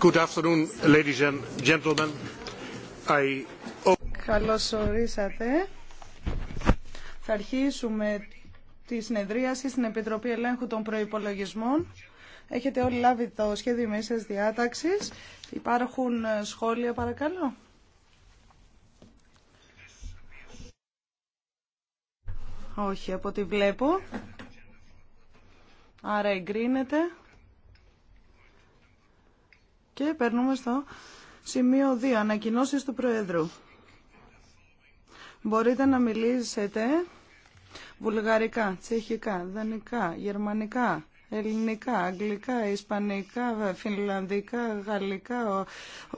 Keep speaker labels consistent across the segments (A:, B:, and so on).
A: Good afternoon, Καλώς ορίσατε.
B: Θα αρχίσουμε τη συνεδρίαση στην Επιτροπή Ελέγχου των Προϋπολογισμών. Έχετε όλοι λάβει το σχέδιο μέσα διάταξης. Υπάρχουν σχόλια παρακαλώ. Όχι, από ό,τι βλέπω. Άρα εγκρίνεται. Και περνούμε στο σημείο 2. Ανακοινώσεις του Προέδρου. Μπορείτε να μιλήσετε βουλγαρικά, τσεχικά, δανικά, γερμανικά, ελληνικά, αγγλικά, ισπανικά, φινλανδικά, γαλλικά,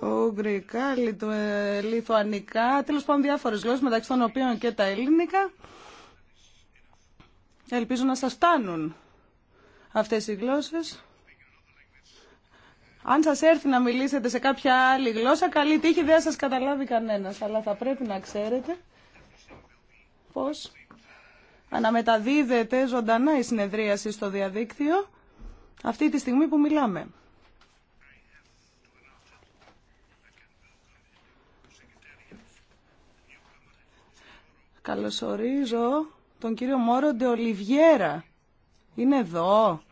B: ουγγρικά, ε, λιθουανικά, τέλος πάντων διάφορες γλώσσες μεταξύ των οποίων και τα ελληνικά. Ελπίζω να σας φτάνουν αυτές οι γλώσσες. Αν σα έρθει να μιλήσετε σε κάποια άλλη γλώσσα, καλή τύχη, δεν σα σας καταλάβει κανένας. Αλλά θα πρέπει να ξέρετε πώς αναμεταδίδεται ζωντανά η συνεδρίαση στο διαδίκτυο αυτή τη στιγμή που μιλάμε. Καλωσορίζω τον κύριο Μόρο Ολιβιέρα Είναι εδώ.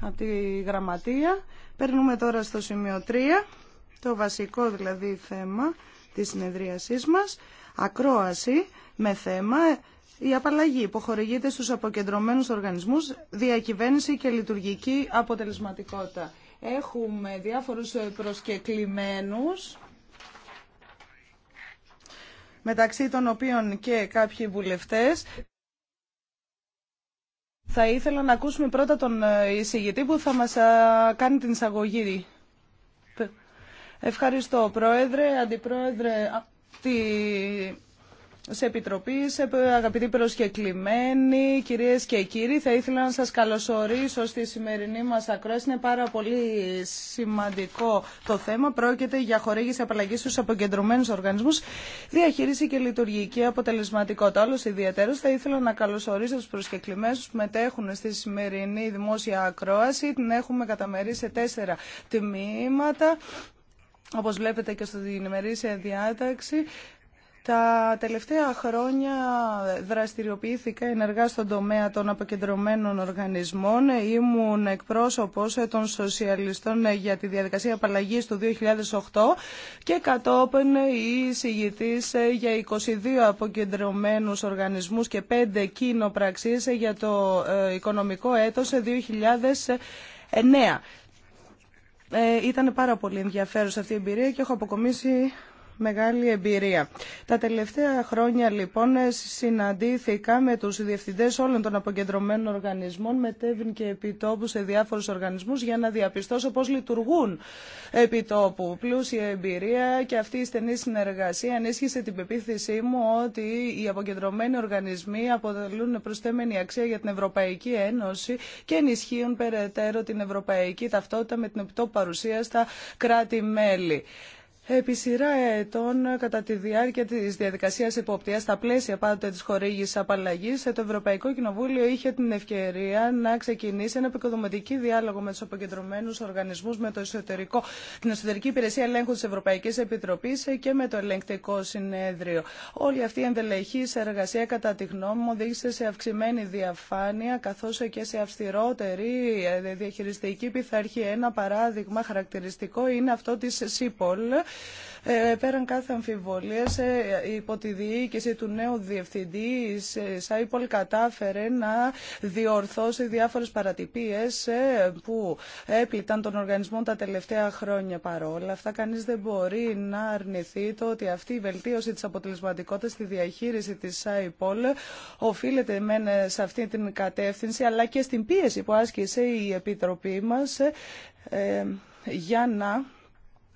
B: από τη γραμματεία. Περνούμε τώρα στο σημείο 3, το βασικό δηλαδή θέμα της συνεδρίασής μας, ακρόαση με θέμα η απαλλαγή που χορηγείται στους αποκεντρωμένους οργανισμούς, διακυβέρνηση και λειτουργική αποτελεσματικότητα. Έχουμε διάφορους προσκεκλημένους, μεταξύ των οποίων και κάποιοι βουλευτές. Θα ήθελα να ακούσουμε πρώτα τον ε, εισηγητή που θα μας κάνει την εισαγωγή. Ευχαριστώ, Πρόεδρε, Αντιπρόεδρε, τη σε επιτροπή, σε αγαπητοί προσκεκλημένοι, κυρίες και κύριοι, θα ήθελα να σας καλωσορίσω στη σημερινή μας ακρόαση. Είναι πάρα πολύ σημαντικό το θέμα. Πρόκειται για χορήγηση απαλλαγή στους αποκεντρωμένους οργανισμούς, διαχείριση και λειτουργική αποτελεσματικότητα. Όλος ιδιαίτερος θα ήθελα να καλωσορίσω τους προσκεκλημένους που μετέχουν στη σημερινή δημόσια ακρόαση. Την έχουμε καταμερίσει σε τέσσερα τμήματα όπως βλέπετε και στο ημερήσια διάταξη τα τελευταία χρόνια δραστηριοποιήθηκα ενεργά στον τομέα των αποκεντρωμένων οργανισμών. Ήμουν εκπρόσωπος των σοσιαλιστών για τη διαδικασία απαλλαγής του 2008 και κατόπιν η για 22 αποκεντρωμένους οργανισμούς και 5 κοινοπραξίες για το ε, οικονομικό έτος 2009. Ε, ήταν πάρα πολύ ενδιαφέρουσα αυτή η εμπειρία και έχω αποκομίσει μεγάλη εμπειρία. Τα τελευταία χρόνια λοιπόν συναντήθηκα με τους διευθυντές όλων των αποκεντρωμένων οργανισμών, μετέβην και επιτόπου σε διάφορους οργανισμούς για να διαπιστώσω πώς λειτουργούν επιτόπου. Πλούσια εμπειρία και αυτή η στενή συνεργασία ενίσχυσε την πεποίθησή μου ότι οι αποκεντρωμένοι οργανισμοί αποτελούν προσθέμενη αξία για την Ευρωπαϊκή Ένωση και ενισχύουν περαιτέρω την ευρωπαϊκή ταυτότητα με την επιτόπου παρουσία στα κράτη-μέλη επί σειρά ετών κατά τη διάρκεια της διαδικασίας εποπτείας στα πλαίσια πάντοτε της χορήγησης απαλλαγής το Ευρωπαϊκό Κοινοβούλιο είχε την ευκαιρία να ξεκινήσει ένα επικοδομητική διάλογο με τους αποκεντρωμένους οργανισμούς με το εσωτερικό, την εσωτερική υπηρεσία ελέγχου της Ευρωπαϊκής Επιτροπής και με το ελεγκτικό συνέδριο. Όλη αυτή η ενδελεχής εργασία κατά τη γνώμη μου οδήγησε σε αυξημένη διαφάνεια καθώς και σε αυστηρότερη ε, διαχειριστική πειθαρχία. Ένα παράδειγμα χαρακτηριστικό είναι αυτό της ΣΥΠΟΛ ε, πέραν κάθε αμφιβολία ε, υπό τη διοίκηση του νέου διευθυντή, η ε, ΣΑΙΠΟΛ κατάφερε να διορθώσει διάφορες παρατυπίες που έπληκταν τον οργανισμό τα τελευταία χρόνια παρόλα. Αυτά κανεί δεν μπορεί να αρνηθεί το ότι αυτή η βελτίωση τη αποτελεσματικότητα στη διαχείριση τη ΣΑΙΠΟΛ οφείλεται μεν σε αυτή την κατεύθυνση αλλά και στην πίεση που άσκησε η Επιτροπή μας για να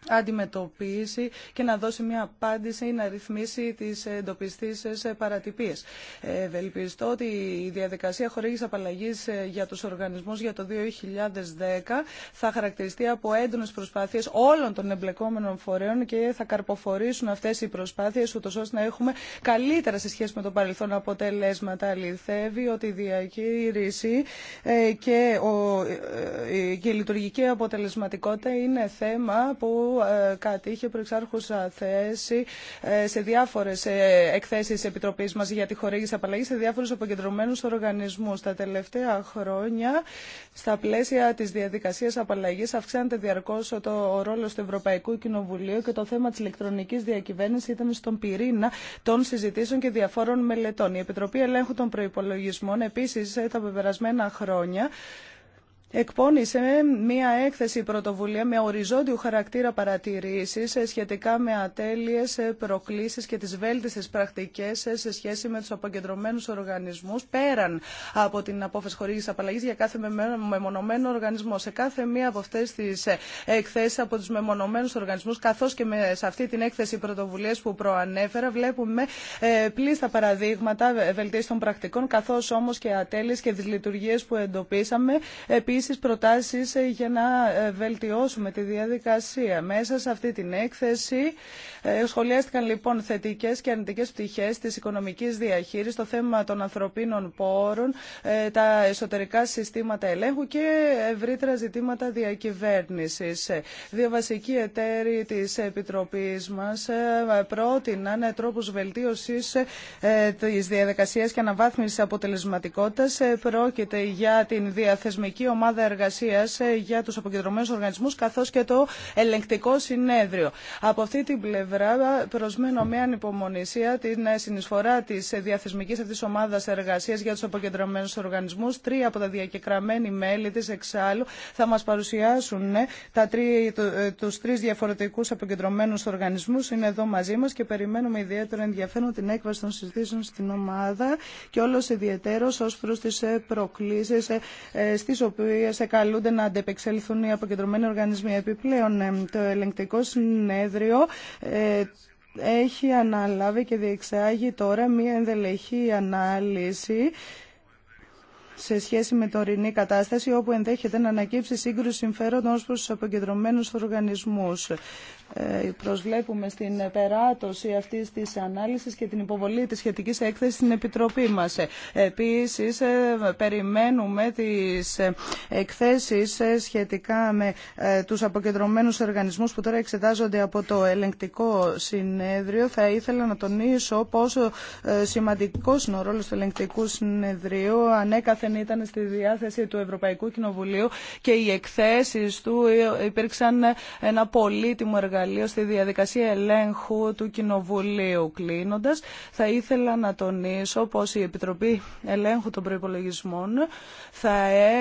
B: αντιμετωπίσει και να δώσει μια απάντηση ή να ρυθμίσει τις εντοπιστείς σε παρατυπίες. Ευελπιστώ ότι η να ρυθμισει τις εντοπιστησεις παρατυπίε. παρατυπιες ευελπιστω οτι η διαδικασια χορηγησης απαλλαγης ε, για τους οργανισμούς για το 2010 θα χαρακτηριστεί από έντονες προσπάθειες όλων των εμπλεκόμενων φορέων και θα καρποφορήσουν αυτές οι προσπάθειες ούτως ώστε να έχουμε καλύτερα σε σχέση με το παρελθόν αποτελέσματα. Αληθεύει ότι η διακήρυξη ε, ε, και η λειτουργική αποτελεσματικότητα είναι θέμα που που ε, κατήχε προεξάρχουσα θέση ε, σε διάφορες ε, εκθέσει τη Επιτροπής μας για τη χορήγηση απαλλαγή σε διάφορου αποκεντρωμένους οργανισμού. Τα τελευταία χρόνια, στα πλαίσια τη διαδικασία απαλλαγή, αυξάνεται διαρκώ το, ο του Ευρωπαϊκού Κοινοβουλίου και το θέμα τη ηλεκτρονική διακυβέρνηση ήταν στον πυρήνα των συζητήσεων και διαφόρων μελετών. Η Επιτροπή Ελέγχου των προπολογισμών, επίση τα πεπερασμένα χρόνια εκπώνησε μία έκθεση πρωτοβουλία με οριζόντιου χαρακτήρα παρατηρήσει σχετικά με ατέλειες, προκλήσει και τι βέλτιστε πρακτικέ σε σχέση με του αποκεντρωμένου οργανισμού, πέραν από την απόφαση χορήγηση απαλλαγή για κάθε μεμονωμένο οργανισμό. Σε κάθε μία από αυτέ τι εκθέσει από του μεμονωμένου οργανισμού, καθώ και σε αυτή την έκθεση πρωτοβουλίας που προανέφερα βλέπουμε ε, πλήστα παραδείγματα βελτίστων πρακτικών καθώ όμω και ατέλειε και δυσλειτουργίε που εντοπίσαμε επίσης προτάσεις ε, για να ε, βελτιώσουμε τη διαδικασία. Μέσα σε αυτή την έκθεση ε, σχολιάστηκαν λοιπόν θετικέ και αρνητικέ πτυχέ τη οικονομική διαχείριση, το θέμα των ανθρωπίνων πόρων, ε, τα εσωτερικά συστήματα ελέγχου και ευρύτερα ζητήματα διακυβέρνηση. Ε, δύο βασικοί εταίροι τη Επιτροπή μα πρότειναν τρόπου βελτίωση τη διαδικασία και αναβάθμιση αποτελεσματικότητα. Πρόκειται για την διαθεσμική ομάδα εργασία για του αποκεντρωμένου οργανισμού καθώ και το ελεγκτικό συνέδριο. Από αυτή την πλευρά πλευρά προσμένω με ανυπομονησία την ε, συνεισφορά τη ε, διαθεσμική αυτή ομάδα εργασία για του αποκεντρωμένου οργανισμού. Τρία από τα διακεκραμένοι μέλη τη εξάλλου θα μα παρουσιάσουν ε, του τρει διαφορετικού αποκεντρωμένου οργανισμού. Είναι εδώ μαζί μα και περιμένουμε ιδιαίτερο ενδιαφέρον την έκβαση των συζητήσεων στην ομάδα και όλο ιδιαίτερο ω προ τι προκλήσει στι οποίε καλούνται να αντεπεξέλθουν οι αποκεντρωμένοι οργανισμοί. Επιπλέον, το ελεγκτικό συνέδριο έχει αναλάβει και διεξάγει τώρα μία ενδελεχή ανάλυση σε σχέση με την ορεινή κατάσταση όπου ενδέχεται να ανακύψει σύγκρουση συμφέροντων ως προς τους αποκεντρωμένους οργανισμούς. Ε, προσβλέπουμε στην περάτωση αυτή τη ανάλυση και την υποβολή τη σχετική έκθεση στην Επιτροπή μας. Ε, επίσης, ε, περιμένουμε τις εκθέσεις σχετικά με του αποκεντρωμένου οργανισμού που τώρα εξετάζονται από το ελεγκτικό συνέδριο. Θα ήθελα να τονίσω πόσο σημαντικό είναι ο ρόλο του ελεγκτικού συνεδρίου ανέκαθεν δεν ήταν στη διάθεση του Ευρωπαϊκού Κοινοβουλίου και οι εκθέσει του υπήρξαν ένα πολύτιμο εργαλείο στη διαδικασία ελέγχου του Κοινοβουλίου. κλείνοντα. θα ήθελα να τονίσω πω η Επιτροπή Ελέγχου των προπολογισμών θα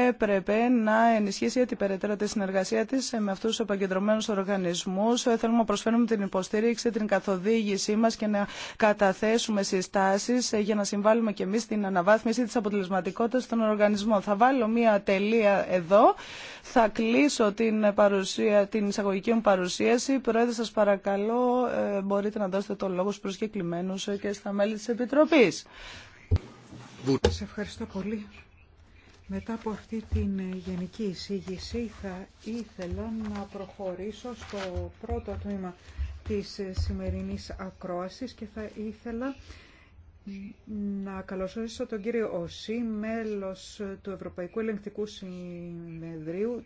B: έπρεπε να ενισχύσει την περαιτέρω τη συνεργασία τη με αυτού του επαγκεντρωμένου οργανισμού. Θέλουμε να προσφέρουμε την υποστήριξη, την καθοδήγησή μα και να καταθέσουμε συστάσει για να συμβάλλουμε και εμεί στην αναβάθμιση τη αποτελεσματικότητα των τον οργανισμό. Θα βάλω μία τελεία εδώ. Θα κλείσω την, παρουσία, την εισαγωγική μου παρουσίαση. Πρόεδρε, σας παρακαλώ, ε, μπορείτε να δώσετε το λόγο στους προσκεκλημένους ε, και στα μέλη της Επιτροπής. Σας ευχαριστώ πολύ. Μετά από αυτή την ε, γενική εισήγηση
C: θα ήθελα να προχωρήσω στο πρώτο τμήμα της σημερινής ακρόασης και θα ήθελα να καλωσορίσω τον κύριο Οσί μέλος του Ευρωπαϊκού Ελεγκτικού Συνεδρίου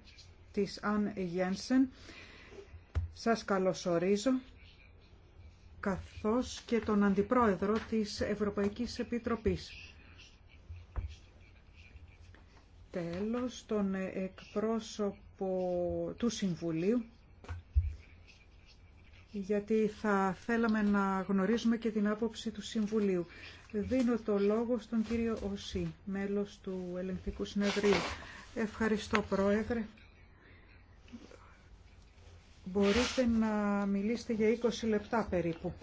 C: της Αν Γένσεν. Σας καλωσορίζω, καθώς και τον Αντιπρόεδρο της Ευρωπαϊκής Επιτροπής. Τέλος, τον εκπρόσωπο του Συμβουλίου, γιατί θα θέλαμε να γνωρίζουμε και την άποψη του Συμβουλίου. Δίνω το λόγο στον κύριο Οσή, μέλος του Ελεγκτικού Συνεδρίου. Ευχαριστώ, Πρόεδρε. Μπορείτε να μιλήσετε για 20 λεπτά περίπου.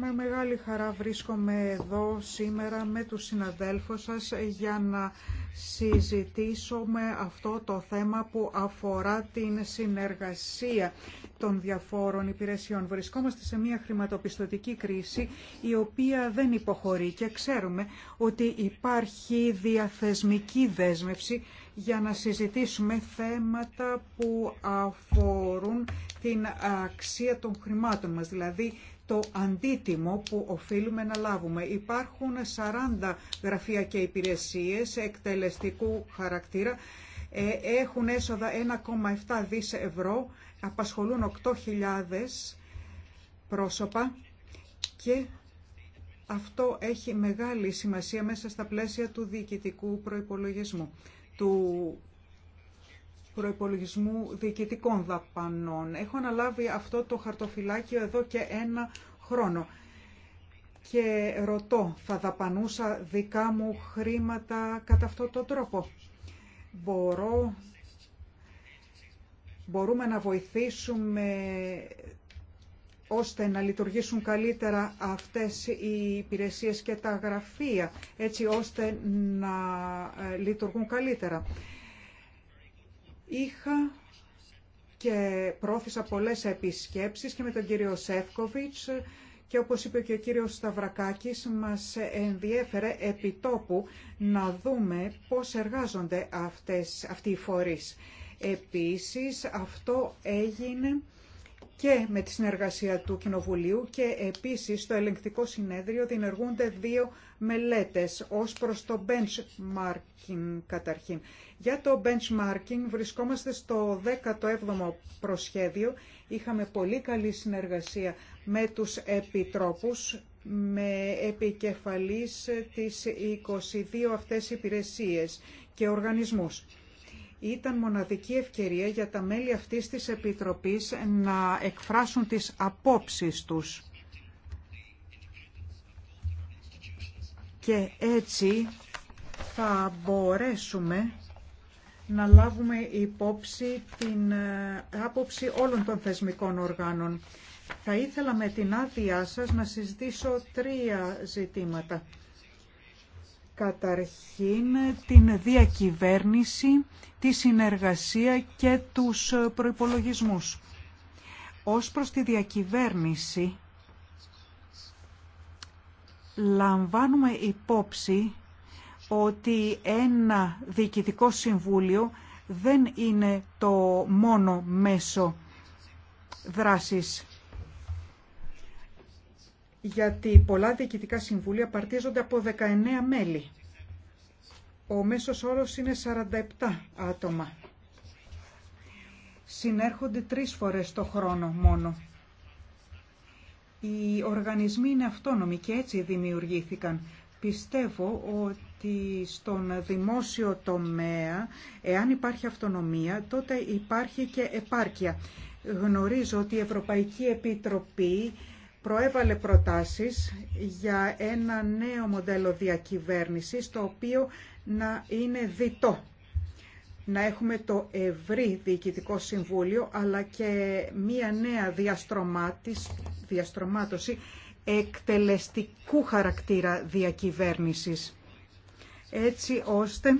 C: Με μεγάλη χαρά βρίσκομαι εδώ σήμερα με τους συναδέλφους σας για να συζητήσουμε αυτό το θέμα που αφορά την συνεργασία των διαφόρων υπηρεσιών. Βρισκόμαστε σε μια χρηματοπιστωτική κρίση η οποία δεν υποχωρεί και ξέρουμε ότι υπάρχει διαθεσμική δέσμευση για να συζητήσουμε θέματα που αφορούν την αξία των χρημάτων μας, δηλαδή το αντίτιμο που οφείλουμε να λάβουμε. Υπάρχουν 40 γραφεία και υπηρεσίες εκτελεστικού χαρακτήρα, ε, έχουν έσοδα 1,7 δις ευρώ, απασχολούν 8.000 πρόσωπα και αυτό έχει μεγάλη σημασία μέσα στα πλαίσια του διοικητικού προϋπολογισμού, του προϋπολογισμού διοικητικών δαπανών. Έχω αναλάβει αυτό το χαρτοφυλάκιο εδώ και ένα χρόνο. Και ρωτώ, θα δαπανούσα δικά μου χρήματα κατά αυτό τον τρόπο. Μπορώ, μπορούμε να βοηθήσουμε ώστε να λειτουργήσουν καλύτερα αυτές οι υπηρεσίες και τα γραφεία, έτσι ώστε να ε, λειτουργούν καλύτερα. Είχα και πρόθεσα πολλές επισκέψεις και με τον κύριο Σεύκοβιτς και όπως είπε και ο κύριος Σταυρακάκης μας ενδιέφερε επιτόπου να δούμε πώς εργάζονται αυτές, αυτοί οι φορείς. Επίσης αυτό έγινε και με τη συνεργασία του Κοινοβουλίου και επίσης στο ελεγκτικό συνέδριο διενεργούνται δύο μελέτες ως προς το benchmarking καταρχήν. Για το benchmarking βρισκόμαστε στο 17ο προσχέδιο. Είχαμε πολύ καλή συνεργασία με τους επιτρόπους με επικεφαλής τις 22 αυτές υπηρεσίες και οργανισμούς. Ήταν μοναδική ευκαιρία για τα μέλη αυτής της Επιτροπής να εκφράσουν τις απόψεις τους. Και έτσι θα μπορέσουμε να λάβουμε υπόψη την ε, άποψη όλων των θεσμικών οργάνων. Θα ήθελα με την άδειά σας να συζητήσω τρία ζητήματα. Καταρχήν την διακυβέρνηση, τη συνεργασία και τους προϋπολογισμούς. Ως προς τη διακυβέρνηση, λαμβάνουμε υπόψη ότι ένα διοικητικό συμβούλιο δεν είναι το μόνο μέσο δράσης γιατί πολλά διοικητικά συμβούλια παρτίζονται από 19 μέλη. Ο μέσος όρος είναι 47 άτομα. Συνέρχονται τρεις φορές το χρόνο μόνο. Οι οργανισμοί είναι αυτόνομοι και έτσι δημιουργήθηκαν. Πιστεύω ότι στον δημόσιο τομέα, εάν υπάρχει αυτονομία, τότε υπάρχει και επάρκεια. Γνωρίζω ότι η Ευρωπαϊκή Επιτροπή προέβαλε προτάσεις για ένα νέο μοντέλο διακυβέρνησης το οποίο να είναι διτό. Να έχουμε το ευρύ διοικητικό συμβούλιο αλλά και μία νέα διαστρωμάτωση εκτελεστικού χαρακτήρα διακυβέρνησης έτσι ώστε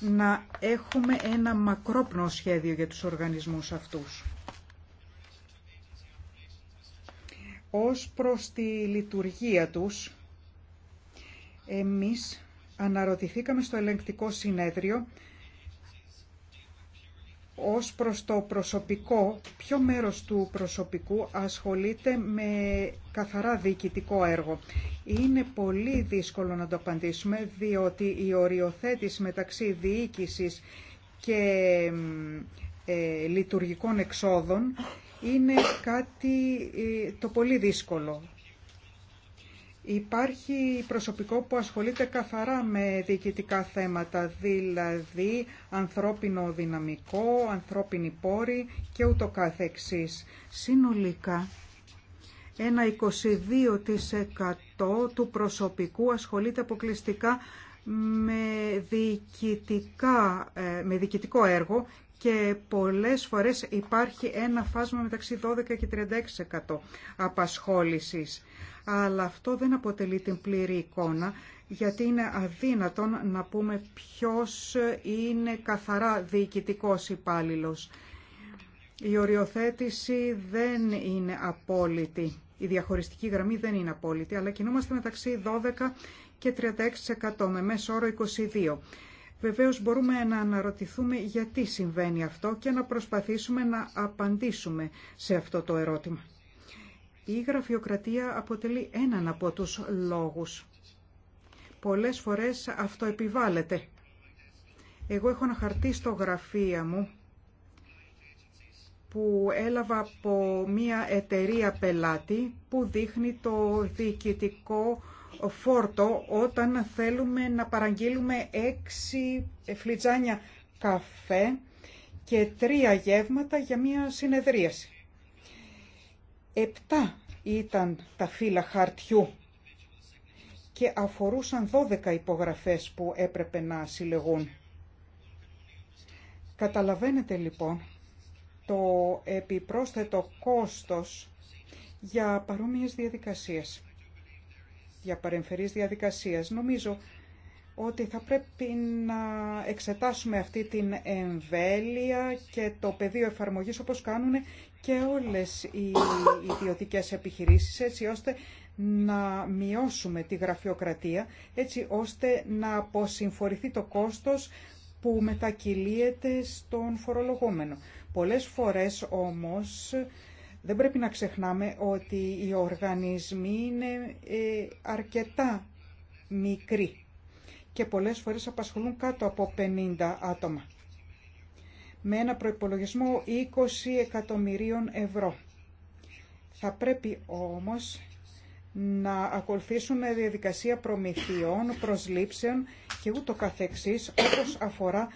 C: να έχουμε ένα μακρόπνο σχέδιο για τους οργανισμούς αυτούς. Ως προς τη λειτουργία τους, εμείς αναρωτηθήκαμε στο ελεγκτικό συνέδριο ως προς το προσωπικό, ποιο μέρος του προσωπικού ασχολείται με καθαρά διοικητικό έργο. Είναι πολύ δύσκολο να το απαντήσουμε, διότι η οριοθέτηση μεταξύ διοίκησης και ε, λειτουργικών εξόδων είναι κάτι ε, το πολύ δύσκολο. Υπάρχει προσωπικό που ασχολείται καθαρά με διοικητικά θέματα, δηλαδή ανθρώπινο δυναμικό, ανθρώπινη πόρη και ούτω καθεξής. Συνολικά, ένα 22% του προσωπικού ασχολείται αποκλειστικά με, διοικητικά, ε, με διοικητικό έργο και πολλές φορές υπάρχει ένα φάσμα μεταξύ 12 και 36% απασχόλησης. Αλλά αυτό δεν αποτελεί την πλήρη εικόνα γιατί είναι αδύνατον να πούμε ποιος είναι καθαρά διοικητικός υπάλληλος. Η οριοθέτηση δεν είναι απόλυτη. Η διαχωριστική γραμμή δεν είναι απόλυτη, αλλά κινούμαστε μεταξύ 12 και 36% με μέσο όρο 22. Βεβαίως μπορούμε να αναρωτηθούμε γιατί συμβαίνει αυτό και να προσπαθήσουμε να απαντήσουμε σε αυτό το ερώτημα. Η γραφειοκρατία αποτελεί έναν από τους λόγους. Πολλές φορές αυτό επιβάλλεται. Εγώ έχω ένα χαρτί στο γραφείο μου που έλαβα από μία εταιρεία πελάτη που δείχνει το διοικητικό φόρτο όταν θέλουμε να παραγγείλουμε έξι φλιτζάνια καφέ και τρία γεύματα για μια συνεδρίαση. Επτά ήταν τα φύλλα χαρτιού και αφορούσαν 12 υπογραφές που έπρεπε να συλλεγούν. Καταλαβαίνετε λοιπόν το επιπρόσθετο κόστος για παρόμοιες διαδικασίες για παρεμφερής διαδικασίας. Νομίζω ότι θα πρέπει να εξετάσουμε αυτή την εμβέλεια και το πεδίο εφαρμογής όπως κάνουν και όλες οι ιδιωτικές επιχειρήσεις έτσι ώστε να μειώσουμε τη γραφειοκρατία έτσι ώστε να αποσυμφορηθεί το κόστος που μετακυλίεται στον φορολογόμενο. Πολλές φορές όμως δεν πρέπει να ξεχνάμε ότι οι οργανισμοί είναι ε, αρκετά μικροί και πολλές φορές απασχολούν κάτω από 50 άτομα με ένα προϋπολογισμό 20 εκατομμυρίων ευρώ. Θα πρέπει όμως να ακολουθήσουμε διαδικασία προμηθειών, προσλήψεων και ούτω καθεξής όπως αφορά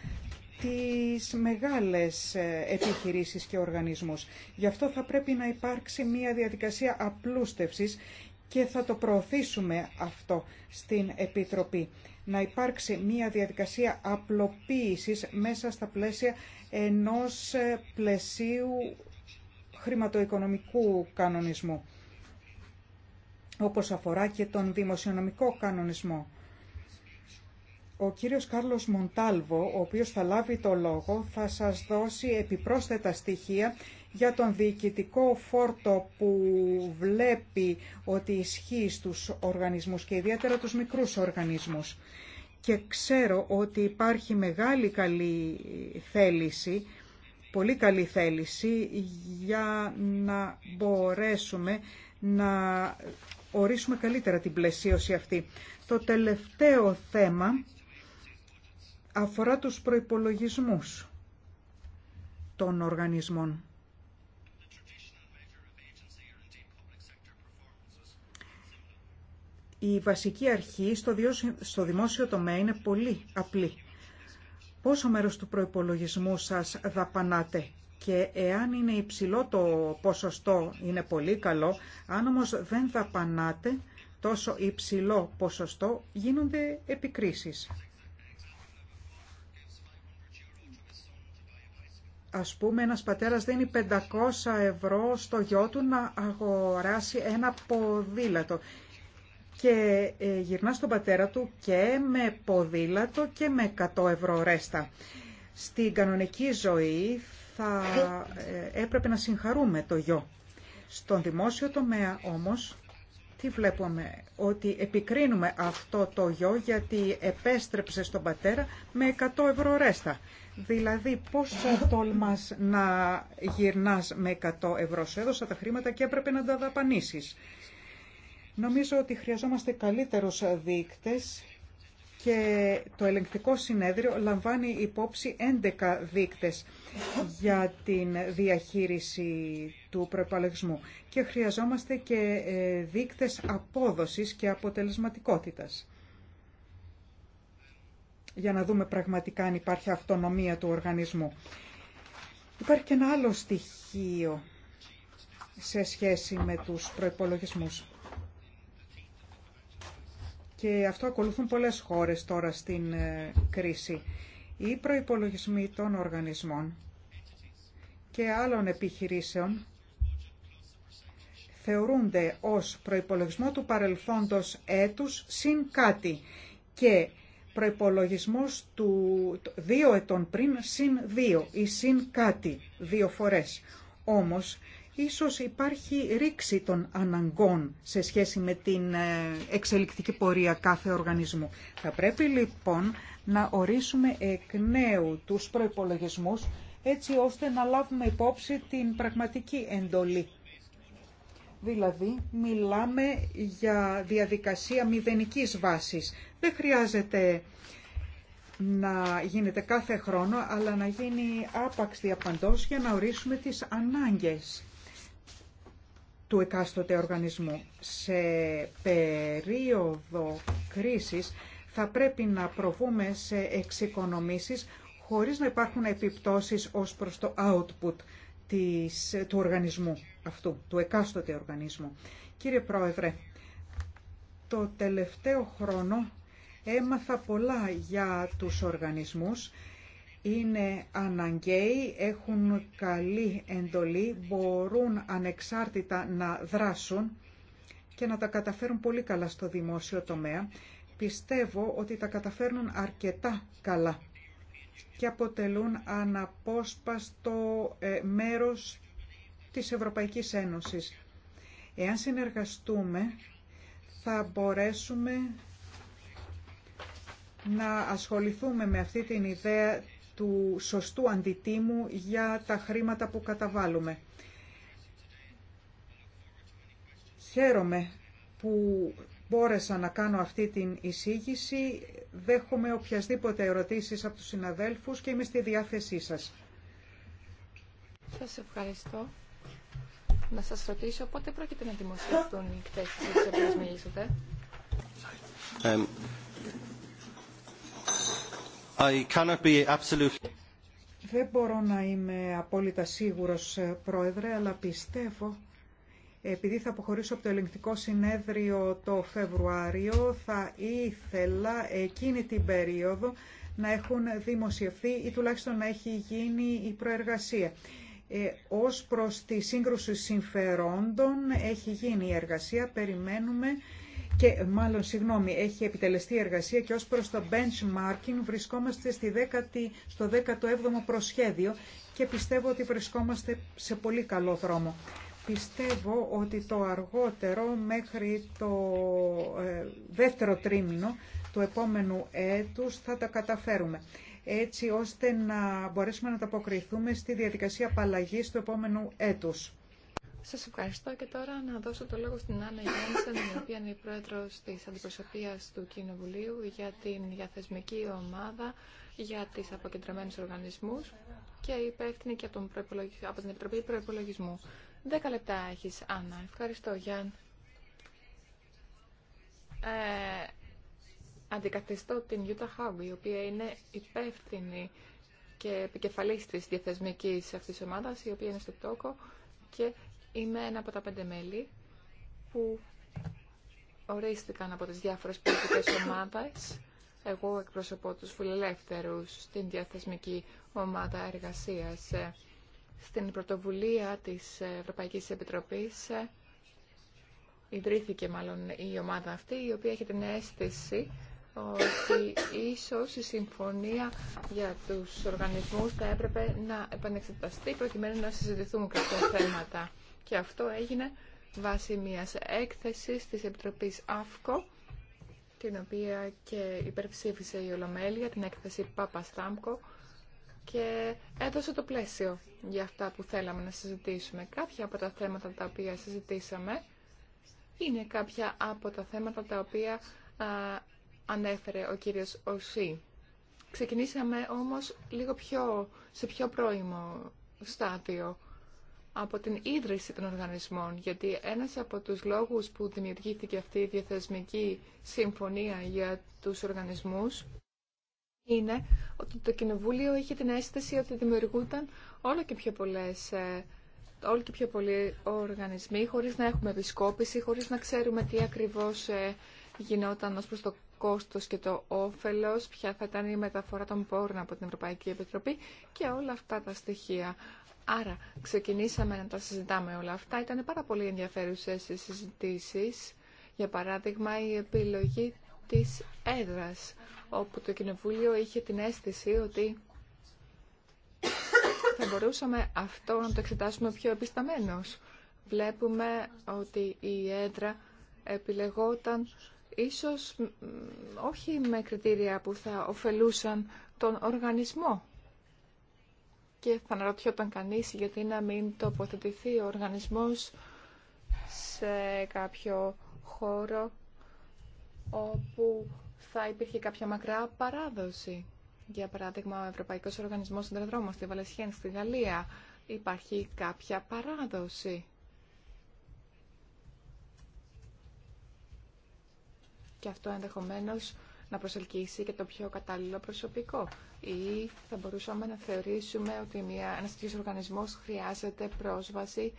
C: τις μεγάλες ε, επιχειρήσεις και οργανισμούς. Γι' αυτό θα πρέπει να υπάρξει μια διαδικασία απλούστευσης και θα το προωθήσουμε αυτό στην Επιτροπή. Να υπάρξει μια διαδικασία απλοποίησης μέσα στα πλαίσια ενός ε, πλαισίου χρηματοοικονομικού κανονισμού, όπως αφορά και τον δημοσιονομικό κανονισμό. Ο κύριος Κάρλος Μοντάλβο, ο οποίος θα λάβει το λόγο, θα σας δώσει επιπρόσθετα στοιχεία για τον διοικητικό φόρτο που βλέπει ότι ισχύει στους οργανισμούς και ιδιαίτερα τους μικρούς οργανισμούς. Και ξέρω ότι υπάρχει μεγάλη καλή θέληση, πολύ καλή θέληση για να μπορέσουμε να ορίσουμε καλύτερα την πλαισίωση αυτή. Το τελευταίο θέμα αφορά τους προϋπολογισμούς των οργανισμών. Η βασική αρχή στο δημόσιο τομέα είναι πολύ απλή. Πόσο μέρος του προϋπολογισμού σας δαπανάτε και εάν είναι υψηλό το ποσοστό είναι πολύ καλό, αν όμως δεν δαπανάτε τόσο υψηλό ποσοστό γίνονται επικρίσεις. Ας πούμε ένας πατέρας δίνει 500 ευρώ στο γιο του να αγοράσει ένα ποδήλατο και ε, γυρνά στον πατέρα του και με ποδήλατο και με 100 ευρώ ρέστα. Στην κανονική ζωή θα ε, έπρεπε να συγχαρούμε το γιο. Στον δημόσιο τομέα όμως τι βλέπουμε, ότι επικρίνουμε αυτό το γιο γιατί επέστρεψε στον πατέρα με 100 ευρώ ρέστα. Δηλαδή, πώς τόλμας να γυρνάς με 100 ευρώ. Σου έδωσα τα χρήματα και έπρεπε να τα δαπανίσει. Νομίζω ότι χρειαζόμαστε καλύτερους δίκτες και το ελεγκτικό συνέδριο λαμβάνει υπόψη 11 δείκτες για την διαχείριση του προπαλεγισμού και χρειαζόμαστε και ε, δείκτες απόδοσης και αποτελεσματικότητας για να δούμε πραγματικά αν υπάρχει αυτονομία του οργανισμού. Υπάρχει και ένα άλλο στοιχείο σε σχέση με τους προϋπολογισμούς. Και αυτό ακολουθούν πολλές χώρες τώρα στην ε, κρίση. Οι προϋπολογισμοί των οργανισμών και άλλων επιχειρήσεων θεωρούνται ως προϋπολογισμό του παρελθόντος έτους συν κάτι και προϋπολογισμός του δύο ετών πριν συν δύο ή συν κάτι δύο φορές. Όμως, ίσως υπάρχει ρήξη των αναγκών σε σχέση με την ε, εξελικτική πορεία κάθε οργανισμού. Θα πρέπει λοιπόν να ορίσουμε εκ νέου τους προϋπολογισμούς έτσι ώστε να λάβουμε υπόψη την πραγματική εντολή Δηλαδή μιλάμε για διαδικασία μηδενικής βάσης. Δεν χρειάζεται να γίνεται κάθε χρόνο, αλλά να γίνει άπαξ διαπαντός για να ορίσουμε τις ανάγκες του εκάστοτε οργανισμού. Σε περίοδο κρίσης θα πρέπει να προβούμε σε εξοικονομήσεις χωρίς να υπάρχουν επιπτώσεις ως προς το output της, του οργανισμού αυτού, του εκάστοτε οργανισμού. Κύριε Πρόεδρε, το τελευταίο χρόνο έμαθα πολλά για τους οργανισμούς. Είναι αναγκαίοι, έχουν καλή εντολή, μπορούν ανεξάρτητα να δράσουν και να τα καταφέρουν πολύ καλά στο δημόσιο τομέα. Πιστεύω ότι τα καταφέρνουν αρκετά καλά και αποτελούν αναπόσπαστο ε, μέρος της Ευρωπαϊκής Ένωσης. Εάν συνεργαστούμε θα μπορέσουμε να ασχοληθούμε με αυτή την ιδέα του σωστού αντιτίμου για τα χρήματα που καταβάλουμε. Χαίρομαι που μπόρεσα να κάνω αυτή την εισήγηση. Δέχομαι οποιασδήποτε ερωτήσεις από τους συναδέλφους και είμαι στη διάθεσή σας.
D: Σας ευχαριστώ. Να σας ρωτήσω πότε πρόκειται να δημοσιευτούν οι εκθέσεις που οποίες μιλήσατε.
A: Um, I cannot be absolutely...
C: Δεν μπορώ να είμαι απόλυτα σίγουρος, ε, Πρόεδρε, αλλά πιστεύω επειδή θα αποχωρήσω από το ελεγκτικό συνέδριο το Φεβρουάριο, θα ήθελα εκείνη την περίοδο να έχουν δημοσιευθεί ή τουλάχιστον να έχει γίνει η προεργασία. Ε, ως προς τη σύγκρουση συμφερόντων έχει γίνει η εργασία, περιμένουμε και μάλλον συγγνώμη, έχει επιτελεστεί η εργασία και ως προς το benchmarking βρισκόμαστε στη στο 17ο προσχέδιο και πιστεύω ότι βρισκόμαστε σε πολύ καλό δρόμο. Πιστεύω ότι το αργότερο μέχρι το ε, δεύτερο τρίμηνο του επόμενου έτους θα τα καταφέρουμε έτσι ώστε να μπορέσουμε να τα αποκριθούμε στη διαδικασία απαλλαγή του επόμενου έτους.
D: Σας ευχαριστώ και τώρα να δώσω το λόγο στην Άννα Γιάννησεν, η οποία είναι η πρόεδρος της Αντιπροσωπείας του Κοινοβουλίου για την διαθεσμική ομάδα για τις αποκεντρωμένους οργανισμούς και υπεύθυνη και από, από την Επιτροπή Προϋπολογισμού. Δέκα λεπτά έχεις, Άννα. Ευχαριστώ, Γιάν. Ε, αντικαθιστώ την Γιούτα η οποία είναι υπεύθυνη και επικεφαλής της διαθεσμικής αυτής ομάδας, η οποία είναι στο τόκο και είμαι ένα από τα πέντε μέλη που ορίστηκαν από τις διάφορες πολιτικές ομάδες. Εγώ εκπροσωπώ τους φιλελεύθερους στην διαθεσμική ομάδα εργασίας. Στην πρωτοβουλία της Ευρωπαϊκής Επιτροπής ε, ιδρύθηκε μάλλον η ομάδα αυτή, η οποία έχει την αίσθηση ότι ίσως η συμφωνία για τους οργανισμούς θα έπρεπε να επανεξεταστεί προκειμένου να συζητηθούν κάποια θέματα. Και αυτό έγινε βάσει μιας έκθεσης της Επιτροπής ΑΦΚΟ, την οποία και υπερψήφισε η Ολομέλεια, την έκθεση Παπαστάμκο, και έδωσε το πλαίσιο για αυτά που θέλαμε να συζητήσουμε. Κάποια από τα θέματα τα οποία συζητήσαμε είναι κάποια από τα θέματα τα οποία ανέφερε ο κύριος Οσί. Ξεκινήσαμε όμως λίγο πιο, σε πιο πρώιμο στάδιο από την ίδρυση των οργανισμών, γιατί ένας από τους λόγους που δημιουργήθηκε αυτή η διαθεσμική συμφωνία για τους οργανισμούς είναι ότι το Κοινοβούλιο είχε την αίσθηση ότι δημιουργούνταν όλο και πιο πολλές ε, όλο και πιο πολλοί οργανισμοί χωρίς να έχουμε επισκόπηση, χωρίς να ξέρουμε τι ακριβώς ε, γινόταν ως προς το κόστος και το όφελος, ποια θα ήταν η μεταφορά των πόρων από την Ευρωπαϊκή Επιτροπή και όλα αυτά τα στοιχεία. Άρα ξεκινήσαμε να τα συζητάμε όλα αυτά. Ήταν πάρα πολύ ενδιαφέρουσες οι συζητήσεις. Για παράδειγμα, η επιλογή της έδρας όπου το Κοινοβούλιο είχε την αίσθηση ότι θα μπορούσαμε αυτό να το εξετάσουμε πιο επισταμένος. Βλέπουμε ότι η έντρα επιλεγόταν ίσως όχι με κριτήρια που θα ωφελούσαν τον οργανισμό. Και θα αναρωτιόταν κανείς γιατί να μην τοποθετηθεί ο οργανισμός σε κάποιο χώρο όπου θα υπήρχε κάποια μακρά παράδοση. Για παράδειγμα, ο Ευρωπαϊκό Οργανισμό Συντεροδρόμων στη Βαλεσιέν, στη Γαλλία. Υπάρχει κάποια παράδοση. Και αυτό ενδεχομένω να προσελκύσει και το πιο κατάλληλο προσωπικό. Ή θα μπορούσαμε να θεωρήσουμε ότι μια, ένας τέτοιος οργανισμός χρειάζεται πρόσβαση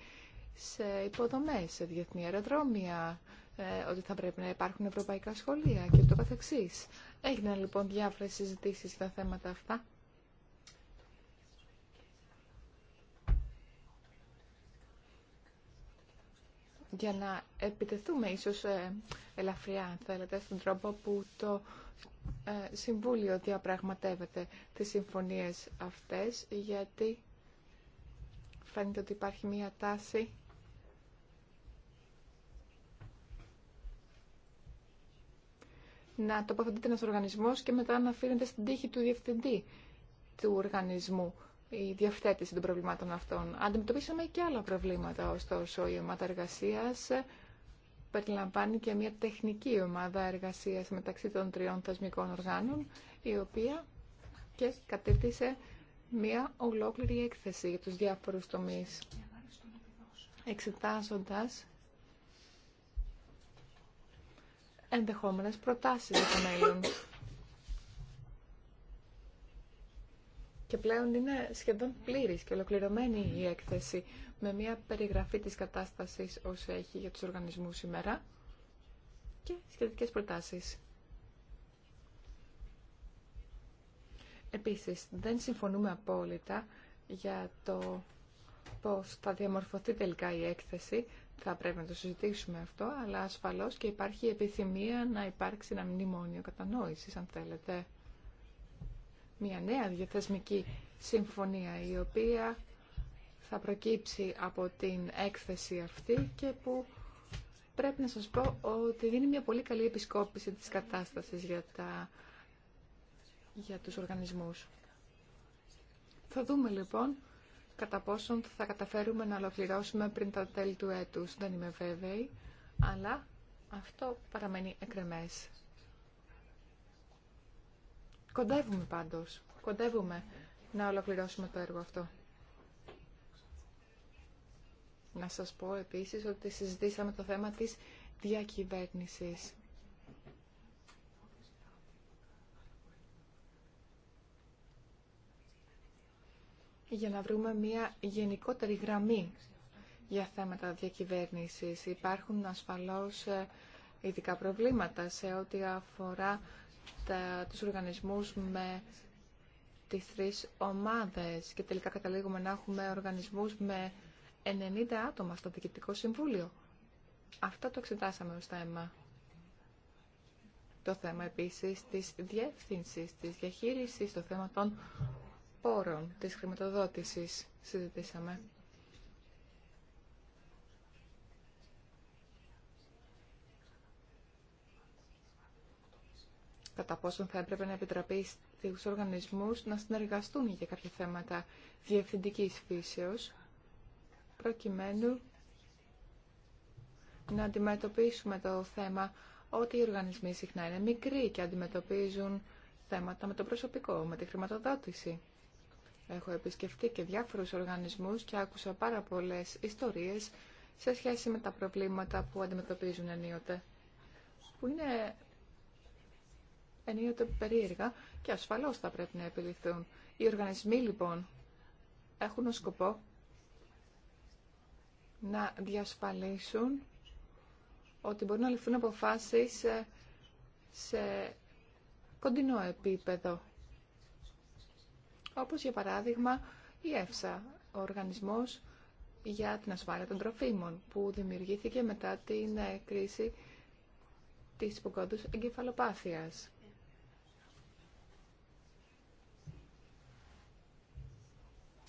D: σε υποδομές, σε διεθνή αεροδρόμια, ε, ότι θα πρέπει να υπάρχουν ευρωπαϊκά σχολεία και το καθεξής. Έγιναν λοιπόν διάφορες συζητήσεις για τα θέματα αυτά. για να επιτεθούμε ίσως ε, ελαφριά, αν θέλετε, στον τρόπο που το ε, Συμβούλιο διαπραγματεύεται τις συμφωνίες αυτές, γιατί φαίνεται ότι υπάρχει μία τάση να τοποθετείται ένα οργανισμό και μετά να αφήνεται στην τύχη του διευθυντή του οργανισμού η διευθέτηση των προβλημάτων αυτών. Αντιμετωπίσαμε και άλλα προβλήματα, ωστόσο η ομάδα εργασία περιλαμβάνει και μια τεχνική ομάδα εργασία μεταξύ των τριών θεσμικών οργάνων, η οποία και κατήρτισε μια ολόκληρη έκθεση για τους διάφορους τομείς. Εξετάζοντας ενδεχόμενες προτάσεις για το μέλλον. Και πλέον είναι σχεδόν πλήρης και ολοκληρωμένη η έκθεση με μια περιγραφή της κατάστασης όσο έχει για τους οργανισμούς σήμερα και σχετικές προτάσεις. Επίσης, δεν συμφωνούμε απόλυτα για το πώς θα διαμορφωθεί τελικά η έκθεση θα πρέπει να το συζητήσουμε αυτό, αλλά ασφαλώς και υπάρχει επιθυμία να υπάρξει ένα μνημόνιο κατανόησης, αν θέλετε. Μια νέα διαθεσμική συμφωνία, η οποία θα προκύψει από την έκθεση αυτή και που πρέπει να σας πω ότι δίνει μια πολύ καλή επισκόπηση της κατάστασης για, τα, για τους οργανισμούς. Θα δούμε λοιπόν κατά πόσον θα καταφέρουμε να ολοκληρώσουμε πριν τα τέλη του έτους. Δεν είμαι βέβαιη, αλλά αυτό παραμένει εκρεμές. Κοντεύουμε πάντως, κοντεύουμε να ολοκληρώσουμε το έργο αυτό. Να σας πω επίσης ότι συζητήσαμε το θέμα της διακυβέρνησης. για να βρούμε μια γενικότερη γραμμή για θέματα διακυβέρνησης. Υπάρχουν ασφαλώς ε, ειδικά προβλήματα σε ό,τι αφορά τα, τους οργανισμούς με τις τρεις ομάδες και τελικά καταλήγουμε να έχουμε οργανισμούς με 90 άτομα στο Διοικητικό Συμβούλιο. Αυτό το εξετάσαμε ως θέμα. Το θέμα επίσης της διεύθυνσης, της διαχείρισης, το θέμα των πόρων της χρηματοδότησης συζητήσαμε. κατά πόσον θα έπρεπε να επιτραπεί στους οργανισμούς να συνεργαστούν για κάποια θέματα διευθυντικής φύσεως, προκειμένου να αντιμετωπίσουμε το θέμα ότι οι οργανισμοί συχνά είναι μικροί και αντιμετωπίζουν θέματα με το προσωπικό, με τη χρηματοδότηση. Έχω επισκεφτεί και διάφορους οργανισμούς και άκουσα πάρα πολλές ιστορίες σε σχέση με τα προβλήματα που αντιμετωπίζουν ενίοτε, που είναι ενίοτε περίεργα και ασφαλώς θα πρέπει να επιληθούν. Οι οργανισμοί λοιπόν έχουν ως σκοπό να διασφαλίσουν ότι μπορούν να ληφθούν αποφάσεις σε κοντινό επίπεδο όπως για παράδειγμα η ΕΦΣΑ, ο Οργανισμός για την Ασφάλεια των Τροφίμων, που δημιουργήθηκε μετά την ε, κρίση της υποκόντους εγκεφαλοπάθειας.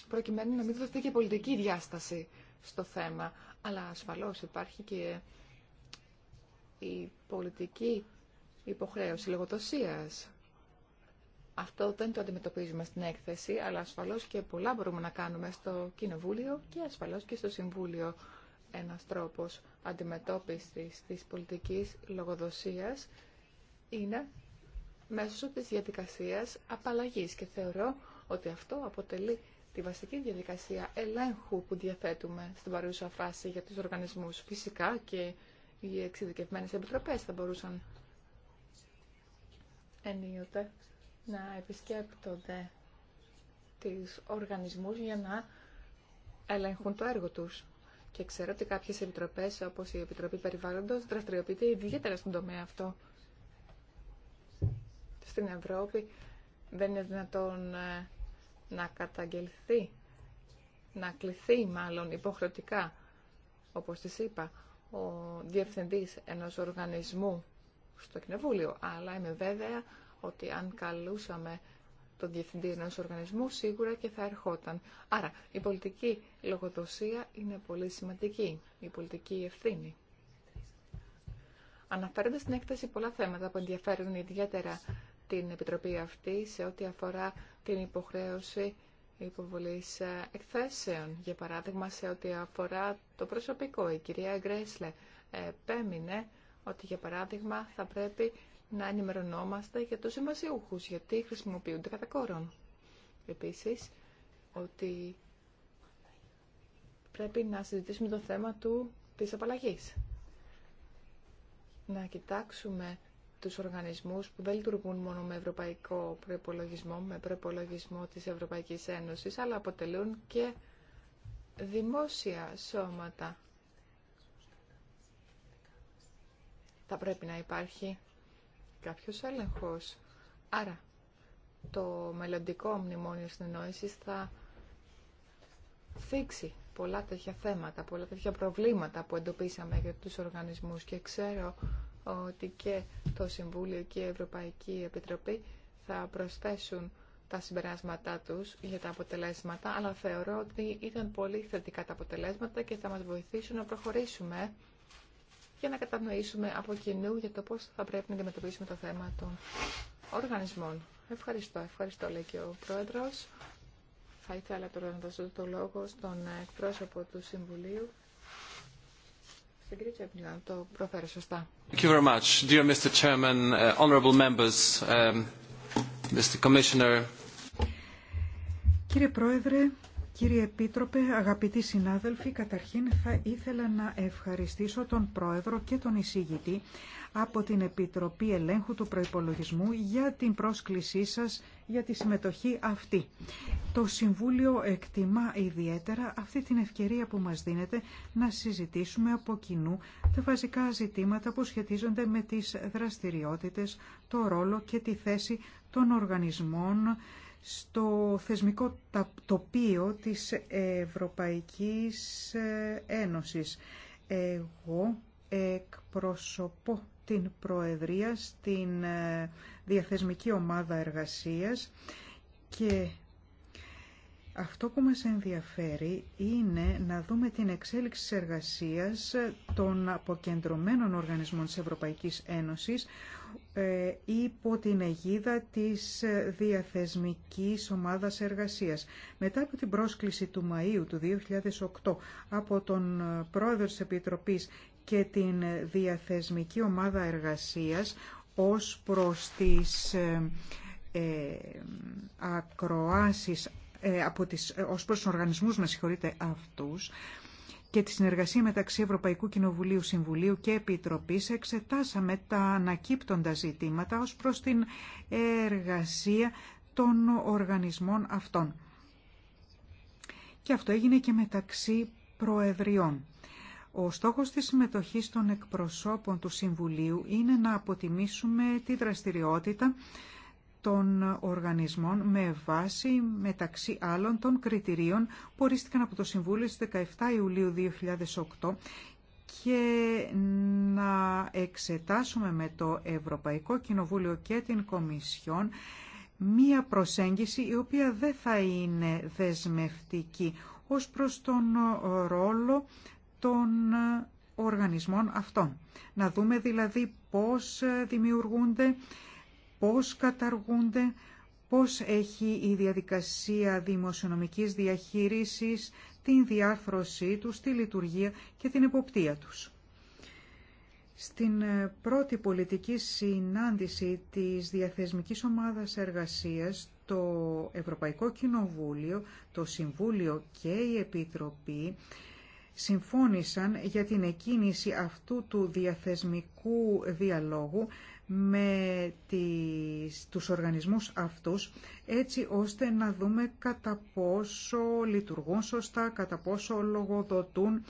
D: Προκειμένου να μην δοθεί και πολιτική διάσταση στο θέμα, αλλά ασφαλώς υπάρχει και η πολιτική υποχρέωση λογοδοσίας. Αυτό δεν το αντιμετωπίζουμε στην έκθεση, αλλά ασφαλώς και πολλά μπορούμε να κάνουμε στο Κοινοβούλιο και ασφαλώς και στο Συμβούλιο. Ένας τρόπος αντιμετώπισης της πολιτικής λογοδοσίας είναι μέσω της διαδικασίας απαλλαγής και θεωρώ ότι αυτό αποτελεί τη βασική διαδικασία ελέγχου που διαθέτουμε στην παρούσα φάση για τους οργανισμούς. Φυσικά και οι εξειδικευμένες επιτροπές θα μπορούσαν ενίοτε να επισκέπτονται τις οργανισμούς για να ελέγχουν το έργο τους. Και ξέρω ότι κάποιες επιτροπές, όπως η Επιτροπή Περιβάλλοντος, δραστηριοποιείται ιδιαίτερα στον τομέα αυτό. Στην Ευρώπη δεν είναι δυνατόν ε, να καταγγελθεί, να κληθεί μάλλον υποχρεωτικά, όπως της είπα, ο διευθυντής ενός οργανισμού στο Κοινοβούλιο. Αλλά είμαι βέβαια ότι αν καλούσαμε τον διευθυντή ενός οργανισμού σίγουρα και θα ερχόταν. Άρα η πολιτική λογοδοσία είναι πολύ σημαντική, η πολιτική ευθύνη. Αναφέρονται στην έκθεση πολλά θέματα που ενδιαφέρουν ιδιαίτερα την Επιτροπή αυτή σε ό,τι αφορά την υποχρέωση υποβολής ε, εκθέσεων. Για παράδειγμα, σε ό,τι αφορά το προσωπικό, η κυρία Γκρέσλε ε, επέμεινε ότι για παράδειγμα θα πρέπει να ενημερωνόμαστε για τους συμβασιούχους, γιατί χρησιμοποιούνται κατά κόρον. Επίσης, ότι πρέπει να συζητήσουμε το θέμα του, της απαλλαγής. Να κοιτάξουμε τους οργανισμούς που δεν λειτουργούν μόνο με ευρωπαϊκό προϋπολογισμό, με προϋπολογισμό της Ευρωπαϊκής Ένωσης, αλλά αποτελούν και δημόσια σώματα. Θα πρέπει να υπάρχει κάποιος έλεγχος. Άρα, το μελλοντικό μνημόνιο συνεννόησης θα θίξει πολλά τέτοια θέματα, πολλά τέτοια προβλήματα που εντοπίσαμε για τους οργανισμούς και ξέρω ότι και το Συμβούλιο και η Ευρωπαϊκή Επιτροπή θα προσθέσουν τα συμπεράσματά τους για τα αποτελέσματα, αλλά θεωρώ ότι ήταν πολύ θετικά τα αποτελέσματα και θα μας βοηθήσουν να προχωρήσουμε για να κατανοήσουμε από κοινού για το πώς θα πρέπει να αντιμετωπίσουμε το θέμα των οργανισμών. Ευχαριστώ, ευχαριστώ λέει και ο Πρόεδρος. Θα ήθελα τώρα να δώσω το λόγο στον εκπρόσωπο του Συμβουλίου. το προφέρω σωστά. Thank you very much. Dear Mr. Chairman, uh, honorable members, Mr. Um, Commissioner.
C: Κύριε Πρόεδρε, Κύριε Επίτροπε, αγαπητοί συνάδελφοι, καταρχήν θα ήθελα να ευχαριστήσω τον Πρόεδρο και τον εισηγητή από την Επιτροπή Ελέγχου του Προϋπολογισμού για την πρόσκλησή σας για τη συμμετοχή αυτή. Το Συμβούλιο εκτιμά ιδιαίτερα αυτή την ευκαιρία που μας δίνεται να συζητήσουμε από κοινού τα βασικά ζητήματα που σχετίζονται με τις δραστηριότητες, το ρόλο και τη θέση των οργανισμών στο θεσμικό τοπίο της Ευρωπαϊκής ε, Ένωσης. Εγώ εκπροσωπώ την Προεδρία στην ε, Διαθεσμική Ομάδα Εργασίας και αυτό που μας ενδιαφέρει είναι να δούμε την εξέλιξη της εργασίας των αποκεντρωμένων οργανισμών της Ευρωπαϊκής Ένωσης ε, υπό την αιγίδα της διαθεσμικής ομάδας εργασίας. Μετά από την πρόσκληση του Μαΐου του 2008 από τον πρόεδρο της Επιτροπής και την διαθεσμική ομάδα εργασίας ως προς τις ε, ε, ακροάσεις ε, από τις, ε, ως προς τους οργανισμούς, αυτούς, και τη συνεργασία μεταξύ Ευρωπαϊκού Κοινοβουλίου, Συμβουλίου και Επιτροπής εξετάσαμε τα ανακύπτοντα ζητήματα ως προς την εργασία των οργανισμών αυτών. Και αυτό έγινε και μεταξύ προεδριών. Ο στόχος της συμμετοχής των εκπροσώπων του Συμβουλίου είναι να αποτιμήσουμε τη δραστηριότητα των οργανισμών με βάση μεταξύ άλλων των κριτηρίων που ορίστηκαν από το Συμβούλιο στις 17 Ιουλίου 2008 και να εξετάσουμε με το Ευρωπαϊκό Κοινοβούλιο και την Κομισιόν μία προσέγγιση η οποία δεν θα είναι δεσμευτική ως προς τον ρόλο των οργανισμών αυτών. Να δούμε δηλαδή πώς δημιουργούνται πώς καταργούνται, πώς έχει η διαδικασία δημοσιονομικής διαχείρισης, την διάρθρωσή τους, τη λειτουργία και την εποπτεία τους. Στην πρώτη πολιτική συνάντηση της Διαθεσμικής Ομάδας Εργασίας, το Ευρωπαϊκό Κοινοβούλιο, το Συμβούλιο και η Επιτροπή συμφώνησαν για την εκκίνηση αυτού του διαθεσμικού διαλόγου με τις, τους οργανισμούς αυτούς έτσι ώστε να δούμε κατά πόσο λειτουργούν σωστά, κατά πόσο λογοδοτούν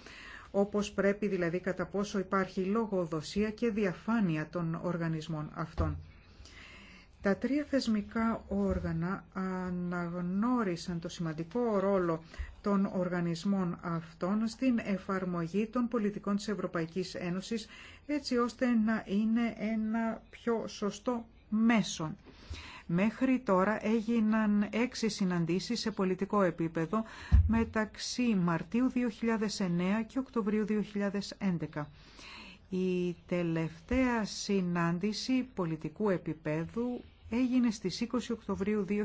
C: όπως πρέπει δηλαδή κατά πόσο υπάρχει λογοδοσία και διαφάνεια των οργανισμών αυτών. Τα τρία θεσμικά όργανα αναγνώρισαν το σημαντικό ρόλο των οργανισμών αυτών στην εφαρμογή των πολιτικών της Ευρωπαϊκής Ένωσης έτσι ώστε να είναι ένα πιο σωστό μέσον. Μέχρι τώρα έγιναν έξι συναντήσεις σε πολιτικό επίπεδο μεταξύ Μαρτίου 2009 και Οκτωβρίου 2011. Η τελευταία συνάντηση πολιτικού επίπεδου έγινε στις 20 Οκτωβρίου 2011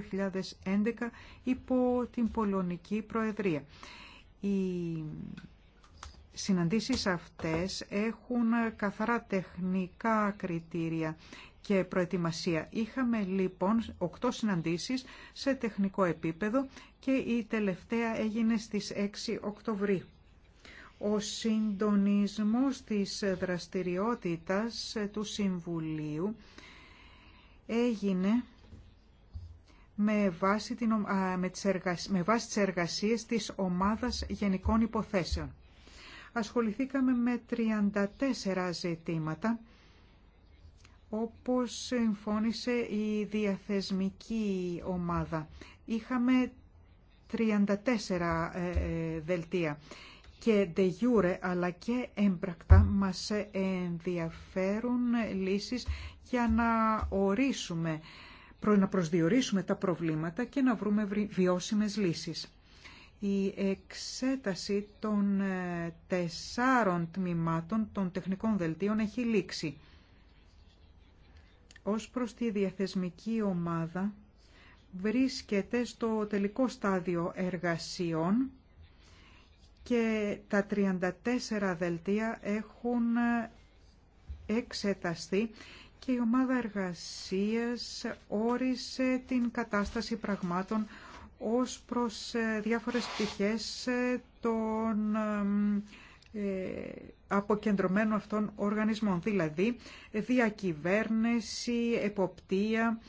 C: υπό την Πολωνική Προεδρία. Οι συναντήσεις αυτές έχουν καθαρά τεχνικά κριτήρια και προετοιμασία. Είχαμε λοιπόν οκτώ συναντήσεις σε τεχνικό επίπεδο και η τελευταία έγινε στις 6 Οκτωβρίου. Ο συντονισμός της δραστηριότητας του Συμβουλίου έγινε με βάση, την, με, τις εργασίες, της Ομάδας Γενικών Υποθέσεων. Ασχοληθήκαμε με 34 ζητήματα, όπως συμφώνησε η διαθεσμική ομάδα. Είχαμε 34 ε, ε, δελτία και de jure αλλά και έμπρακτα μας ενδιαφέρουν λύσεις για να ορίσουμε, να προσδιορίσουμε τα προβλήματα και να βρούμε βιώσιμες λύσεις. Η εξέταση των ε, τεσσάρων τμήματων των τεχνικών δελτίων έχει λήξει. Ως προς τη διαθεσμική ομάδα βρίσκεται στο τελικό στάδιο εργασιών και τα 34 δελτία έχουν ε, εξεταστεί και η ομάδα εργασίας όρισε την κατάσταση πραγμάτων ως προς ε, διάφορες πτυχές ε, των ε, αποκεντρωμένων αυτών οργανισμών, δηλαδή διακυβέρνηση, εποπτεία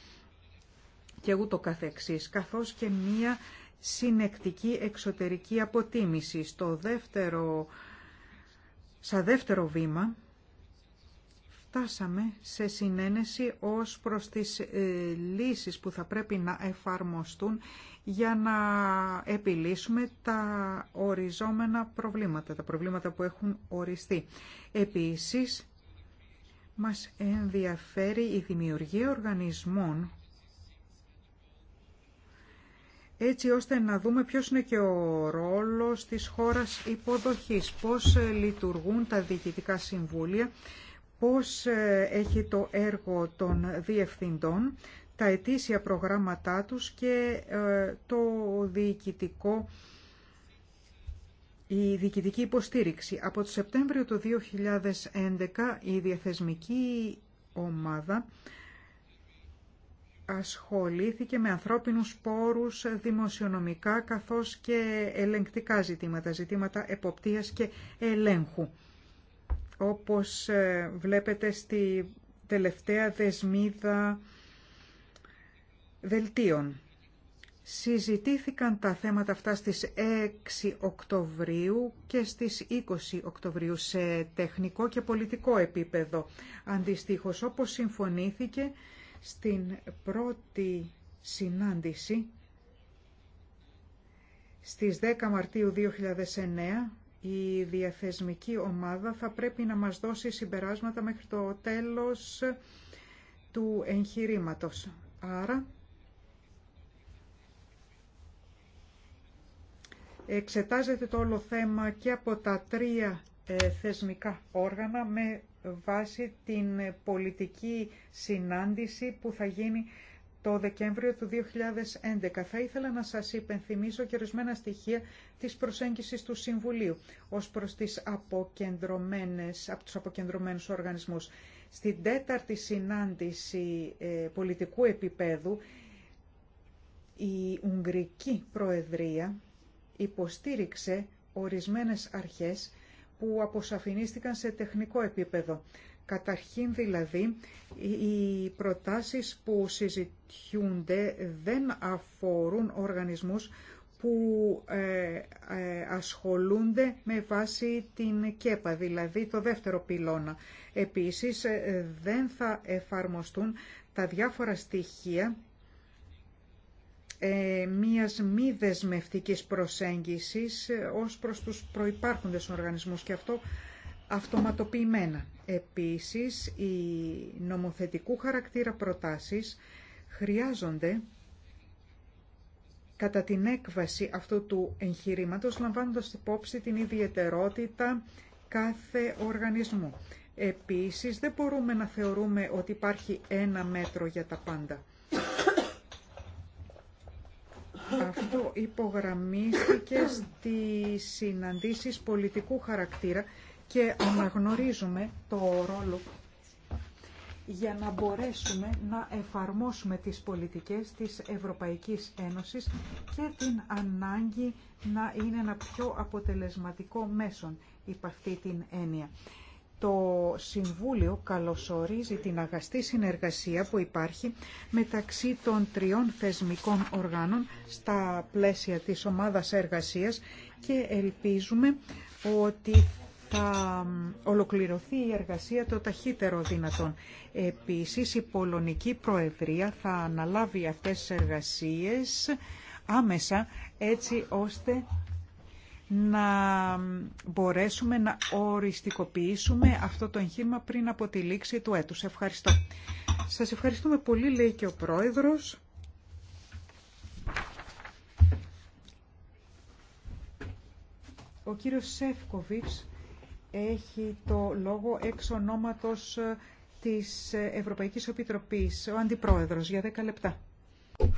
C: και ούτω καθεξής, καθώς και μία συνεκτική εξωτερική αποτίμηση. Στο δεύτερο, σαν δεύτερο βήμα, φτάσαμε σε συνένεση ως προς τις ε, λύσεις που θα πρέπει να εφαρμοστούν για να επιλύσουμε τα οριζόμενα προβλήματα, τα προβλήματα που έχουν οριστεί. Επίσης, μας ενδιαφέρει η δημιουργία οργανισμών έτσι ώστε να δούμε ποιος είναι και ο ρόλος της χώρας υποδοχής, πώς ε, λειτουργούν τα διοικητικά συμβούλια πώς ε, έχει το έργο των διευθυντών, τα ετήσια προγράμματά τους και ε, το διοικητικό, η διοικητική υποστήριξη. Από το Σεπτέμβριο του 2011 η διαθεσμική ομάδα ασχολήθηκε με ανθρώπινους πόρους, δημοσιονομικά καθώς και ελεγκτικά ζητήματα, ζητήματα εποπτείας και ελέγχου όπως ε, βλέπετε στη τελευταία δεσμίδα δελτίων. Συζητήθηκαν τα θέματα αυτά στις 6 Οκτωβρίου και στις 20 Οκτωβρίου σε τεχνικό και πολιτικό επίπεδο. Αντιστοίχως, όπως συμφωνήθηκε στην πρώτη συνάντηση στις 10 Μαρτίου 2009, η διαθεσμική ομάδα θα πρέπει να μας δώσει συμπεράσματα μέχρι το τέλος του εγχειρήματος. Άρα, εξετάζεται το όλο θέμα και από τα τρία ε, θεσμικά όργανα με βάση την πολιτική συνάντηση που θα γίνει το Δεκέμβριο του 2011. Θα ήθελα να σας υπενθυμίσω και ορισμένα στοιχεία της προσέγγισης του Συμβουλίου ως προς τις αποκεντρωμένες, από τους αποκεντρωμένους οργανισμούς. Στην τέταρτη συνάντηση ε, πολιτικού επίπεδου, η Ουγγρική Προεδρία υποστήριξε ορισμένες αρχές που αποσαφηνίστηκαν σε τεχνικό επίπεδο. Καταρχήν δηλαδή, οι προτάσεις που συζητιούνται δεν αφορούν οργανισμούς που ε, ε, ασχολούνται με βάση την ΚΕΠΑ, δηλαδή το δεύτερο πυλώνα. Επίσης, ε, δεν θα εφαρμοστούν τα διάφορα στοιχεία μίας μη δεσμευτικής προσέγγισης ως προς τους προϋπάρχοντες οργανισμούς και αυτό αυτοματοποιημένα. Επίσης, οι νομοθετικού χαρακτήρα προτάσεις χρειάζονται κατά την έκβαση αυτού του εγχειρήματος, λαμβάνοντας υπόψη την ιδιαιτερότητα κάθε οργανισμού. Επίσης, δεν μπορούμε να θεωρούμε ότι υπάρχει ένα μέτρο για τα πάντα. Αυτό υπογραμμίστηκε στις συναντήσεις πολιτικού χαρακτήρα και αναγνωρίζουμε το ρόλο για να μπορέσουμε να εφαρμόσουμε τις πολιτικές της Ευρωπαϊκής Ένωσης και την ανάγκη να είναι ένα πιο αποτελεσματικό μέσον υπ' αυτή την έννοια. Το Συμβούλιο καλωσορίζει την αγαστή συνεργασία που υπάρχει μεταξύ των τριών θεσμικών οργάνων στα πλαίσια της ομάδας εργασίας και ελπίζουμε ότι θα ολοκληρωθεί η εργασία το ταχύτερο δυνατόν. Επίσης, η Πολωνική Προεδρία θα αναλάβει αυτές τις εργασίες άμεσα έτσι ώστε να μπορέσουμε να οριστικοποιήσουμε αυτό το εγχείρημα πριν από τη λήξη του έτους. Ευχαριστώ. Σας ευχαριστούμε πολύ, λέει και ο Πρόεδρος. Ο κύριος Σεφκοβιτς έχει το λόγο εξ ονόματος ε, της ε, Ευρωπαϊκής Επιτροπής, ο Αντιπρόεδρος, για 10 λεπτά.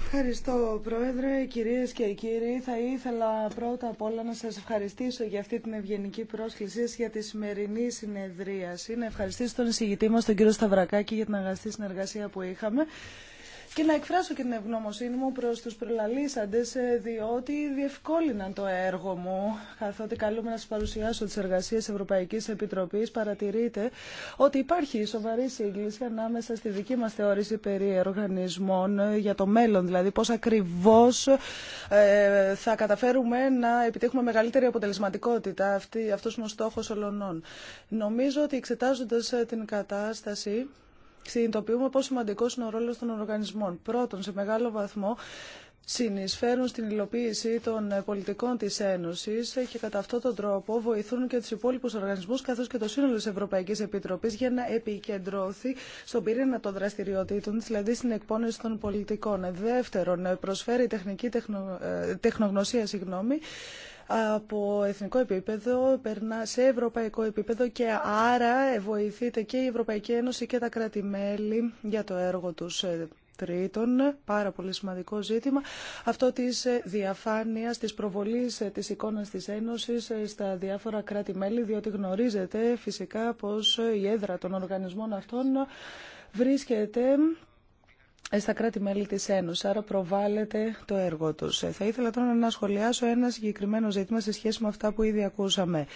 B: Ευχαριστώ Πρόεδρε, κυρίες και κύριοι. Θα ήθελα πρώτα απ' όλα να σας ευχαριστήσω για αυτή την ευγενική πρόσκληση για τη σημερινή συνεδρίαση. Να ευχαριστήσω τον εισηγητή μας, τον κύριο Σταυρακάκη, για την αγαστή συνεργασία που είχαμε και να εκφράσω και την ευγνωμοσύνη μου προς τους προλαλήσαντες ε, διότι διευκόλυναν το έργο μου καθότι καλούμε να σας παρουσιάσω τις εργασίες Ευρωπαϊκής Επιτροπής παρατηρείτε ότι υπάρχει σοβαρή σύγκληση ανάμεσα στη δική μας θεώρηση περί οργανισμών ε, για το μέλλον δηλαδή πώς ακριβώς ε, θα καταφέρουμε να επιτύχουμε μεγαλύτερη αποτελεσματικότητα αυτή, αυτός είναι ο στόχος ολονών. Νομίζω ότι εξετάζοντας την κατάσταση συνειδητοποιούμε πόσο σημαντικό είναι ο ρόλο των οργανισμών. Πρώτον, σε μεγάλο βαθμό συνεισφέρουν στην υλοποίηση των πολιτικών της Ένωσης και κατά αυτόν τον τρόπο βοηθούν και τους υπόλοιπους οργανισμούς καθώς και το σύνολο της Ευρωπαϊκής Επιτροπής για να επικεντρώθει στον πυρήνα των δραστηριοτήτων, δηλαδή στην εκπόνηση των πολιτικών. Δεύτερον, προσφέρει τεχνική ε, τεχνογνωσία συγγνώμη, από εθνικό επίπεδο, περνά σε ευρωπαϊκό επίπεδο και άρα βοηθείται και η Ευρωπαϊκή Ένωση και τα κράτη-μέλη για το έργο τους. Ε, τρίτον, πάρα πολύ σημαντικό ζήτημα, αυτό της ε, διαφάνειας, της προβολής ε, της εικόνας της Ένωσης στα διάφορα κράτη-μέλη, διότι γνωρίζετε φυσικά πως η έδρα των οργανισμών αυτών βρίσκεται ε, στα κράτη-μέλη της Ένωσης, άρα προβάλλεται το έργο τους. Ε, θα ήθελα τώρα να σχολιάσω ένα συγκεκριμένο ζήτημα σε σχέση με αυτά που ήδη ακούσαμε.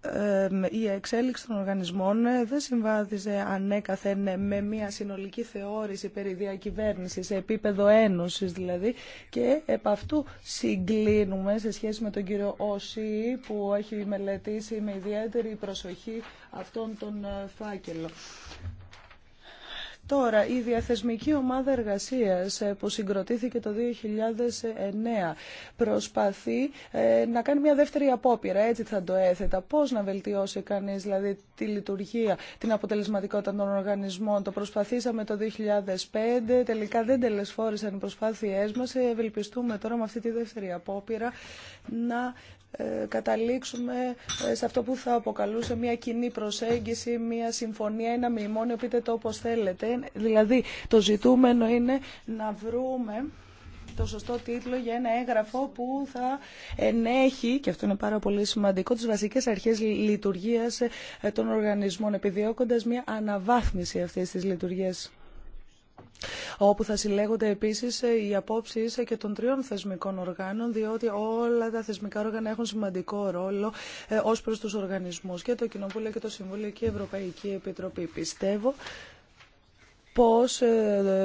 B: Ε, η εξέλιξη των οργανισμών δεν συμβάδιζε ανέκαθεν με μια συνολική θεώρηση περί διακυβέρνησης σε επίπεδο ένωσης δηλαδή και επ' αυτού συγκλίνουμε σε σχέση με τον κύριο Όση που έχει μελετήσει με ιδιαίτερη προσοχή αυτόν τον φάκελο. Τώρα, η διαθεσμική ομάδα εργασίας ε, που συγκροτήθηκε το 2009 προσπαθεί ε, να κάνει μια δεύτερη απόπειρα, έτσι θα το έθετα. Πώς να βελτιώσει κανείς δηλαδή τη λειτουργία, την αποτελεσματικότητα των οργανισμών. Το προσπαθήσαμε το 2005, τελικά δεν τελεσφόρησαν οι προσπάθειές μας. Ε, ευελπιστούμε τώρα με αυτή τη δεύτερη απόπειρα να ε, καταλήξουμε ε, σε αυτό που θα αποκαλούσε μια κοινή προσέγγιση, μια συμφωνία, ένα μνημόνιο, πείτε το όπως θέλετε. Δηλαδή το ζητούμενο είναι να βρούμε το σωστό τίτλο για ένα έγγραφο που θα ενέχει, και αυτό είναι πάρα πολύ σημαντικό, τις βασικές αρχές λειτουργίας ε, των οργανισμών, επιδιώκοντας μια αναβάθμιση αυτής της λειτουργίας όπου θα συλλέγονται επίσης ε, οι απόψεις ε, και των τριών θεσμικών οργάνων, διότι όλα τα θεσμικά όργανα έχουν σημαντικό ρόλο ε, ως προς τους οργανισμούς και το Κοινοβούλιο και το Συμβούλιο και η Ευρωπαϊκή Επιτροπή. Πιστεύω πώς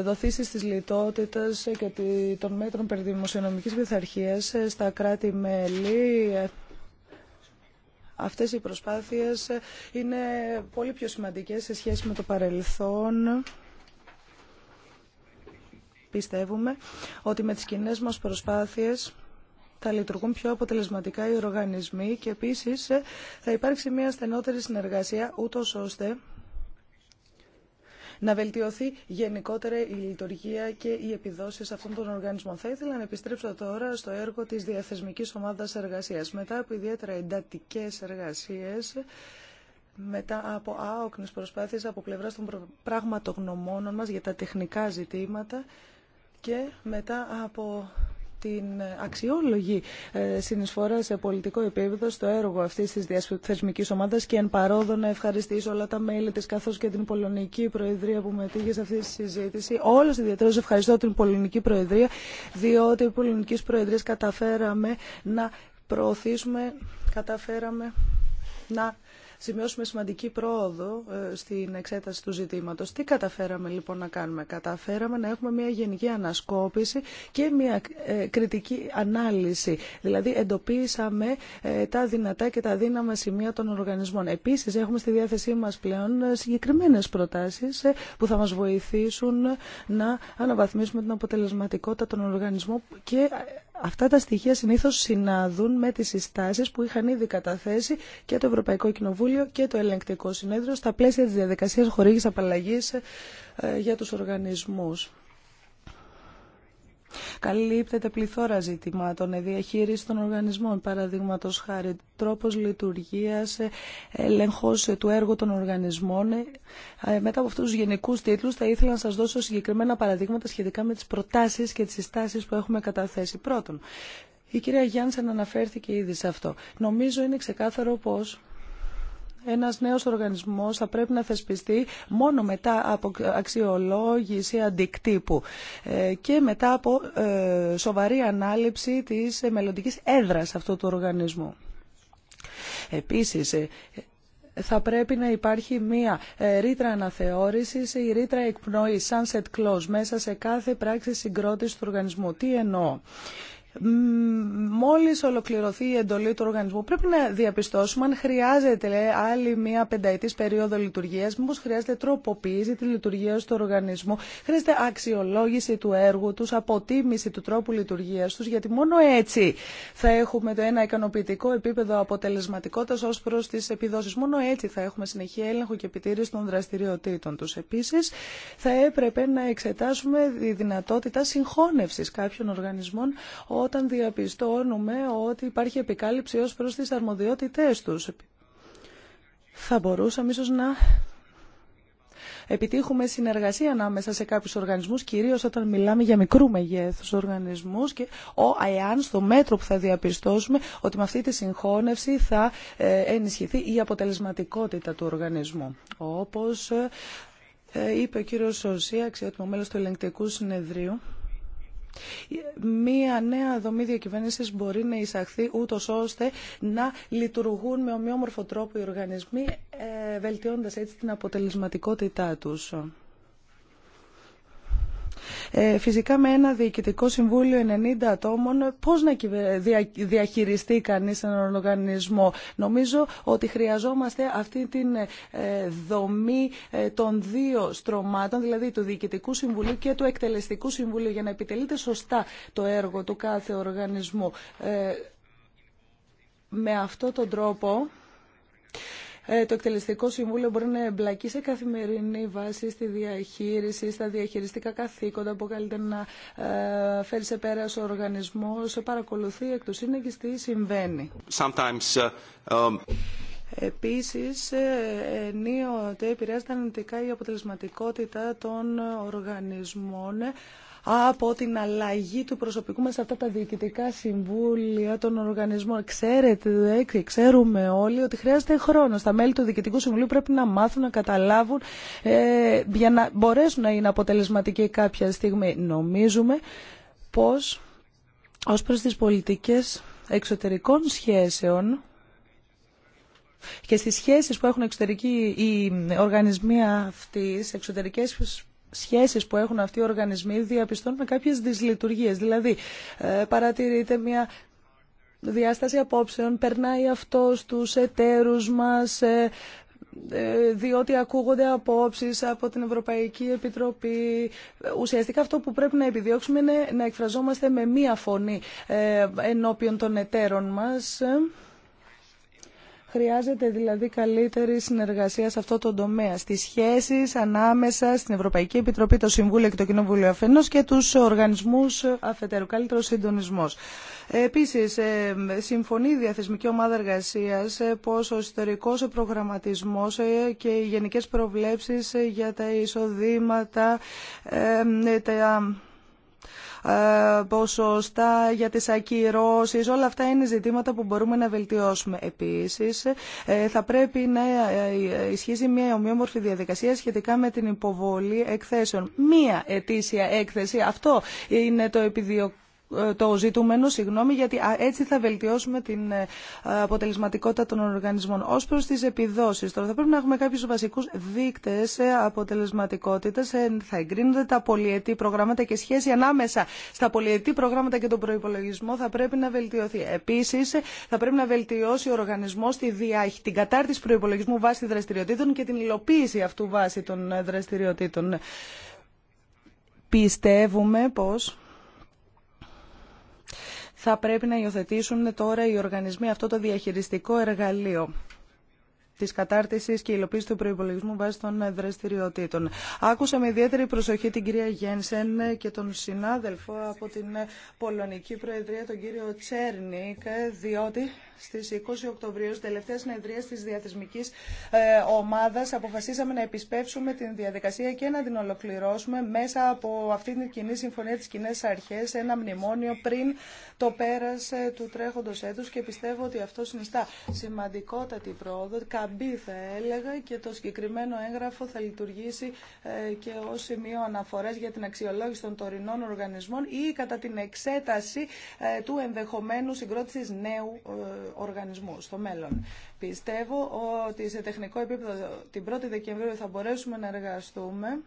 B: δοθήσεις της λιτότητας και των μέτρων περιδημοσιονομικής πειθαρχίας στα κράτη-μέλη αυτές οι προσπάθειες είναι πολύ πιο σημαντικές σε σχέση με το παρελθόν. Πιστεύουμε ότι με τις κοινέ μας προσπάθειες θα λειτουργούν πιο αποτελεσματικά οι οργανισμοί και επίσης ε, θα υπάρξει μια στενότερη συνεργασία ούτως ώστε να βελτιωθεί γενικότερα η λειτουργία και οι επιδόσεις αυτών των οργανισμών. Θα ήθελα να επιστρέψω τώρα στο έργο της Διαθεσμικής Ομάδας Εργασίας. Μετά από ιδιαίτερα εντατικές εργασίες, μετά από άοκνες προσπάθειες από πλευρά των πραγματογνωμόνων μας για τα τεχνικά ζητήματα, και μετά από την αξιόλογη ε, συνεισφορά σε πολιτικό επίπεδο στο έργο αυτή τη διαθεσμική ομάδα και εν παρόδο να ευχαριστήσω όλα τα μέλη τη καθώ και την Πολωνική Προεδρία που μετήγε σε αυτή τη συζήτηση. Όλο ιδιαίτερω ευχαριστώ την Πολωνική Προεδρία, διότι η Πολωνική Προεδρία καταφέραμε να προωθήσουμε, καταφέραμε να σημειώσουμε σημαντική πρόοδο ε, στην εξέταση του ζητήματος. Τι καταφέραμε λοιπόν να κάνουμε. Καταφέραμε να έχουμε μια γενική ανασκόπηση και μια ε, κριτική ανάλυση. Δηλαδή εντοπίσαμε ε, τα δυνατά και τα δύναμα σημεία των οργανισμών. Επίσης έχουμε στη διάθεσή μας πλέον συγκεκριμένες προτάσεις που θα μας βοηθήσουν να αναβαθμίσουμε την αποτελεσματικότητα των οργανισμών και Αυτά τα στοιχεία συνήθως συνάδουν με τις συστάσεις που είχαν ήδη καταθέσει και το Ευρωπαϊκό Κοινοβούλιο και το Ελεγκτικό Συνέδριο στα πλαίσια της διαδικασία χορήγηση απαλλαγή ε, για τους οργανισμούς. Καλύπτεται πληθώρα ζητημάτων, διαχείριση των οργανισμών, παραδείγματο χάρη, τρόπο λειτουργία, έλεγχο του έργου των οργανισμών. Ε, μετά από αυτού του γενικού τίτλου, θα ήθελα να σα δώσω συγκεκριμένα παραδείγματα σχετικά με τι προτάσει και τι συστάσει που έχουμε καταθέσει. Πρώτον, η κυρία Γιάννη αναφέρθηκε ήδη σε αυτό. Νομίζω είναι ξεκάθαρο πώ ένας νέος οργανισμός θα πρέπει να θεσπιστεί μόνο μετά από αξιολόγηση αντικτύπου ε, και μετά από ε, σοβαρή ανάληψη της μελλοντικής έδρας αυτού του οργανισμού. Επίσης, ε, θα πρέπει να υπάρχει μία ρήτρα αναθεώρησης ή ρήτρα εκπνοή, sunset clause, μέσα σε κάθε πράξη συγκρότηση του οργανισμού. Τι εννοώ. Μόλις ολοκληρωθεί η εντολή του οργανισμού, πρέπει να διαπιστώσουμε αν χρειάζεται άλλη μία πενταετής περίοδο λειτουργίας, μήπως χρειάζεται τροποποίηση τη λειτουργία του οργανισμού, χρειάζεται αξιολόγηση του έργου τους, αποτίμηση του τρόπου λειτουργίας τους, γιατί μόνο έτσι θα έχουμε το ένα ικανοποιητικό επίπεδο αποτελεσματικότητας ως προς τις επιδόσεις. Μόνο έτσι θα έχουμε συνεχή έλεγχο και επιτήρηση των δραστηριοτήτων τους. Επίσης, θα έπρεπε να εξετάσουμε τη δυνατότητα συγχώνευσης κάποιων οργανισμών όταν διαπιστώνουμε ότι υπάρχει επικάλυψη ως προς τις αρμοδιότητές τους. Θα μπορούσαμε ίσως να επιτύχουμε συνεργασία ανάμεσα σε κάποιους οργανισμούς, κυρίως όταν μιλάμε για μικρού μεγέθους οργανισμούς και ο, εάν στο μέτρο που θα διαπιστώσουμε ότι με αυτή τη συγχώνευση θα ε, ενισχυθεί η αποτελεσματικότητα του οργανισμού. Όπως ε, ε, είπε ο κύριος Σωσία, αξιότιμο μέλος του ελεγκτικού συνεδρίου, Μία νέα δομή διακυβέρνηση μπορεί να εισαχθεί ούτω ώστε να λειτουργούν με ομοιόμορφο τρόπο οι οργανισμοί, ε, βελτιώντα έτσι την αποτελεσματικότητά τους. Ε, φυσικά με ένα διοικητικό συμβούλιο 90 ατόμων πώς να διαχειριστεί κανείς έναν οργανισμό. Νομίζω ότι χρειαζόμαστε αυτή την ε, δομή ε, των δύο στρωμάτων, δηλαδή του διοικητικού συμβουλίου και του εκτελεστικού συμβουλίου για να επιτελείται σωστά το έργο του κάθε οργανισμού. Με αυτόν τον τρόπο ε, το εκτελεστικό συμβούλιο μπορεί να εμπλακεί σε καθημερινή βάση στη διαχείριση, στα διαχειριστικά καθήκοντα που καλείται να ε, φέρει σε πέρα ο οργανισμό, παρακολουθεί εκ του σύνεγγυ τι συμβαίνει.
A: Sometimes, uh, um...
B: Επίσης, ε, ενίοτε επηρεάζεται αρνητικά η αποτελεσματικότητα των οργανισμών από την αλλαγή του προσωπικού μας αυτά τα διοικητικά συμβούλια των οργανισμών. Ξέρετε, ξέρουμε όλοι ότι χρειάζεται χρόνο. Τα μέλη του Διοικητικού Συμβουλίου πρέπει να μάθουν, να καταλάβουν ε, για να μπορέσουν να είναι αποτελεσματικοί κάποια στιγμή. Νομίζουμε πως ως προς τις πολιτικές εξωτερικών σχέσεων και στις σχέσεις που έχουν εξωτερικοί οι οργανισμοί αυτοί, σε εξωτερικές Σχέσει που έχουν αυτοί οι οργανισμοί διαπιστώνουμε κάποιε δυσλειτουργίε. Δηλαδή ε, παρατηρείται μια διάσταση απόψεων, περνάει αυτό στους μα. μας, ε, ε, διότι ακούγονται απόψεις από την Ευρωπαϊκή Επιτροπή. Ουσιαστικά αυτό που πρέπει να επιδιώξουμε είναι να εκφραζόμαστε με μία φωνή ενώπιον των εταίρων μας. Χρειάζεται δηλαδή καλύτερη συνεργασία σε αυτό το τομέα, στις σχέσεις ανάμεσα στην Ευρωπαϊκή Επιτροπή, το Συμβούλιο και το Κοινοβούλιο αφενός και τους οργανισμούς αφετέρου, καλύτερο συντονισμός. Επίσης, ε, συμφωνεί η Διαθεσμική Ομάδα Εργασίας ε, πως ο ιστορικός προγραμματισμός ε, και οι γενικές προβλέψεις για τα εισοδήματα, ε, ποσοστά για τις ακυρώσεις. Όλα αυτά είναι ζητήματα που μπορούμε να βελτιώσουμε. Επίσης, ε, θα πρέπει να ε, ισχύσει μια ομοιόμορφη διαδικασία σχετικά με την υποβολή εκθέσεων. Μία ετήσια έκθεση, αυτό είναι το επιδιωκόμενο το ζητούμενο, συγγνώμη, γιατί έτσι θα βελτιώσουμε την ε, αποτελεσματικότητα των οργανισμών. Ω προ τι επιδόσει, τώρα θα πρέπει να έχουμε κάποιου βασικού δείκτε αποτελεσματικότητα. Ε, θα εγκρίνονται τα πολιετή προγράμματα και σχέση ανάμεσα στα πολιετή προγράμματα και τον προπολογισμό θα πρέπει να βελτιωθεί. Επίση, ε, θα πρέπει να βελτιώσει ο οργανισμό τη την κατάρτιση προπολογισμού βάσει δραστηριοτήτων και την υλοποίηση αυτού βάσει των δραστηριοτήτων. Πιστεύουμε πως θα πρέπει να υιοθετήσουν τώρα οι οργανισμοί αυτό το διαχειριστικό εργαλείο της κατάρτισης και υλοποίησης του προϋπολογισμού βάσει των δραστηριοτήτων. Άκουσα με ιδιαίτερη προσοχή την κυρία Γένσεν και τον συνάδελφο από την Πολωνική Προεδρία, τον κύριο Τσέρνικ, διότι Στι 20 Οκτωβρίου, τελευταίε τελευταία τη της διαθεσμικής ε, ομάδα, αποφασίσαμε να επισπεύσουμε την διαδικασία και να την ολοκληρώσουμε μέσα από αυτή την κοινή συμφωνία τη κοινέ αρχέ, ένα μνημόνιο πριν το πέρας ε, του τρέχοντο έτου. και πιστεύω ότι αυτό συνιστά σημαντικότατη πρόοδο, καμπή θα έλεγα και το συγκεκριμένο έγγραφο θα λειτουργήσει ε, και ω σημείο αναφορά για την αξιολόγηση των τωρινών οργανισμών ή κατά την εξέταση του ενδεχομένου συγκρότηση νέου οργανισμού στο μέλλον. Πιστεύω ότι σε τεχνικό επίπεδο την 1η Δεκεμβρίου θα μπορέσουμε να εργαστούμε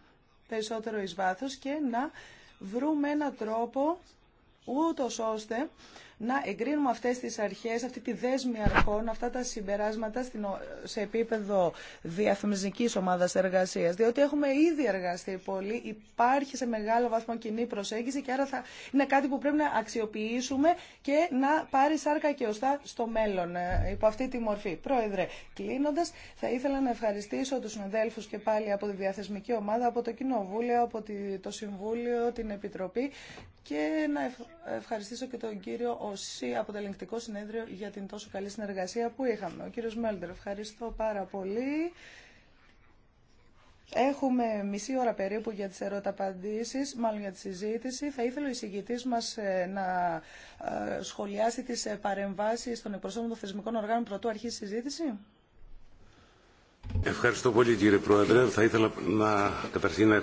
B: περισσότερο εις βάθος και να βρούμε έναν τρόπο ούτως ώστε να εγκρίνουμε αυτές τις αρχές, αυτή τη δέσμη αρχών, αυτά τα συμπεράσματα σε επίπεδο διαφημιστικής ομάδας εργασίας, διότι έχουμε ήδη εργαστεί πολύ, υπάρχει σε μεγάλο βαθμό κοινή προσέγγιση και άρα θα είναι κάτι που πρέπει να αξιοποιήσουμε και να πάρει σάρκα και οστά στο μέλλον, ε, υπό αυτή τη μορφή. Πρόεδρε, κλείνοντας, θα ήθελα να ευχαριστήσω τους συναδέλφους και πάλι από τη διαθεσμική ομάδα, από το Κοινοβούλιο, από το Συμβούλιο, την Επιτροπή και να ευχαριστήσω και τον κύριο Οσί από το Ελεγκτικό Συνέδριο για την τόσο καλή συνεργασία που είχαμε. Ο κύριος Μέλντερ, ευχαριστώ πάρα πολύ. Έχουμε μισή ώρα περίπου για τις ερώτα-απαντήσεις, μάλλον για τη συζήτηση. Θα ήθελε ο εισηγητής μας ε, να ε, σχολιάσει τις ε, παρεμβάσεις των εκπροσώπων των θεσμικών οργάνων πρωτού αρχή συζήτηση.
A: Ευχαριστώ πολύ κύριε Πρόεδρε. Θα ήθελα να καταρχήν να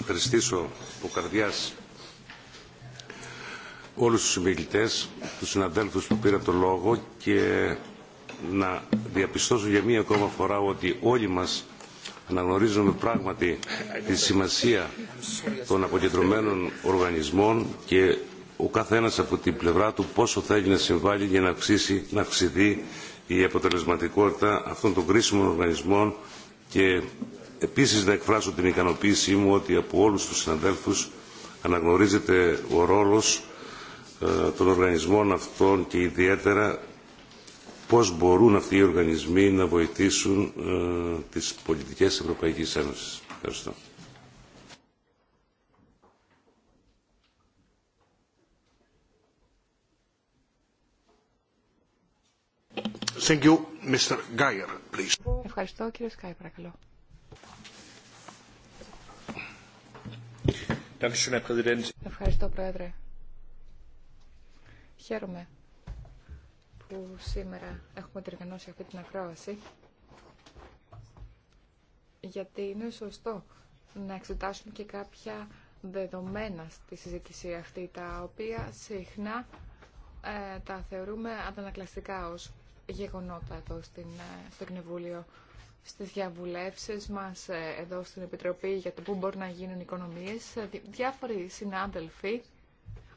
A: ευχαριστήσω από καρδιάς όλους τους συμμιλητές, τους συναδέλφους που πήραν το λόγο και να διαπιστώσω για μία ακόμα φορά ότι όλοι μας αναγνωρίζουμε πράγματι τη σημασία των αποκεντρωμένων οργανισμών και ο καθένας από την πλευρά του πόσο θέλει να συμβάλλει για να, αυξήσει, να αυξηθεί η αποτελεσματικότητα αυτών των κρίσιμων οργανισμών και επίσης να εκφράσω την ικανοποίησή μου ότι από όλους τους συναδέλφους αναγνωρίζεται ο ρόλος ε, των οργανισμών αυτών και ιδιαίτερα πώς μπορούν αυτοί οι οργανισμοί να βοηθήσουν ε, τις πολιτικές Ευρωπαϊκής Ένωσης. Ευχαριστώ. Thank you, Mr. Geyer, please.
D: Ευχαριστώ, κύριε Σκάι, παρακαλώ. Ευχαριστώ, Πρόεδρε. Χαίρομαι που σήμερα έχουμε τριγανώσει αυτή την ακρόαση γιατί είναι σωστό να εξετάσουμε και κάποια δεδομένα στη συζήτηση αυτή τα οποία συχνά ε, τα θεωρούμε αντανακλαστικά ως γεγονότα εδώ στην, ε, στο κνεβούλιο στις διαβουλεύσεις μας ε, εδώ στην Επιτροπή για το πού μπορεί να γίνουν οικονομίες διάφοροι συνάδελφοι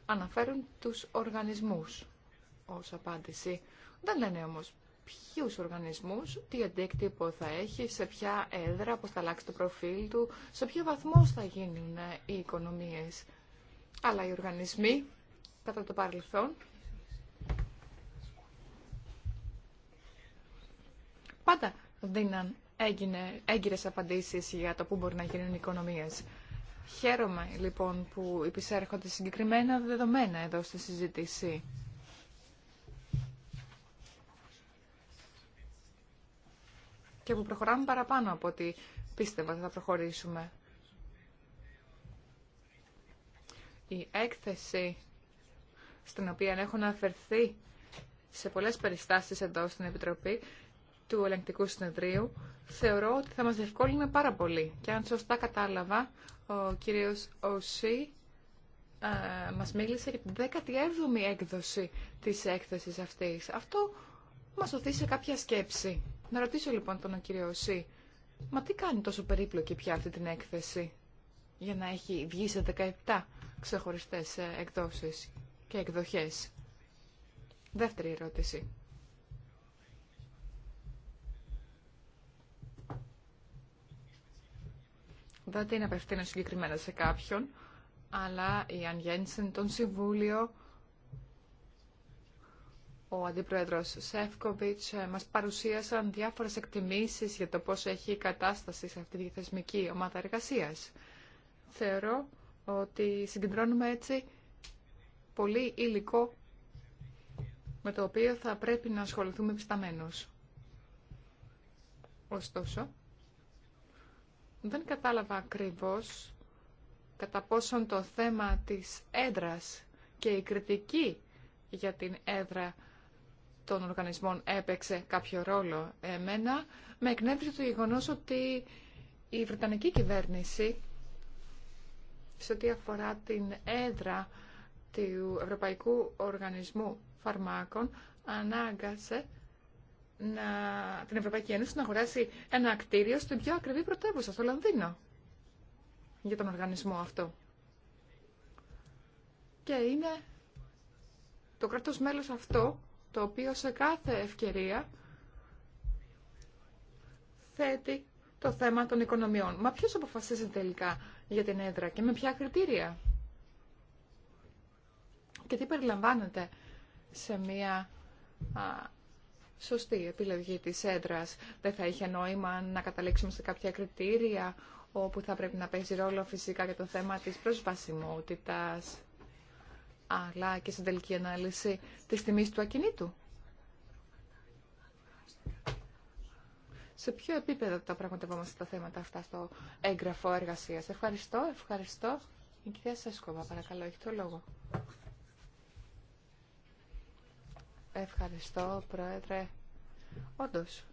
D: αναφέρουν τους οργανισμούς ως απάντηση. Δεν λένε όμως ποιου οργανισμούς, τι αντίκτυπο θα έχει, σε ποια έδρα, πώς θα αλλάξει το προφίλ του, σε ποιο βαθμό θα γίνουν οι οικονομίες. Αλλά οι οργανισμοί, κατά το παρελθόν, πάντα δίναν έγκυρες απαντήσεις για το πού μπορεί να γίνουν οι οικονομίες. Χαίρομαι λοιπόν που υπησέρχονται συγκεκριμένα δεδομένα εδώ στη συζήτηση. Και που προχωράμε παραπάνω από ότι πίστευα θα προχωρήσουμε. Η έκθεση στην οποία έχω αναφερθεί σε πολλές περιστάσεις εδώ στην Επιτροπή του ελεγκτικού συνεδρίου θεωρώ ότι θα μας διευκόλυνε πάρα πολύ. Και αν σωστά κατάλαβα, ο κύριος Οσί ε, μας μίλησε για την 17η έκδοση της έκθεσης αυτής. Αυτό μας οθεί σε κάποια σκέψη. Να ρωτήσω λοιπόν τον κύριο Οσί, μα τι κάνει τόσο περίπλοκη πια αυτή την έκθεση για να έχει βγει σε 17 ξεχωριστές ε, εκδόσεις και εκδοχές. Δεύτερη ερώτηση. δεν την απευθύνω συγκεκριμένα σε κάποιον, αλλά η Αν τον Συμβούλιο, ο Αντιπρόεδρος Σεύκοβιτς ε, μας παρουσίασαν διάφορες εκτιμήσεις για το πώς έχει η κατάσταση σε αυτή τη θεσμική ομάδα εργασίας. Θεωρώ ότι συγκεντρώνουμε έτσι πολύ υλικό με το οποίο θα πρέπει να ασχοληθούμε πισταμένως. Ωστόσο, δεν κατάλαβα ακριβώς κατά πόσον το θέμα της έδρας και η κριτική για την έδρα των οργανισμών έπαιξε κάποιο ρόλο εμένα, με εκνεύρισε το γεγονός ότι η Βρετανική κυβέρνηση σε ό,τι αφορά την έδρα του Ευρωπαϊκού Οργανισμού Φαρμάκων ανάγκασε να, την Ευρωπαϊκή Ένωση να αγοράσει ένα κτίριο στην πιο ακριβή πρωτεύουσα, στο Λονδίνο, για τον οργανισμό αυτό. Και είναι το κράτος μέλος αυτό, το οποίο σε κάθε ευκαιρία θέτει το θέμα των οικονομιών. Μα ποιος αποφασίζει τελικά για την έδρα και με ποια κριτήρια. Και τι περιλαμβάνεται σε μια σωστή επιλογή της έντρας. Δεν θα είχε νόημα να καταλήξουμε σε κάποια κριτήρια όπου θα πρέπει να παίζει ρόλο φυσικά για το θέμα της προσβασιμότητας αλλά και στην τελική ανάλυση της τιμής του ακινήτου. Σε ποιο επίπεδο τα πραγματευόμαστε τα θέματα αυτά στο έγγραφο εργασίας. Ευχαριστώ, ευχαριστώ. Η κυρία Σέσκοβα, παρακαλώ, έχει το λόγο. Ευχαριστώ, Πρόεδρε. Όντως,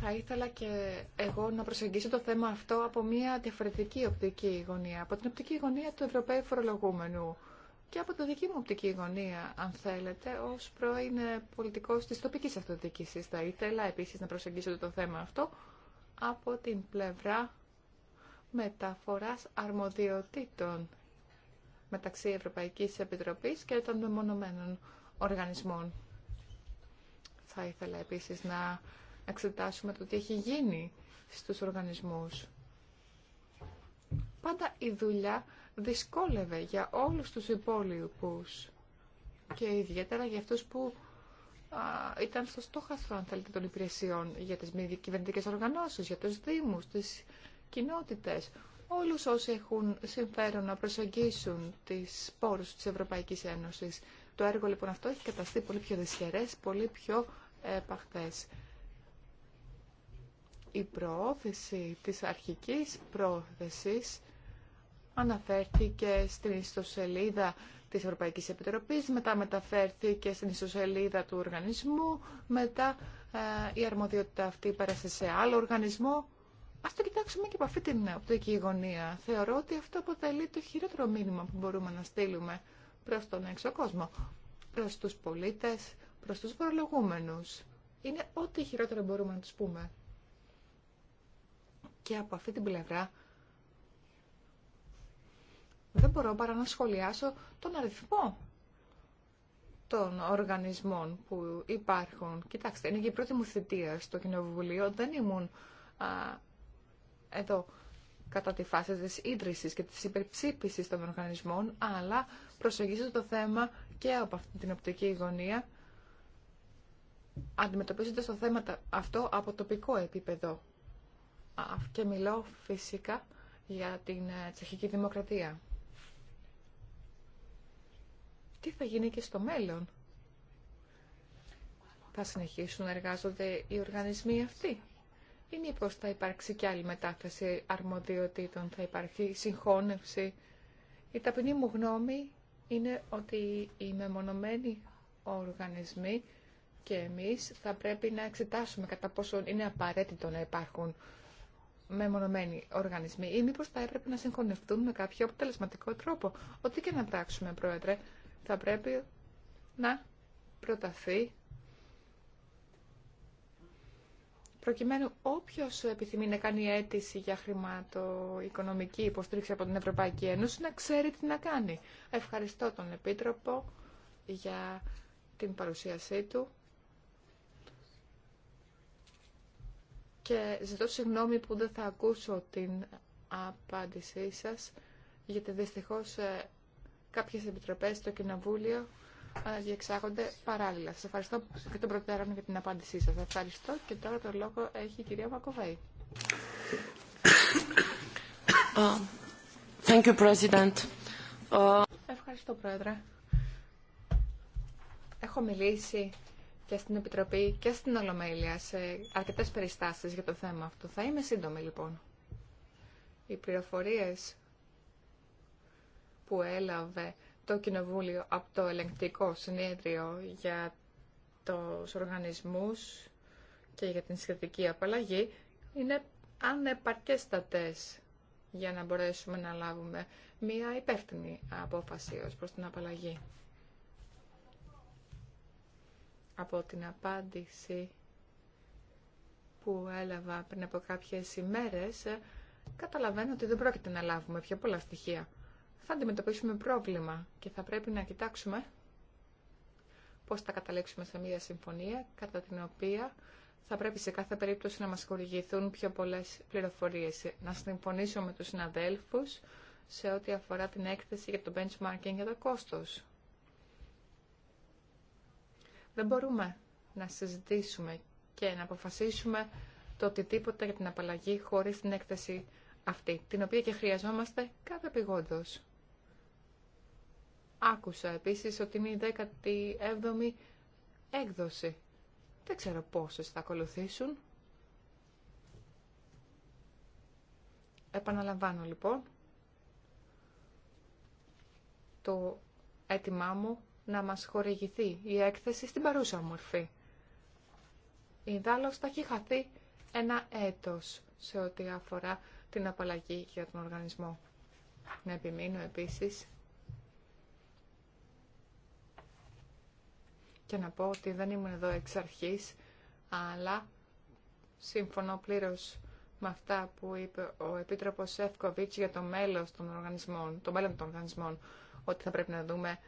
D: θα ήθελα και εγώ να προσεγγίσω το θέμα αυτό από μια διαφορετική οπτική γωνία, από την οπτική γωνία του Ευρωπαίου Φορολογούμενου και από την δική μου οπτική γωνία, αν θέλετε, ως πρώην πολιτικός της τοπικής αυτοδιοίκησης. Θα ήθελα επίσης να προσεγγίσω το θέμα αυτό από την πλευρά μεταφοράς αρμοδιοτήτων μεταξύ Ευρωπαϊκής Επιτροπής και των μεμονωμένων οργανισμών. Θα ήθελα επίσης να εξετάσουμε το τι έχει γίνει στους οργανισμούς. Πάντα η δουλειά δυσκόλευε για όλους τους υπόλοιπους και ιδιαίτερα για αυτούς που ήταν στο στόχαστρο, αν θέλετε, των υπηρεσιών για τις μη κυβερνητικές οργανώσεις, για τους δήμους, τις κοινότητες όλους όσοι έχουν συμφέρον να προσεγγίσουν τις πόρους της Ευρωπαϊκής Ένωσης. Το έργο λοιπόν αυτό έχει καταστεί πολύ πιο δυσχερές, πολύ πιο επαχθές. Η προώθηση της αρχικής πρόθεσης αναφέρθηκε στην ιστοσελίδα της Ευρωπαϊκής Επιτροπής, μετά μεταφέρθηκε στην ιστοσελίδα του οργανισμού, μετά ε, η αρμοδιότητα αυτή πέρασε σε άλλο οργανισμό Α το κοιτάξουμε και από αυτή την οπτική γωνία. Θεωρώ ότι αυτό αποτελεί το χειρότερο μήνυμα που μπορούμε να στείλουμε προς τον έξω κόσμο, προς τους πολίτες, προς τους προλογούμενους. Είναι ό,τι χειρότερο μπορούμε να τους πούμε. Και από αυτή την πλευρά δεν μπορώ παρά να σχολιάσω τον αριθμό των οργανισμών που υπάρχουν. Κοιτάξτε, είναι και η πρώτη μου θητεία στο Κοινοβουλίο. Δεν ήμουν α, εδώ κατά τη φάση της ίδρυσης και της υπερψήπησης των οργανισμών, αλλά προσεγγίζει το θέμα και από αυτή την οπτική γωνία, αντιμετωπίζοντας το θέμα αυτό από τοπικό επίπεδο. Και μιλώ φυσικά για την ε, τσεχική δημοκρατία. Τι θα γίνει και στο μέλλον. Θα συνεχίσουν να εργάζονται οι οργανισμοί αυτοί ή μήπω θα υπάρξει και άλλη μετάθεση αρμοδιοτήτων, θα υπάρχει συγχώνευση. Η ταπεινή μου γνώμη είναι ότι οι μεμονωμένοι οργανισμοί και εμείς θα πρέπει να εξετάσουμε κατά πόσο είναι απαραίτητο να υπάρχουν μεμονωμένοι οργανισμοί ή μήπως θα έπρεπε να συγχωνευτούν με κάποιο αποτελεσματικό τρόπο. Ό,τι και να πράξουμε, Πρόεδρε, θα πρέπει να προταθεί προκειμένου όποιο επιθυμεί να κάνει αίτηση για χρηματοοικονομική υποστήριξη από την Ευρωπαϊκή Ένωση να ξέρει τι να κάνει. Ευχαριστώ τον Επίτροπο για την παρουσίασή του και ζητώ συγγνώμη που δεν θα ακούσω την απάντησή σας γιατί δυστυχώς ε, κάποιες επιτροπές στο Κοινοβούλιο διεξάγονται παράλληλα. Σας ευχαριστώ και τον προτέρων για την απάντησή σας. Ευχαριστώ και τώρα το λόγο έχει η κυρία Μακοβέη. Um, you, uh, Ευχαριστώ, Πρόεδρε. Έχω μιλήσει και στην Επιτροπή και στην Ολομέλεια σε αρκετές περιστάσεις για το θέμα αυτό. Θα είμαι σύντομη, λοιπόν. Οι πληροφορίες που έλαβε το Κοινοβούλιο από το Ελεγκτικό Συνέδριο για τους οργανισμούς και για την σχετική απαλλαγή είναι ανεπαρκέστατες για να μπορέσουμε να λάβουμε μία υπεύθυνη απόφαση ως προς την απαλλαγή. Από την απάντηση που έλαβα πριν από κάποιες ημέρες, καταλαβαίνω ότι δεν πρόκειται να λάβουμε πιο πολλά στοιχεία θα αντιμετωπίσουμε πρόβλημα και θα πρέπει να κοιτάξουμε πώς θα καταλήξουμε σε μια συμφωνία κατά την οποία θα πρέπει σε κάθε περίπτωση να μας χορηγηθούν πιο πολλές πληροφορίες. Να συμφωνήσω με τους συναδέλφους σε ό,τι αφορά την έκθεση για το benchmarking για το κόστος. Δεν μπορούμε να συζητήσουμε και να αποφασίσουμε το οτιδήποτε για την απαλλαγή χωρίς την έκθεση αυτή, την οποία και χρειαζόμαστε κάθε επιγόντως. Άκουσα επίσης ότι είναι η 17η έκδοση. Δεν ξέρω πόσες θα ακολουθήσουν. Επαναλαμβάνω λοιπόν το έτοιμά μου να μας χορηγηθεί η έκθεση στην παρούσα μορφή. Η δάλος θα έχει χαθεί ένα έτος σε ό,τι αφορά την απαλλαγή για τον οργανισμό. Να επιμείνω επίσης και να πω ότι δεν ήμουν εδώ εξ αρχής, αλλά συμφωνώ πλήρως με αυτά που είπε ο Επίτροπος Εύκοβιτς για το μέλλον των οργανισμών, το μέλλον των οργανισμών, ότι θα πρέπει να δούμε,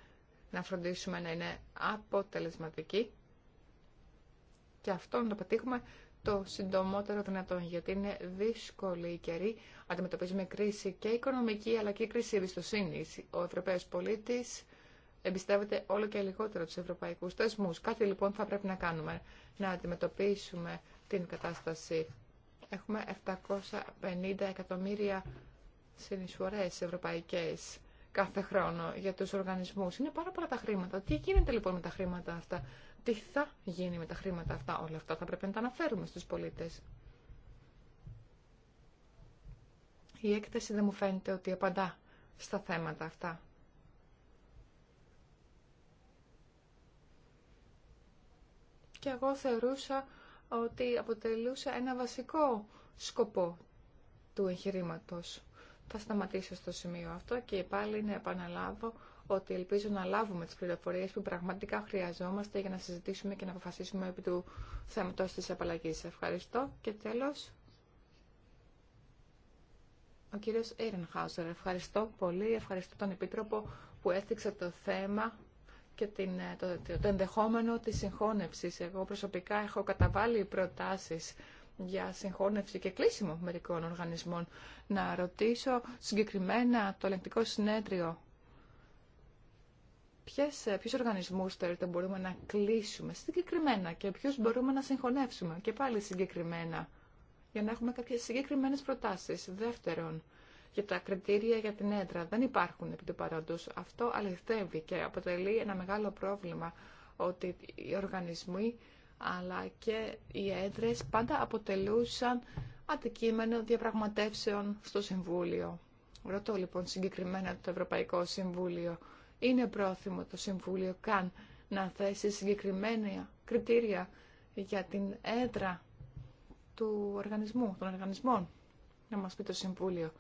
D: να φροντίσουμε να είναι αποτελεσματικοί και αυτό να το πετύχουμε το συντομότερο δυνατόν, γιατί είναι δύσκολη η καιρή. Αντιμετωπίζουμε κρίση και οικονομική, αλλά και κρίση εμπιστοσύνη. Ο Ευρωπαίος πολίτης εμπιστεύεται όλο και λιγότερο του ευρωπαϊκού θεσμού. Κάτι λοιπόν θα πρέπει να κάνουμε, να αντιμετωπίσουμε την κατάσταση. Έχουμε 750 εκατομμύρια συνεισφορέ ευρωπαϊκές κάθε χρόνο για τους οργανισμούς. Είναι πάρα πολλά τα χρήματα. Τι γίνεται λοιπόν με τα χρήματα αυτά. Τι θα γίνει με τα χρήματα αυτά. Όλα αυτά θα πρέπει να τα αναφέρουμε στου πολίτε. Η έκθεση δεν μου φαίνεται ότι απαντά στα θέματα αυτά. και εγώ θεωρούσα ότι αποτελούσε ένα βασικό σκοπό του εγχειρήματο. Θα σταματήσω στο σημείο αυτό και πάλι να επαναλάβω ότι ελπίζω να λάβουμε τις πληροφορίες που πραγματικά χρειαζόμαστε για να συζητήσουμε και να αποφασίσουμε επί του θέματος της απαλλαγής. Ευχαριστώ και τέλος. Ο κύριος Ειρενχάουζερ, ευχαριστώ πολύ, ευχαριστώ τον Επίτροπο που έστειξε το θέμα και την, ε, το, το ενδεχόμενο της συγχώνευσης. Εγώ προσωπικά έχω καταβάλει προτάσεις για συγχώνευση και κλείσιμο μερικών οργανισμών. Να ρωτήσω συγκεκριμένα το ελεγκτικό συνέδριο ποιες, ε, ποιους οργανισμούς θεωρείτε μπορούμε να κλείσουμε συγκεκριμένα και ποιους μπορούμε να συγχωνεύσουμε και πάλι συγκεκριμένα για να έχουμε κάποιες συγκεκριμένες προτάσεις. Δεύτερον, για τα κριτήρια για την έντρα. Δεν υπάρχουν επί του παρόντος. Αυτό αληθεύει και αποτελεί ένα μεγάλο πρόβλημα ότι οι οργανισμοί αλλά και οι έντρες πάντα αποτελούσαν αντικείμενο διαπραγματεύσεων στο Συμβούλιο. Ρωτώ λοιπόν συγκεκριμένα το Ευρωπαϊκό Συμβούλιο. Είναι πρόθυμο το Συμβούλιο καν να θέσει συγκεκριμένα κριτήρια για την έδρα του οργανισμού, των οργανισμών. Να μας πει το Συμβούλιο.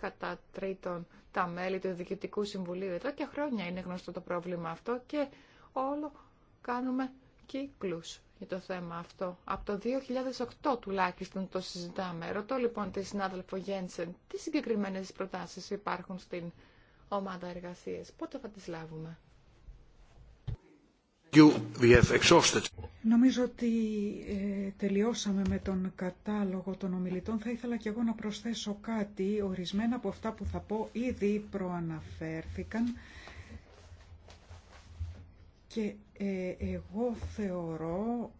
D: Κατά τρίτον, τα μέλη του Διοικητικού Συμβουλίου. Εδώ και χρόνια είναι γνωστό το πρόβλημα αυτό και όλο κάνουμε κύκλους για το θέμα αυτό. Από το 2008 τουλάχιστον το συζητάμε. Ρωτώ λοιπόν τη συνάδελφο Γένσεν, τι συγκεκριμένες προτάσεις υπάρχουν στην ομάδα εργασίας, πότε θα τις λάβουμε.
C: Νομίζω ότι ε, τελειώσαμε με τον κατάλογο των ομιλητών. Θα ήθελα και εγώ να προσθέσω κάτι. Ορισμένα από αυτά που θα πω ήδη προαναφέρθηκαν και ε, εγώ θεωρώ,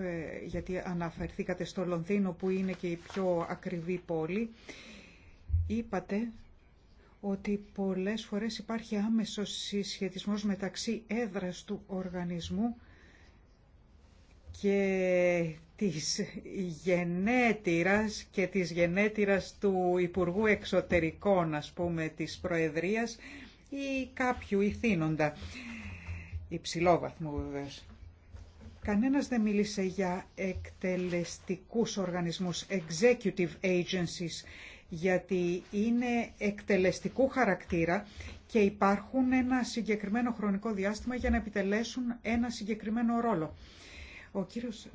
C: ε, γιατί αναφερθήκατε στο Λονδίνο που είναι και η πιο ακριβή πόλη, είπατε ότι πολλές φορές υπάρχει άμεσος συσχετισμός μεταξύ έδρας του οργανισμού και της γενέτηρας και της γενέτηρας του Υπουργού Εξωτερικών, ας πούμε, της Προεδρίας ή κάποιου ηθήνοντα, υψηλόβαθμου βεβαίως. Κανένας δεν μίλησε για εκτελεστικούς οργανισμούς, executive agencies γιατί είναι εκτελεστικού χαρακτήρα και υπάρχουν ένα συγκεκριμένο χρονικό διάστημα για να επιτελέσουν ένα συγκεκριμένο ρόλο. Ο κύριος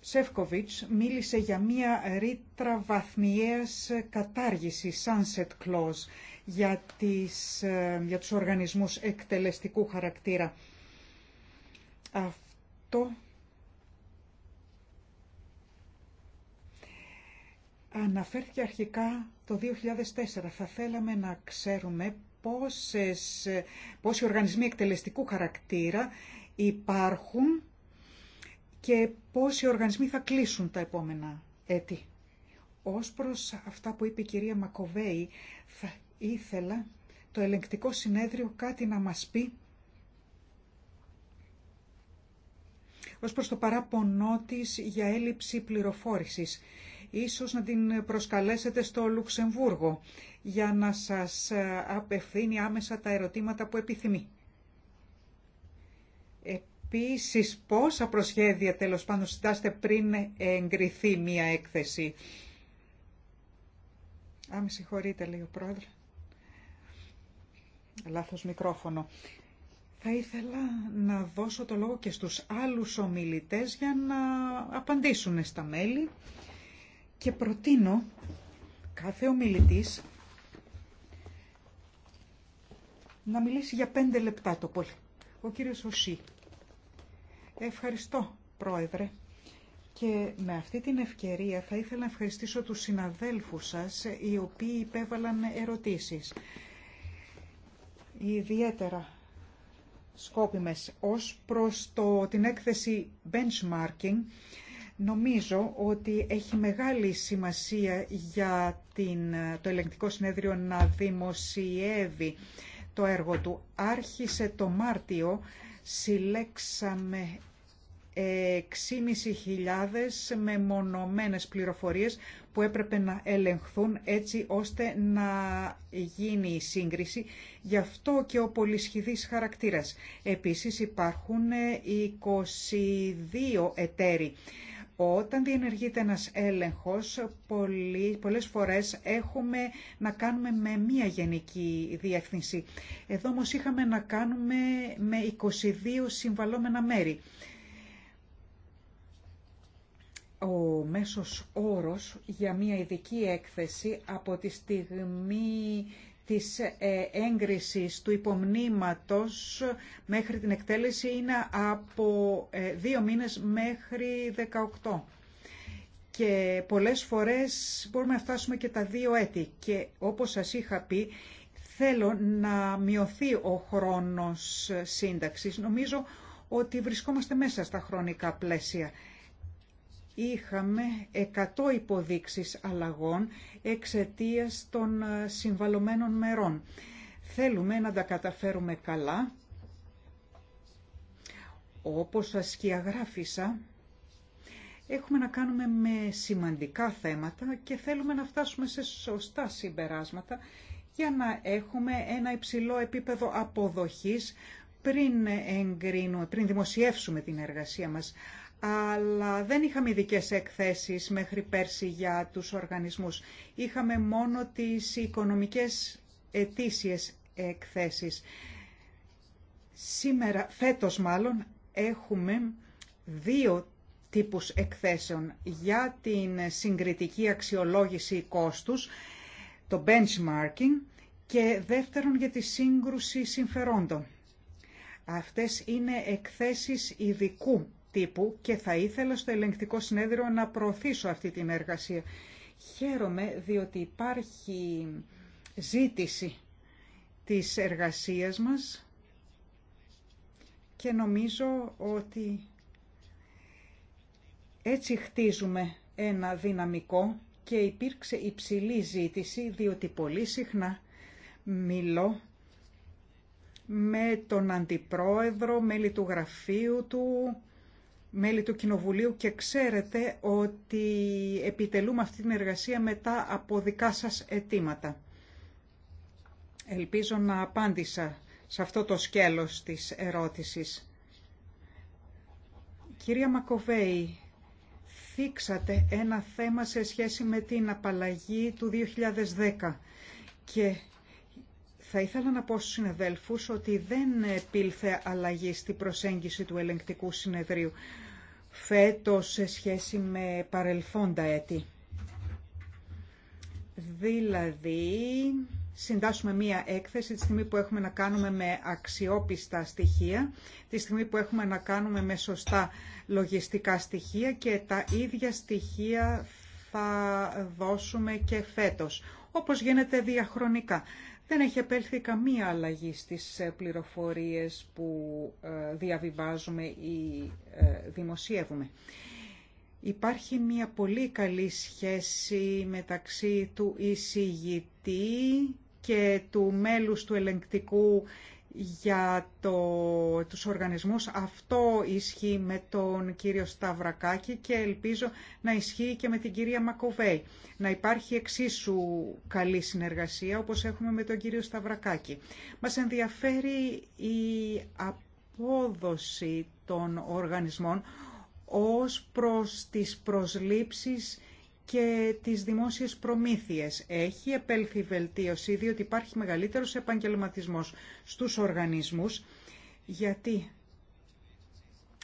C: Σεύκοβιτς μίλησε για μία ρήτρα βαθμιαίας κατάργηση, sunset clause, για, τις, ε, για τους οργανισμούς εκτελεστικού χαρακτήρα. Αυτό Αναφέρθηκε αρχικά το 2004. Θα θέλαμε να ξέρουμε πόσες, πόσοι οργανισμοί εκτελεστικού χαρακτήρα υπάρχουν και πόσοι οργανισμοί θα κλείσουν τα επόμενα έτη. Ως προς αυτά που είπε η κυρία Μακοβέη, θα ήθελα το ελεγκτικό συνέδριο κάτι να μας πει ως προς το παράπονό της για έλλειψη πληροφόρησης Ίσως να την προσκαλέσετε στο Λουξεμβούργο για να σας ε, απευθύνει άμεσα τα ερωτήματα που επιθυμεί. Επίσης, πόσα προσχέδια τέλος πάντων συντάστε πριν εγκριθεί μία έκθεση. Άμεση με συγχωρείτε, λέει ο πρόεδρος. Λάθος μικρόφωνο. Θα ήθελα να δώσω το λόγο και στους άλλους ομιλητές για να απαντήσουν στα μέλη και προτείνω κάθε ομιλητής να μιλήσει για πέντε λεπτά το πολύ. Ο κύριος Οσί. Ευχαριστώ, Πρόεδρε. Και με αυτή την ευκαιρία θα ήθελα να ευχαριστήσω τους συναδέλφους σας, οι οποίοι υπέβαλαν ερωτήσεις. Ιδιαίτερα σκόπιμες ως προς το, την έκθεση benchmarking Νομίζω ότι έχει μεγάλη σημασία για την, το ελεγκτικό συνέδριο να δημοσιεύει το έργο του. Άρχισε το Μάρτιο, συλλέξαμε 6.500 μεμονωμένες πληροφορίες που έπρεπε να ελεγχθούν έτσι ώστε να γίνει η σύγκριση. Γι' αυτό και ο πολυσχηδής χαρακτήρας. Επίσης υπάρχουν 22 εταίροι όταν διενεργείται ένας έλεγχος, πολλές φορές έχουμε να κάνουμε με μία γενική διεύθυνση. Εδώ όμως είχαμε να κάνουμε με 22 συμβαλόμενα μέρη. Ο μέσος όρος για μία ειδική έκθεση από τη στιγμή της ε, έγκρισης του υπομνήματος μέχρι την εκτέλεση είναι από ε, δύο μήνες μέχρι 18. Και πολλές φορές μπορούμε να φτάσουμε και τα δύο έτη. Και όπως σας είχα πει, θέλω να μειωθεί ο χρόνος σύνταξης. Νομίζω ότι βρισκόμαστε μέσα στα χρονικά πλαίσια είχαμε 100 υποδείξεις αλλαγών εξαιτίας των ε, συμβαλωμένων μερών. Θέλουμε να τα καταφέρουμε καλά. Όπως σας σκιαγράφησα, έχουμε να κάνουμε με σημαντικά θέματα και θέλουμε να φτάσουμε σε σωστά συμπεράσματα για να έχουμε ένα υψηλό επίπεδο αποδοχής πριν, πριν δημοσιεύσουμε την εργασία μας αλλά δεν είχαμε ειδικέ εκθέσεις μέχρι πέρσι για τους οργανισμούς. Είχαμε μόνο τις οικονομικές ετήσιες εκθέσεις. Σήμερα, φέτος μάλλον, έχουμε δύο τύπους εκθέσεων για την συγκριτική αξιολόγηση κόστους, το benchmarking και δεύτερον για τη σύγκρουση συμφερόντων. Αυτές είναι εκθέσεις ειδικού και θα ήθελα στο ελεγκτικό συνέδριο να προωθήσω αυτή την εργασία. Χαίρομαι διότι υπάρχει ζήτηση της εργασίας μας και νομίζω ότι έτσι χτίζουμε ένα δυναμικό και υπήρξε υψηλή ζήτηση διότι πολύ συχνά μιλώ με τον αντιπρόεδρο, μέλη του γραφείου του, μέλη του Κοινοβουλίου και ξέρετε ότι επιτελούμε αυτή την εργασία μετά από δικά σας αιτήματα. Ελπίζω να απάντησα σε αυτό το σκέλος της ερώτησης. Κυρία Μακοβέη, θίξατε ένα θέμα σε σχέση με την απαλλαγή του 2010 και θα ήθελα να πω στους συνεδέλφους ότι δεν επήλθε αλλαγή στη προσέγγιση του ελεγκτικού συνεδρίου φέτος σε σχέση με παρελθόντα έτη. Δηλαδή, συντάσσουμε μία έκθεση τη στιγμή που έχουμε να κάνουμε με αξιόπιστα στοιχεία, τη στιγμή που έχουμε να κάνουμε με σωστά λογιστικά στοιχεία και τα ίδια στοιχεία θα δώσουμε και φέτος, όπως γίνεται διαχρονικά δεν έχει επέλθει καμία αλλαγή στις ε, πληροφορίες που ε, διαβιβάζουμε ή ε, δημοσιεύουμε. Υπάρχει μια πολύ καλή σχέση μεταξύ του εισηγητή και του μέλους του ελεγκτικού για το, τους οργανισμούς. Αυτό ισχύει με τον κύριο Σταυρακάκη και ελπίζω να ισχύει και με την κυρία Μακοβέη. Να υπάρχει εξίσου καλή συνεργασία όπως έχουμε με τον κύριο Σταυρακάκη. Μας ενδιαφέρει η απόδοση των οργανισμών ως προς τις προσλήψεις και τις δημόσιες προμήθειες. Έχει επέλθει βελτίωση διότι υπάρχει μεγαλύτερος επαγγελματισμός στους οργανισμούς γιατί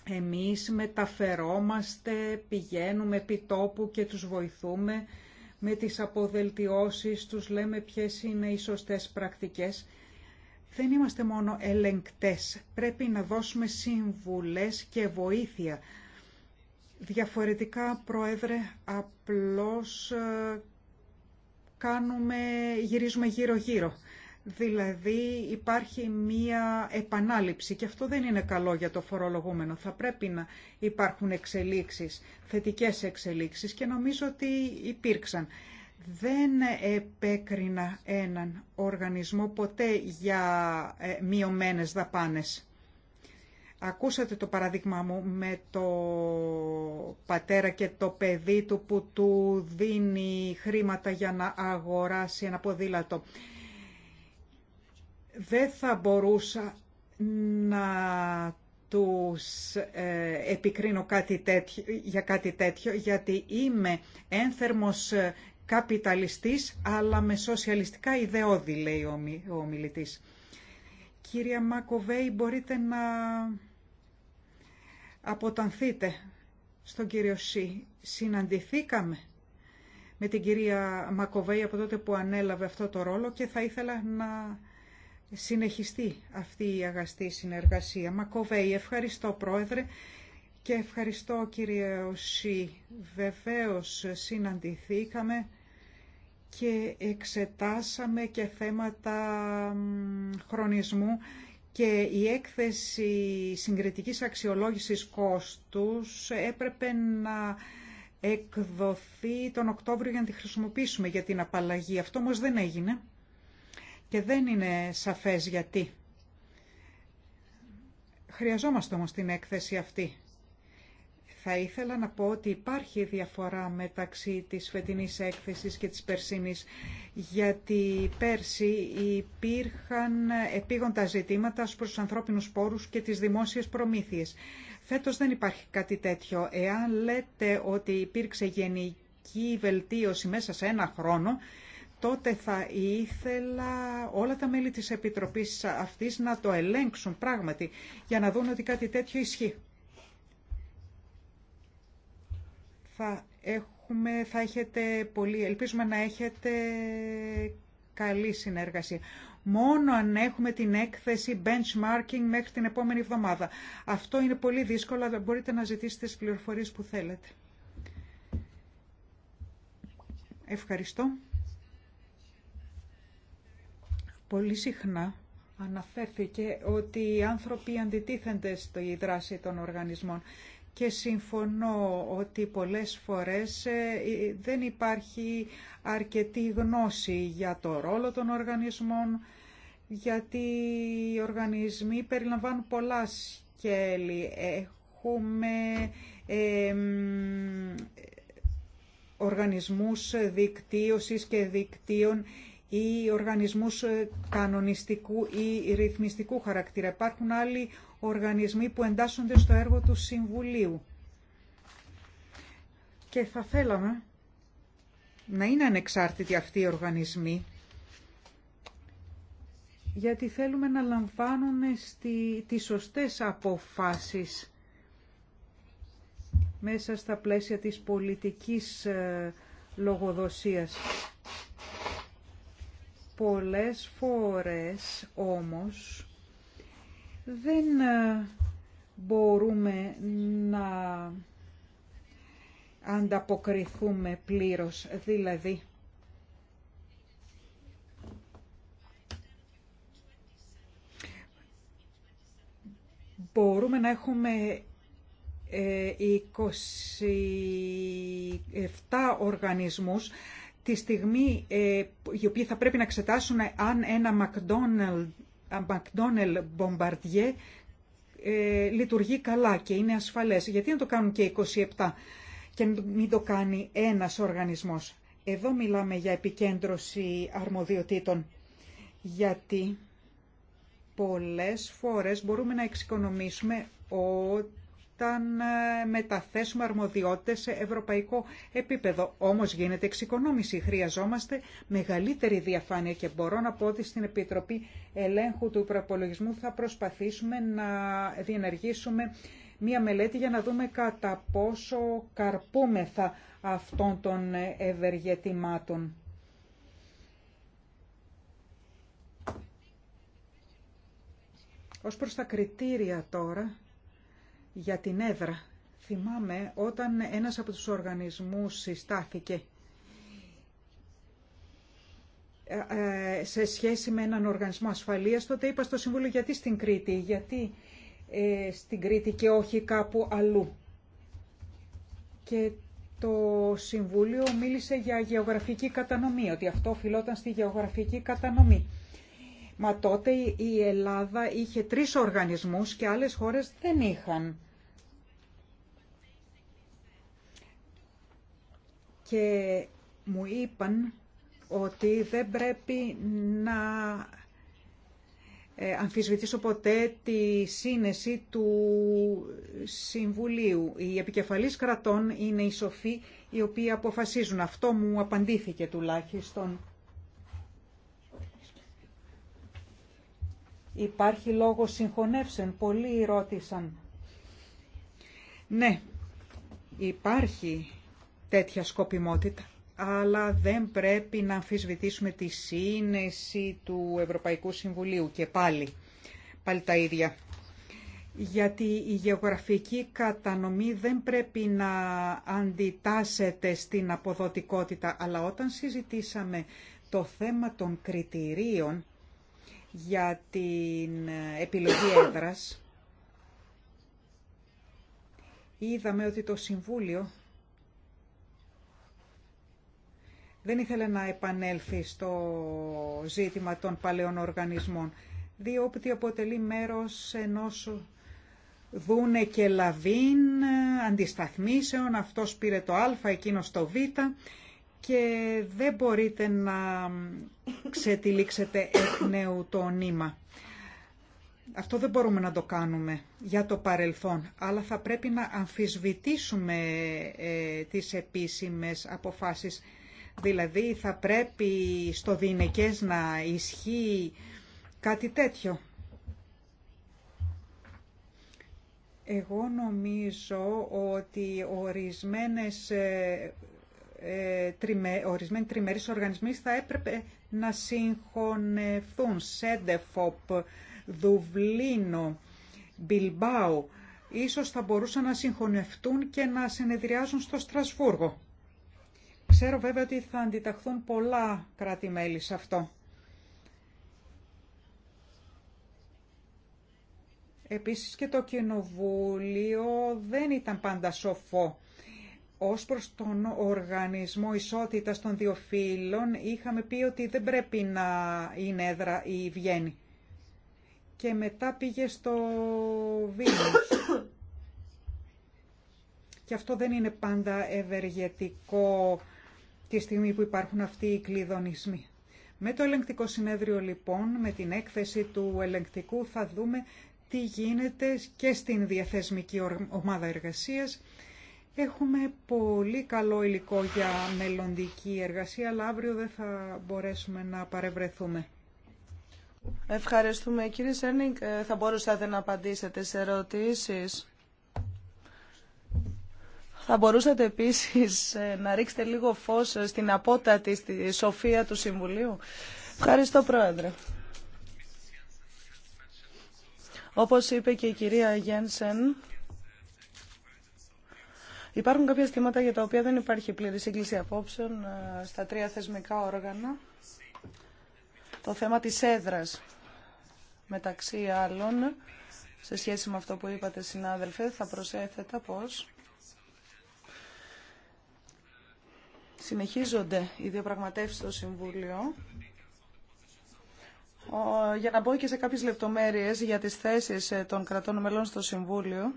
C: εμείς μεταφερόμαστε, πηγαίνουμε επί τόπου και τους βοηθούμε με τις αποδελτιώσεις, τους λέμε ποιες είναι οι σωστές πρακτικές. Δεν είμαστε μόνο ελεγκτές, πρέπει να δώσουμε συμβουλές και βοήθεια Διαφορετικά, Πρόεδρε, απλώς ε, κάνουμε, γυρίζουμε γύρω-γύρω. Δηλαδή υπάρχει μία επανάληψη και αυτό δεν είναι καλό για το φορολογούμενο. Θα πρέπει να υπάρχουν εξελίξεις, θετικές εξελίξεις και νομίζω ότι υπήρξαν. Δεν επέκρινα έναν οργανισμό ποτέ για ε, μειωμένες δαπάνες. Ακούσατε το παράδειγμα μου με το πατέρα και το παιδί του που του δίνει χρήματα για να αγοράσει ένα ποδήλατο. Δεν θα μπορούσα να τους ε, επικρίνω κάτι τέτοιο, για κάτι τέτοιο, γιατί είμαι ένθερμος ε, καπιταλιστής, αλλά με σοσιαλιστικά ιδεώδη, λέει ο, ομιλητής. Κυρία Μακοβέη, μπορείτε να αποτανθείτε στον κύριο Σι. Συναντηθήκαμε με την κυρία Μακοβέη από τότε που ανέλαβε αυτό το ρόλο και θα ήθελα να συνεχιστεί αυτή η αγαστή συνεργασία. Μακοβέη, ευχαριστώ πρόεδρε και ευχαριστώ κύριε Οσί. Βεβαίως συναντηθήκαμε και εξετάσαμε και θέματα χρονισμού και η έκθεση συγκριτικής αξιολόγησης κόστους έπρεπε να εκδοθεί τον Οκτώβριο για να τη χρησιμοποιήσουμε για την απαλλαγή. Αυτό όμως δεν έγινε και δεν είναι σαφές γιατί. Χρειαζόμαστε όμως την έκθεση αυτή θα ήθελα να πω ότι υπάρχει διαφορά μεταξύ της φετινής έκθεσης και της περσινής, γιατί πέρσι υπήρχαν επίγοντα ζητήματα προ του τους ανθρώπινους πόρους και τις δημόσιες προμήθειες. Φέτος δεν υπάρχει κάτι τέτοιο. Εάν λέτε ότι υπήρξε γενική βελτίωση μέσα σε ένα χρόνο, τότε θα ήθελα όλα τα μέλη της Επιτροπής αυτής να το ελέγξουν πράγματι για να δουν ότι κάτι τέτοιο ισχύει. θα έχουμε, θα έχετε πολύ, ελπίζουμε να έχετε καλή συνεργασία. Μόνο αν έχουμε την έκθεση benchmarking μέχρι την επόμενη εβδομάδα. Αυτό είναι πολύ δύσκολο, αλλά μπορείτε να ζητήσετε τις πληροφορίες που θέλετε. Ευχαριστώ. Πολύ συχνά αναφέρθηκε ότι οι άνθρωποι αντιτίθενται στη δράση των οργανισμών και συμφωνώ ότι πολλές φορές ε, ε, δεν υπάρχει αρκετή γνώση για το ρόλο των οργανισμών, γιατί οι οργανισμοί περιλαμβάνουν πολλά σκέλη. Έχουμε ε, οργανισμούς δικτύωσης και δικτύων ή οργανισμούς κανονιστικού ή ρυθμιστικού χαρακτήρα. Υπάρχουν άλλοι οργανισμοί που εντάσσονται στο έργο του Συμβουλίου. Και θα θέλαμε να είναι ανεξάρτητοι αυτοί οι οργανισμοί, γιατί θέλουμε να λαμβάνουν στη, τις σωστές αποφάσεις μέσα στα πλαίσια της πολιτικής ε, λογοδοσίας. Πολλές φορές όμως δεν ε, μπορούμε να ανταποκριθούμε πλήρως, δηλαδή μπορούμε να έχουμε 27 ε, οργανισμούς τη στιγμή ε, οι οποίοι θα πρέπει να εξετάσουν αν ένα McDonald's Μακδόνελ Μπομπαρδιέ λειτουργεί καλά και είναι ασφαλές. Γιατί να το κάνουν και 27 και μην το κάνει ένας οργανισμός. Εδώ μιλάμε για επικέντρωση αρμοδιοτήτων. Γιατί πολλές φορές μπορούμε να εξοικονομήσουμε ότι όταν ε, μεταθέσουμε αρμοδιότητες σε ευρωπαϊκό επίπεδο. Όμως γίνεται εξοικονόμηση. Χρειαζόμαστε μεγαλύτερη διαφάνεια και μπορώ να πω ότι στην Επιτροπή Ελέγχου του Προπολογισμού θα προσπαθήσουμε να διενεργήσουμε μία μελέτη για να δούμε κατά πόσο καρπούμεθα αυτών των ευεργετημάτων. Ως προς τα κριτήρια τώρα, για την έδρα. Θυμάμαι όταν ένας από τους οργανισμούς συστάθηκε ε, ε, σε σχέση με έναν οργανισμό ασφαλείας, τότε είπα στο Συμβούλιο γιατί στην Κρήτη, γιατί ε, στην Κρήτη και όχι κάπου αλλού. Και το Συμβούλιο μίλησε για γεωγραφική κατανομή, ότι αυτό οφειλόταν στη γεωγραφική κατανομή. Μα τότε η Ελλάδα είχε τρεις οργανισμούς και άλλες χώρες δεν είχαν. Και μου είπαν ότι δεν πρέπει να ε, αμφισβητήσω ποτέ τη σύνεση του Συμβουλίου. Οι επικεφαλής κρατών είναι οι σοφοί οι οποίοι αποφασίζουν. Αυτό μου απαντήθηκε τουλάχιστον Υπάρχει λόγο συγχωνεύσεων. Πολλοί ρώτησαν. Ναι, υπάρχει τέτοια σκοπιμότητα, αλλά δεν πρέπει να αμφισβητήσουμε τη σύνεση του Ευρωπαϊκού Συμβουλίου και πάλι, πάλι τα ίδια. Γιατί η γεωγραφική κατανομή δεν πρέπει να αντιτάσσεται στην αποδοτικότητα, αλλά όταν συζητήσαμε το θέμα των κριτηρίων, για την επιλογή έδρας. Είδαμε ότι το Συμβούλιο δεν ήθελε να επανέλθει στο ζήτημα των παλαιών οργανισμών, διότι αποτελεί μέρος ενός δούνε και λαβήν αντισταθμίσεων, αυτός πήρε το α, εκείνος το β και δεν μπορείτε να ξετυλίξετε εκ νέου το νήμα. Αυτό δεν μπορούμε να το κάνουμε για το παρελθόν, αλλά θα πρέπει να αμφισβητήσουμε ε, τις επίσημες αποφάσεις. Δηλαδή θα πρέπει στο δινεκές να ισχύει κάτι τέτοιο. Εγώ νομίζω ότι ορισμένες ε, ε, τριμε, ορισμένοι τριμερείς οργανισμοί θα έπρεπε να συγχωνευτούν. Σέντεφοπ, Δουβλίνο, Μπιλμπάου, ίσως θα μπορούσαν να συγχωνευτούν και να συνεδριάζουν στο Στρασβούργο. Ξέρω βέβαια ότι θα αντιταχθούν πολλά κράτη-μέλη σε αυτό. Επίσης και το Κοινοβούλιο δεν ήταν πάντα σοφό ως προς τον οργανισμό ισότητας των δύο φύλων είχαμε πει ότι δεν πρέπει να είναι έδρα η Βιέννη. Και μετά πήγε στο Βίνους. Και αυτό δεν είναι πάντα ευεργετικό τη στιγμή που υπάρχουν αυτοί οι κλειδονισμοί. Με το ελεγκτικό συνέδριο λοιπόν, με την έκθεση του ελεγκτικού θα δούμε τι γίνεται και στην διαθεσμική ομάδα εργασίας Έχουμε πολύ καλό υλικό για μελλοντική εργασία, αλλά αύριο δεν
B: θα μπορέσουμε να παρευρεθούμε. Ευχαριστούμε. Κύριε Σέρνικ, ε, θα μπορούσατε να απαντήσετε σε ερωτήσεις. Θα μπορούσατε επίσης ε, να ρίξετε λίγο φως στην απότατη στη σοφία του Συμβουλίου. Ευχαριστώ, Πρόεδρε. Όπως είπε και η κυρία Γένσεν, Υπάρχουν κάποια θέματα για τα οποία δεν υπάρχει πλήρη σύγκληση απόψεων ε, στα τρία θεσμικά όργανα. Το θέμα της έδρας, μεταξύ άλλων, σε σχέση με αυτό που είπατε συνάδελφε, θα προσέθετα πως συνεχίζονται οι διαπραγματεύσει στο Συμβούλιο για να μπω και σε κάποιες λεπτομέρειες για τις θέσεις ε, των κρατών μελών στο Συμβούλιο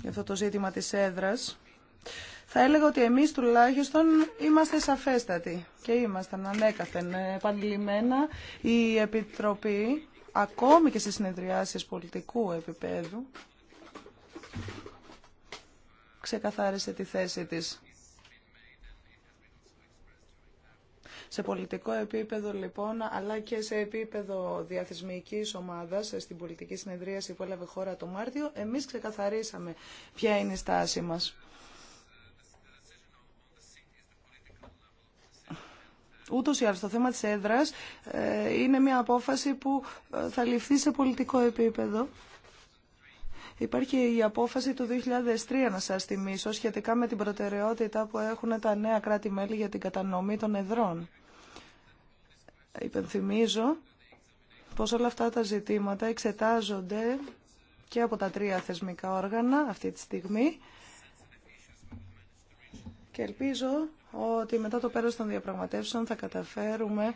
B: για αυτό το ζήτημα της έδρας. Θα έλεγα ότι εμείς τουλάχιστον είμαστε σαφέστατοι και ήμασταν ανέκαθεν επανειλημμένα η Επιτροπή ακόμη και σε συνεδριάσεις πολιτικού επίπεδου ξεκαθάρισε τη θέση της. Σε πολιτικό επίπεδο λοιπόν, αλλά και σε επίπεδο διαθεσμικής ομάδας, ε, στην πολιτική συνεδρίαση που έλαβε χώρα το Μάρτιο, εμείς ξεκαθαρίσαμε ποια είναι η στάση μας. Ούτως ή άλλως το θέμα της έδρας ε, είναι μια απόφαση που ε, θα ληφθεί σε πολιτικό επίπεδο. Υπάρχει η απόφαση του 2003, να σας θυμίσω, σχετικά με την προτεραιότητα που έχουν τα νέα κράτη-μέλη για την κατανομή των εδρών υπενθυμίζω πως όλα αυτά τα ζητήματα εξετάζονται και από τα τρία θεσμικά όργανα αυτή τη στιγμή και ελπίζω ότι μετά το πέρας των διαπραγματεύσεων θα καταφέρουμε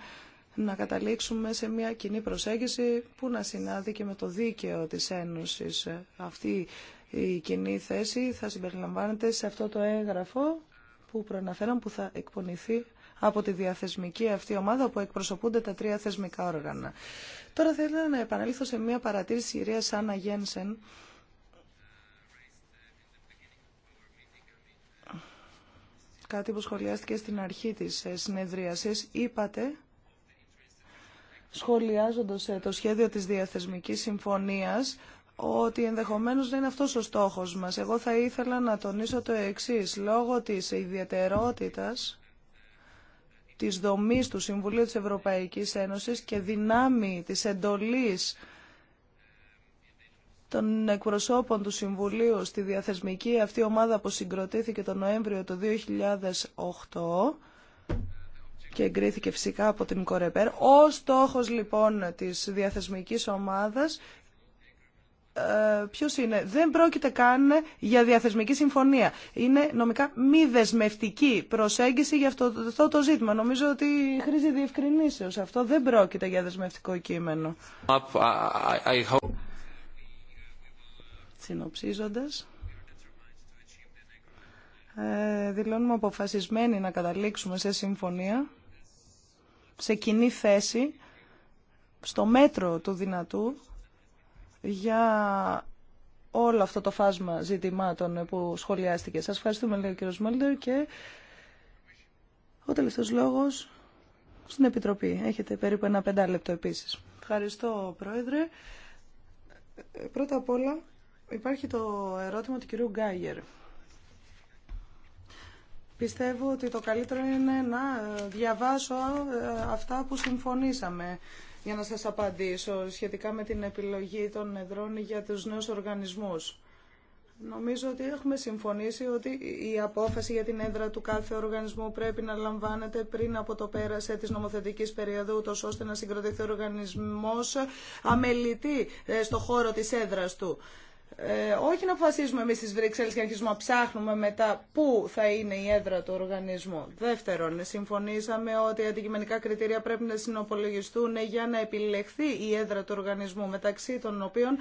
B: να καταλήξουμε σε μια κοινή προσέγγιση που να συνάδει και με το δίκαιο της Ένωσης. Αυτή η κοινή θέση θα συμπεριλαμβάνεται σε αυτό το έγγραφο που προαναφέραμε που θα εκπονηθεί από τη διαθεσμική αυτή ομάδα που εκπροσωπούνται τα τρία θεσμικά όργανα. Τώρα θέλω να επανέλθω σε μια παρατήρηση κυρία Σάνα Γένσεν. Κάτι που σχολιάστηκε στην αρχή της ε, συνεδρίασης. Είπατε σχολιάζοντας ε, το σχέδιο της διαθεσμικής συμφωνίας ότι ενδεχομένως δεν είναι αυτός ο στόχος μας. Εγώ θα ήθελα να τονίσω το εξής. Λόγω της ιδιαιτερότητας της δομής του Συμβουλίου της Ευρωπαϊκής Ένωσης και δυνάμει της εντολής των εκπροσώπων του Συμβουλίου στη διαθεσμική αυτή ομάδα που συγκροτήθηκε τον Νοέμβριο του 2008 και εγκρίθηκε φυσικά από την Κορεπέρ. Ο στόχος λοιπόν της διαθεσμικής ομάδας ε, ποιος είναι. Δεν πρόκειται καν για διαθεσμική συμφωνία. Είναι νομικά μη δεσμευτική προσέγγιση για αυτό, το ζήτημα. Νομίζω ότι χρήζει διευκρινήσεως. Αυτό δεν πρόκειται για δεσμευτικό κείμενο. Συνοψίζοντας, ε, δηλώνουμε αποφασισμένοι να καταλήξουμε σε συμφωνία, σε κοινή θέση, στο μέτρο του δυνατού, για όλο αυτό το φάσμα ζητημάτων που σχολιάστηκε. Σας ευχαριστούμε, λέει ο κύριος Μόλντερ, και ο τελευταίος λόγος στην Επιτροπή. Έχετε περίπου ένα πεντάλεπτο επίσης. Ευχαριστώ, Πρόεδρε. Πρώτα απ' όλα υπάρχει το ερώτημα του κυρίου Γκάγερ. Πιστεύω ότι το καλύτερο είναι να διαβάσω ε, αυτά που συμφωνήσαμε για να σας απαντήσω σχετικά με την επιλογή των εδρών για τους νέους οργανισμούς. Νομίζω ότι έχουμε συμφωνήσει ότι η απόφαση για την έδρα του κάθε οργανισμού πρέπει να λαμβάνεται πριν από το πέρασε της νομοθετικής περίοδου, ούτως ώστε να συγκροτηθεί ο οργανισμός αμελητή ε, στο χώρο της έδρας του. Ε, όχι να αποφασίζουμε εμεί στις Βρυξέλλε και να αρχίσουμε να ψάχνουμε μετά πού θα είναι η έδρα του οργανισμού. Δεύτερον, συμφωνήσαμε ότι οι αντικειμενικά κριτήρια πρέπει να συνοπολογιστούν για να επιλεχθεί η έδρα του οργανισμού, μεταξύ των οποίων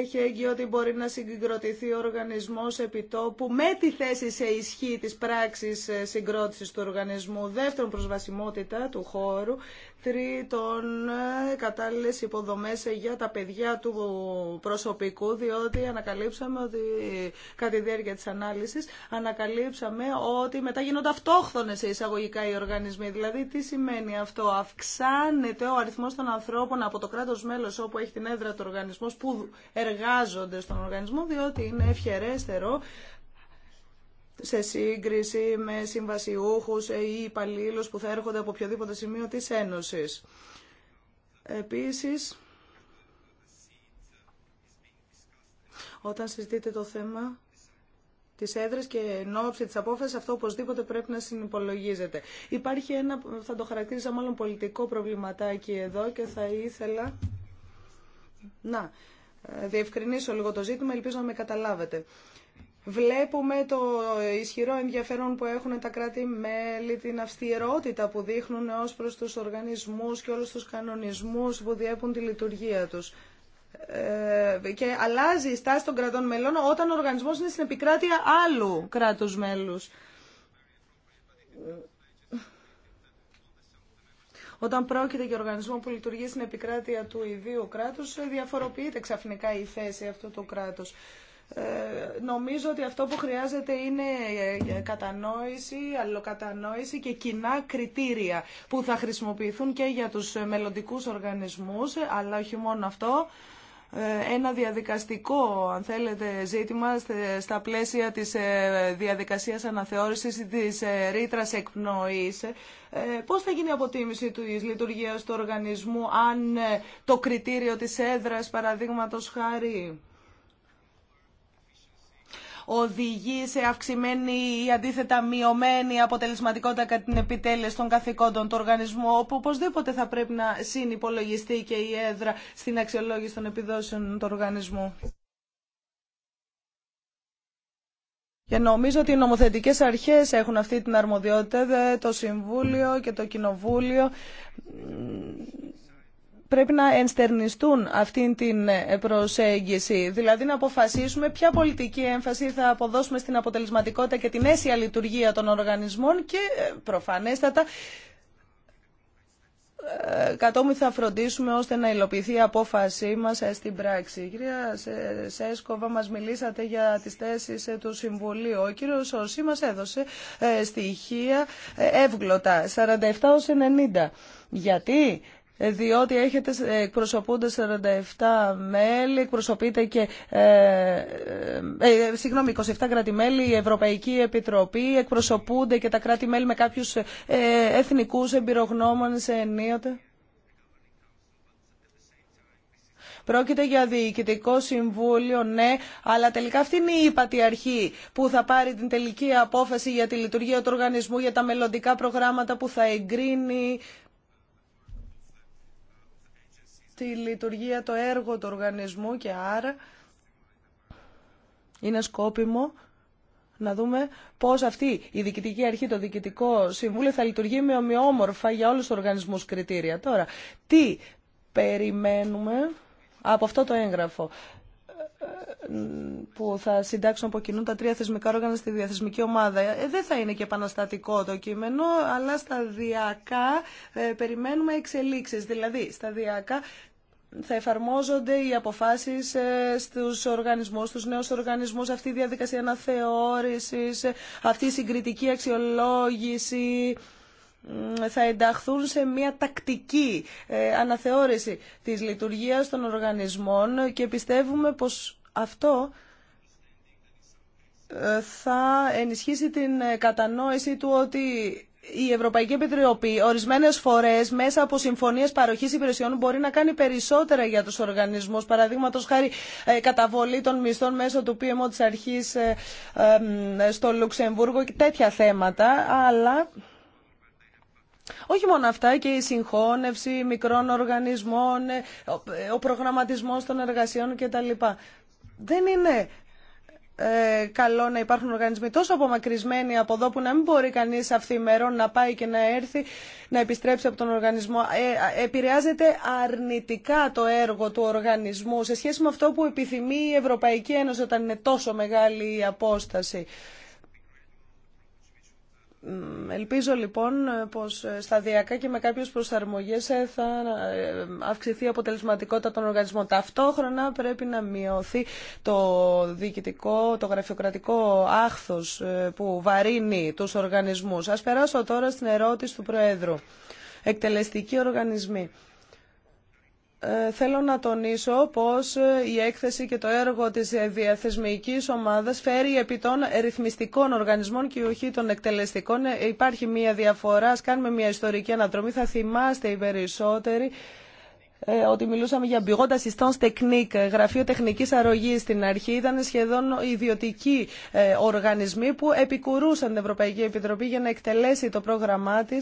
B: έχει έγκυο ότι μπορεί να συγκροτηθεί ο οργανισμός τόπου με τη θέση σε ισχύ της πράξης ε, συγκρότησης του οργανισμού. Δεύτερον, προσβασιμότητα του χώρου. Τρίτον, κατάλληλες υποδομές για τα παιδιά του προσωπικού, διότι ανακαλύψαμε ότι κατά τη διάρκεια της ανάλυσης ανακαλύψαμε ότι μετά γίνονται αυτόχθονες εισαγωγικά οι οργανισμοί. Δηλαδή, τι σημαίνει αυτό. Αυξάνεται ο αριθμός των ανθρώπων από το κράτος μέλος όπου έχει την έδρα του οργανισμού, που εργάζονται στον οργανισμό, διότι είναι ευχερέστερο σε σύγκριση με συμβασιούχους ή υπαλλήλους που θα έρχονται από οποιοδήποτε σημείο της Ένωσης. Επίσης, όταν συζητείτε το θέμα της έδρες και εν ώψη της απόφασης αυτό οπωσδήποτε πρέπει να συνυπολογίζεται. Υπάρχει ένα, θα το χαρακτήριζα μάλλον πολιτικό προβληματάκι εδώ και θα ήθελα να διευκρινίσω λίγο το ζήτημα, ελπίζω να με καταλάβετε. Βλέπουμε το ισχυρό ενδιαφέρον που έχουν τα κράτη-μέλη, την αυστηρότητα που δείχνουν ως προς τους οργανισμούς και όλους τους κανονισμούς που διέπουν τη λειτουργία τους. Ε, και αλλάζει η στάση των κρατών μελών όταν ο οργανισμός είναι στην επικράτεια άλλου κράτους μέλους. Όταν πρόκειται για οργανισμό που λειτουργεί στην επικράτεια του ιδίου κράτους, διαφοροποιείται ξαφνικά η θέση αυτού του κράτους. Ε, νομίζω ότι αυτό που χρειάζεται είναι ε, κατανόηση, αλλοκατανόηση και κοινά κριτήρια που θα χρησιμοποιηθούν και για τους μελλοντικού οργανισμούς, αλλά όχι μόνο αυτό ε, ένα διαδικαστικό, αν θέλετε, ζήτημα στα πλαίσια της διαδικασίας αναθεώρησης της ρήτρα εκπνοής. Πώς θα γίνει η αποτίμηση της λειτουργίας του οργανισμού αν το κριτήριο της έδρας, παραδείγματος χάρη, οδηγεί σε αυξημένη ή αντίθετα μειωμένη αποτελεσματικότητα κατά την επιτέλεση των καθηκόντων του οργανισμού, όπου οπωσδήποτε θα πρέπει να συνυπολογιστεί και η έδρα στην αξιολόγηση των επιδόσεων του οργανισμού. Και νομίζω ότι οι νομοθετικές αρχές έχουν αυτή την αρμοδιότητα, το Συμβούλιο και το Κοινοβούλιο πρέπει να ενστερνιστούν αυτήν την ε, προσέγγιση. Δηλαδή να αποφασίσουμε ποια πολιτική έμφαση θα αποδώσουμε στην αποτελεσματικότητα και την αίσια λειτουργία των οργανισμών και ε, προφανέστατα ε, κατόμοι θα φροντίσουμε ώστε να υλοποιηθεί η απόφασή μας στην πράξη. Κυρία Σέσκοβα, μας μιλήσατε για τις θέσεις του Συμβουλίου. Ο κύριος Σωσή μας έδωσε στοιχεία εύγλωτα, 47 ως 90. Γιατί διότι έχετε, ε, εκπροσωπούνται 47 μέλη, εκπροσωπείτε και, ε, ε, ε συγγνώμη, 27 κράτη-μέλη, η Ευρωπαϊκή Επιτροπή, εκπροσωπούνται και τα κράτη-μέλη με κάποιους ε, εθνικούς εμπειρογνώμονες ενίοτε. Πρόκειται για διοικητικό συμβούλιο, ναι, αλλά τελικά αυτή είναι η ύπατη που θα πάρει την τελική απόφαση για τη λειτουργία του οργανισμού, για τα μελλοντικά προγράμματα που θα εγκρίνει στη λειτουργία, το έργο του οργανισμού και άρα είναι σκόπιμο να δούμε πώς αυτή η διοικητική αρχή, το διοικητικό συμβούλιο θα λειτουργεί με ομοιόμορφα για όλους τους οργανισμούς κριτήρια. Τώρα, τι περιμένουμε από αυτό το έγγραφο που θα συντάξουν από κοινού τα τρία θεσμικά όργανα στη διαθεσμική ομάδα. Ε, δεν θα είναι και επαναστατικό το κείμενο, αλλά σταδιακά ε, περιμένουμε εξελίξεις. Δηλαδή, σταδιακά θα εφαρμόζονται οι αποφάσεις ε, στους οργανισμούς, στους νέους οργανισμούς, αυτή η διαδικασία αναθεώρησης, ε, αυτή η συγκριτική αξιολόγηση θα ενταχθούν σε μια τακτική ε, αναθεώρηση της λειτουργίας των οργανισμών και πιστεύουμε πως αυτό θα ενισχύσει την κατανόηση του ότι η Ευρωπαϊκή Επιτροπή ορισμένες φορέ μέσα από συμφωνίε παροχής υπηρεσιών μπορεί να κάνει περισσότερα για τους οργανισμούς. Παραδείγματο χάρη ε, καταβολή των μισθών μέσω του PMO της αρχής ε, στο Λουξεμβούργο και τέτοια θέματα, αλλά... Όχι μόνο αυτά και η συγχώνευση μικρών οργανισμών, ε, ο προγραμματισμός των εργασιών κτλ. Δεν είναι ε, καλό να υπάρχουν οργανισμοί τόσο απομακρυσμένοι από εδώ που να μην μπορεί κανείς αυθημερών να πάει και να έρθει να επιστρέψει από τον οργανισμό. Ε, επηρεάζεται αρνητικά το έργο του οργανισμού σε σχέση με αυτό που επιθυμεί η Ευρωπαϊκή Ένωση όταν είναι τόσο μεγάλη η απόσταση. Ελπίζω λοιπόν πως σταδιακά και με κάποιες προσαρμογές ε, θα ε, αυξηθεί η αποτελεσματικότητα των οργανισμών. Ταυτόχρονα πρέπει να μειωθεί το διοικητικό, το γραφειοκρατικό άχθος ε, που βαρύνει τους οργανισμούς. Ας περάσω τώρα στην ερώτηση του Προέδρου. Εκτελεστικοί οργανισμοί. Ε, θέλω να τονίσω πως ε, η έκθεση και το έργο της ε, διαθεσμικής ομάδας φέρει επί των ρυθμιστικών οργανισμών και όχι των εκτελεστικών. Υπάρχει μια διαφορά, ας κάνουμε μια ιστορική αναδρομή, θα θυμάστε οι περισσότεροι ότι μιλούσαμε για μπηγόντα συστών τεκνίκ, γραφείο τεχνική αρρωγή στην αρχή. Ήταν σχεδόν ιδιωτικοί οργανισμοί που επικουρούσαν την Ευρωπαϊκή Επιτροπή για να εκτελέσει το πρόγραμμά τη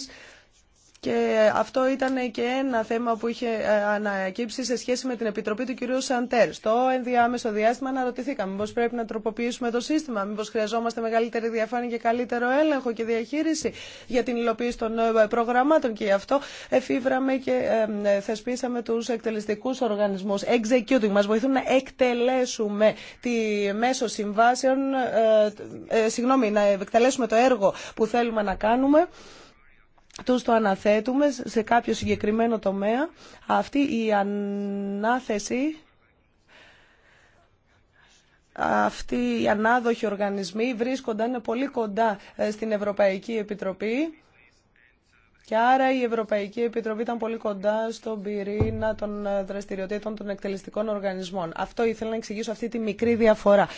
B: και αυτό ήταν και ένα θέμα που είχε ε, ανακύψει σε σχέση με την επιτροπή του κυρίου Σαντέρ. Στο ενδιάμεσο διάστημα αναρωτηθήκαμε μήπως πρέπει να τροποποιήσουμε το σύστημα, μήπως χρειαζόμαστε μεγαλύτερη διαφάνεια και καλύτερο έλεγχο και διαχείριση για την υλοποίηση των ε, προγραμμάτων και γι' αυτό εφήβραμε και θεσπίσαμε τους εκτελεστικούς οργανισμούς. Executing μας βοηθούν να εκτελέσουμε τη μέσο συμβάσεων, ε, ε, συγγνώμη, να εκτελέσουμε το έργο που θέλουμε να κάνουμε τους το αναθέτουμε σε κάποιο συγκεκριμένο τομέα. Αυτή η ανάθεση αυτοί οι ανάδοχοι οργανισμοί βρίσκονταν πολύ κοντά ε, στην Ευρωπαϊκή Επιτροπή και άρα η Ευρωπαϊκή Επιτροπή ήταν πολύ κοντά στον πυρήνα των ε, δραστηριοτήτων των εκτελεστικών οργανισμών. Αυτό ήθελα να εξηγήσω αυτή τη μικρή διαφορά.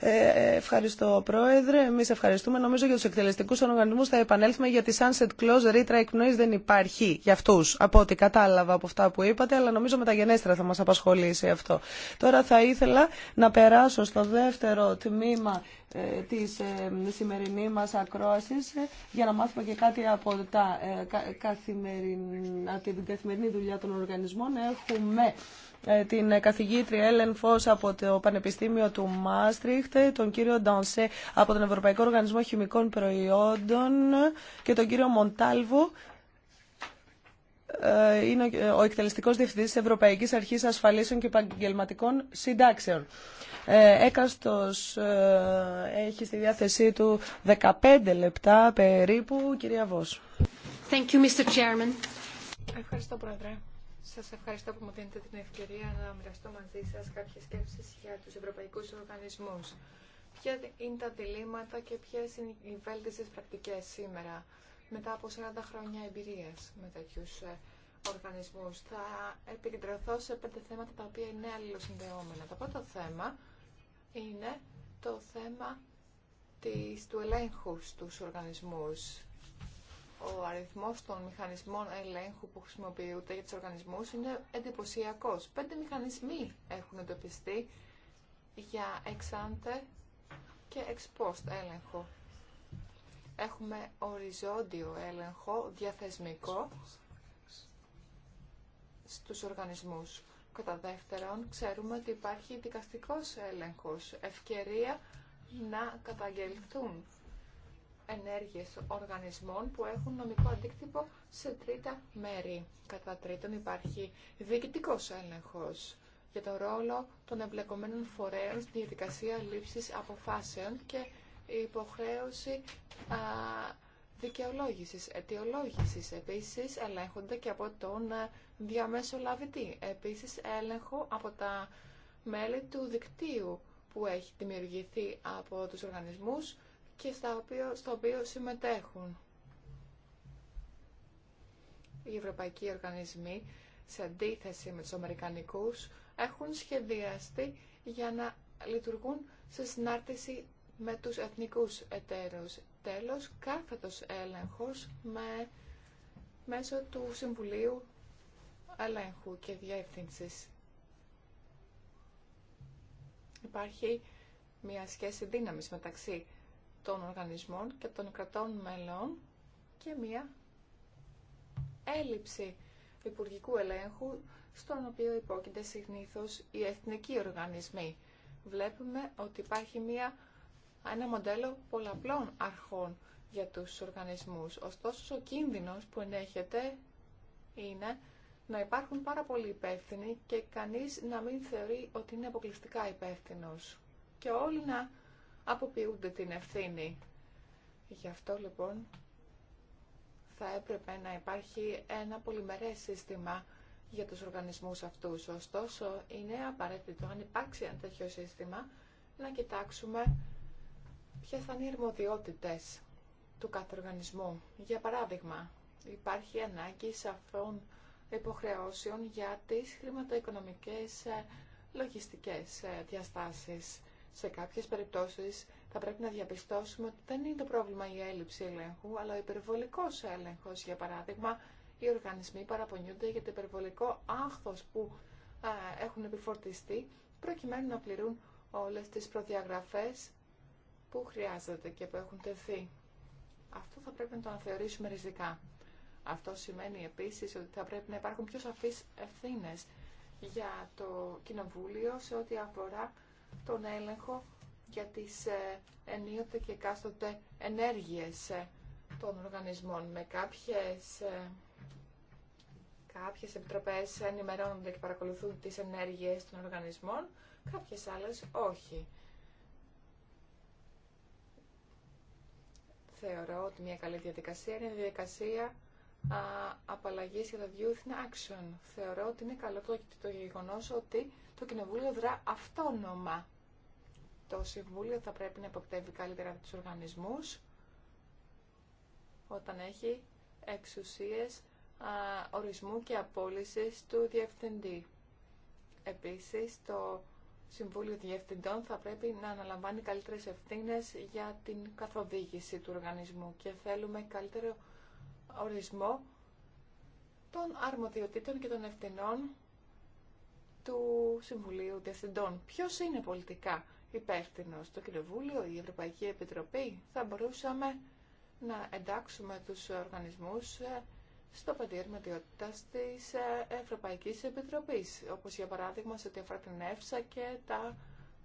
B: Ε, ευχαριστώ, Πρόεδρε. Εμεί ευχαριστούμε. Νομίζω για του εκτελεστικού οργανισμού θα επανέλθουμε γιατί sunset clause ρήτρα noise δεν υπάρχει για αυτού, από ό,τι κατάλαβα από αυτά που είπατε, αλλά νομίζω μεταγενέστερα θα μα απασχολήσει αυτό. Τώρα θα ήθελα να περάσω στο δεύτερο τμήμα ε, τη ε, σημερινή μα ακρόαση ε, για να μάθουμε και κάτι από τα ε, από την καθημερινή δουλειά των οργανισμών. Έχουμε ε, την καθηγήτρια Έλεν Φως από το Πανεπιστήμιο του Μάστριχτ, τον κύριο Ντανσέ από τον Ευρωπαϊκό Οργανισμό Χημικών Προϊόντων και τον κύριο Μοντάλβου ε, είναι ο εκτελεστικός διευθυντής της Ευρωπαϊκής Αρχής Ασφαλίσεων και Επαγγελματικών Συντάξεων. Ε, έκαστος έχει στη διάθεσή του 15 λεπτά περίπου. Κυρία
D: Ευχαριστώ, Πρόεδρε. Σας ευχαριστώ που μου δίνετε την ευκαιρία να μοιραστώ μαζί σας κάποιες σκέψεις για τους ευρωπαϊκούς οργανισμούς. Ποια είναι τα διλήμματα και ποιες είναι οι βέλτιστες πρακτικές σήμερα, μετά από 40 χρόνια εμπειρίας με τέτοιου ε, οργανισμούς. Θα επικεντρωθώ σε πέντε θέματα τα οποία είναι αλληλοσυνδεόμενα. Το πρώτο θέμα είναι το θέμα της, του ελέγχου στους οργανισμούς ο αριθμό των μηχανισμών ελέγχου που χρησιμοποιούνται για τους οργανισμούς είναι εντυπωσιακό. Πέντε μηχανισμοί έχουν εντοπιστεί για εξάντε και ex-post έλεγχο. Έχουμε οριζόντιο έλεγχο διαθεσμικό στους οργανισμούς. Κατά δεύτερον, ξέρουμε ότι υπάρχει δικαστικός έλεγχος, ευκαιρία να καταγγελθούν ενέργειες οργανισμών που έχουν νομικό αντίκτυπο σε τρίτα μέρη. Κατά τρίτον υπάρχει διοικητικός έλεγχος για τον ρόλο των εμπλεκομένων φορέων στη διαδικασία λήψης αποφάσεων και υποχρέωση α, δικαιολόγησης, αιτιολόγησης. Επίσης ελέγχονται και από τον ε, διαμεσολαβητή. Επίσης έλεγχο από τα μέλη του δικτύου που έχει δημιουργηθεί από τους οργανισμούς και στα στο οποίο συμμετέχουν οι ευρωπαϊκοί οργανισμοί σε αντίθεση με τους Αμερικανικούς έχουν σχεδιαστεί για να λειτουργούν σε συνάρτηση με τους εθνικούς εταίρους. Τέλος, κάθετος έλεγχος με, μέσω του Συμβουλίου Ελέγχου και Διεύθυνσης. Υπάρχει μια σχέση δύναμης μεταξύ των οργανισμών και των κρατών μελών και μία έλλειψη υπουργικού ελέγχου στον οποίο υπόκειται συνήθως οι εθνικοί οργανισμοί. Βλέπουμε ότι υπάρχει μία, ένα μοντέλο πολλαπλών αρχών για τους οργανισμούς. Ωστόσο, ο κίνδυνος που ενέχεται είναι να υπάρχουν πάρα πολλοί υπεύθυνοι και κανείς να μην θεωρεί ότι είναι αποκλειστικά υπεύθυνο. Και όλοι να αποποιούνται την ευθύνη. Γι' αυτό λοιπόν θα έπρεπε να υπάρχει ένα πολυμερές σύστημα για τους οργανισμούς αυτούς. Ωστόσο, είναι απαραίτητο, αν υπάρξει ένα τέτοιο σύστημα, να κοιτάξουμε ποιες θα είναι οι αρμοδιότητες του κάθε οργανισμού. Για παράδειγμα, υπάρχει ανάγκη σαφών υποχρεώσεων για τις χρηματοοικονομικές ε, λογιστικές ε, διαστάσεις. Σε κάποιες περιπτώσεις θα πρέπει να διαπιστώσουμε ότι δεν είναι το πρόβλημα η έλλειψη ελέγχου, αλλά ο υπερβολικός έλεγχος. Για παράδειγμα, οι οργανισμοί παραπονιούνται για το υπερβολικό άχθος που έχουν επιφορτιστεί προκειμένου να πληρούν όλες τις προδιαγραφές που χρειάζεται και που έχουν τεθεί. Αυτό θα πρέπει να το αναθεωρήσουμε ριζικά. Αυτό σημαίνει επίσης ότι θα πρέπει να υπάρχουν πιο σαφείς ευθύνες για το Κοινοβούλιο σε ό,τι αφορά τον έλεγχο για τις ε, ενίοτε και εκάστοτε ενέργειες ε, των οργανισμών. Με κάποιες, ε, κάποιες επιτροπές ενημερώνονται και παρακολουθούν τις ενέργειες των οργανισμών, κάποιες άλλες όχι. Θεωρώ ότι μια καλή διαδικασία είναι η διαδικασία απαλλαγή για τα Youth in Action. Θεωρώ ότι είναι καλό το, το γεγονό ότι το Κοινοβούλιο δρά αυτόνομα. Το Συμβούλιο θα πρέπει να υποπτεύει καλύτερα του οργανισμού όταν έχει εξουσίες ορισμού και απόλυσης του διευθυντή. Επίσης, το Συμβούλιο Διευθυντών θα πρέπει να αναλαμβάνει καλύτερες ευθύνες για την καθοδήγηση του οργανισμού και θέλουμε καλύτερο ορισμό των αρμοδιοτήτων και των ευθυνών του Συμβουλίου Διευθυντών. Ποιος είναι πολιτικά υπεύθυνο το Κοινοβούλιο, η Ευρωπαϊκή Επιτροπή. Θα μπορούσαμε να εντάξουμε τους οργανισμούς ε, στο πεδίο αρμοδιότητα της ε, Ευρωπαϊκής Επιτροπής, όπως για παράδειγμα σε ό,τι αφορά και τα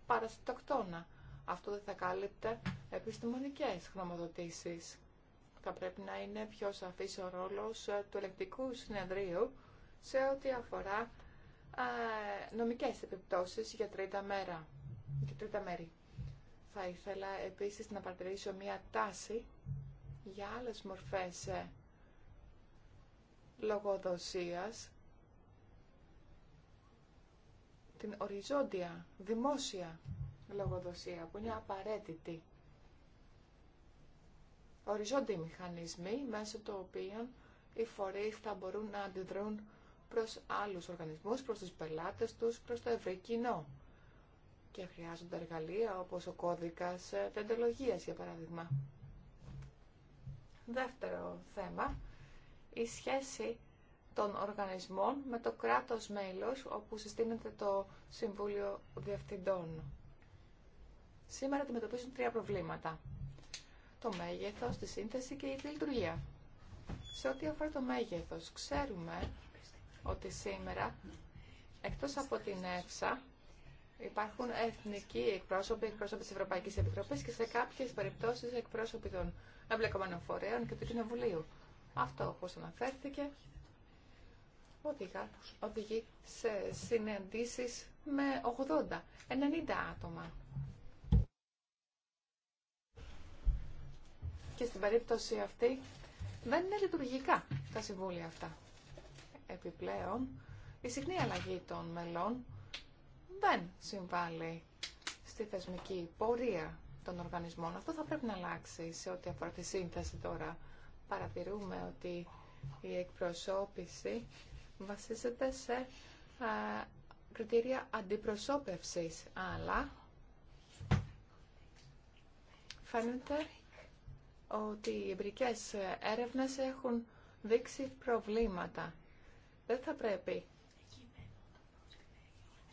D: παρασυντοκτόνα. Αυτό δεν θα κάλυπτε επιστημονικές γνωμοδοτήσεις θα πρέπει να είναι πιο σαφής ο ρόλος ε, του ελεκτικού συνεδρίου σε ό,τι αφορά ε, νομικές επιπτώσεις για τρίτα, μέρα, για τρίτα μέρη. Θα ήθελα επίσης να παρατηρήσω μία τάση για άλλες μορφές ε, λογοδοσίας, την οριζόντια, δημόσια λογοδοσία που είναι απαραίτητη οριζόντιοι μηχανισμοί μέσω των οποίων οι φορείς θα μπορούν να αντιδρούν προς άλλους οργανισμούς, προς τους πελάτες τους, προς το ευρύ κοινό. Και χρειάζονται εργαλεία όπως ο κώδικας τεντολογίας, για παράδειγμα. Δεύτερο θέμα, η σχέση των οργανισμών με το κράτος μέλος όπου συστήνεται το Συμβούλιο Διευθυντών. Σήμερα αντιμετωπίζουν τρία προβλήματα το μέγεθος, τη σύνθεση και τη λειτουργία. Σε ό,τι αφορά το μέγεθος, ξέρουμε ότι σήμερα, εκτός από την ΕΦΣΑ, υπάρχουν εθνικοί εκπρόσωποι, εκπρόσωποι της Ευρωπαϊκής Επιτροπής και σε κάποιες περιπτώσεις εκπρόσωποι των εμπλεκομένων φορέων και του Κοινοβουλίου. Αυτό, όπως αναφέρθηκε, οδηγεί σε συναντήσεις με 80, 90 άτομα. και στην περίπτωση αυτή δεν είναι λειτουργικά τα συμβούλια αυτά. Επιπλέον, η συχνή αλλαγή των μελών δεν συμβάλλει στη θεσμική πορεία των οργανισμών. Αυτό θα πρέπει να αλλάξει σε ό,τι αφορά τη σύνθεση τώρα. Παρατηρούμε ότι η εκπροσώπηση βασίζεται σε κριτήρια αντιπροσώπευσης, αλλά φαίνεται ότι οι εμπειρικές έρευνες έχουν δείξει προβλήματα. Δεν θα πρέπει.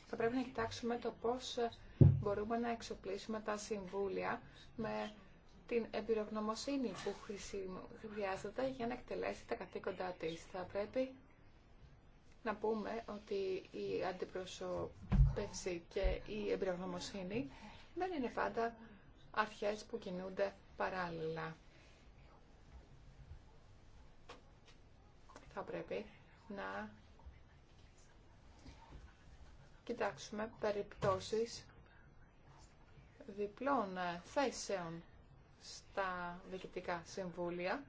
D: Θα πρέπει να κοιτάξουμε το πώς μπορούμε να εξοπλίσουμε τα συμβούλια με την εμπειρογνωμοσύνη που χρειάζεται για να εκτελέσει τα καθήκοντά της. Θα πρέπει να πούμε ότι η αντιπροσωπεύση και η εμπειρογνωμοσύνη δεν είναι πάντα αρχές που κινούνται παράλληλα. θα πρέπει να κοιτάξουμε περιπτώσεις διπλών θέσεων στα διοικητικά συμβούλια,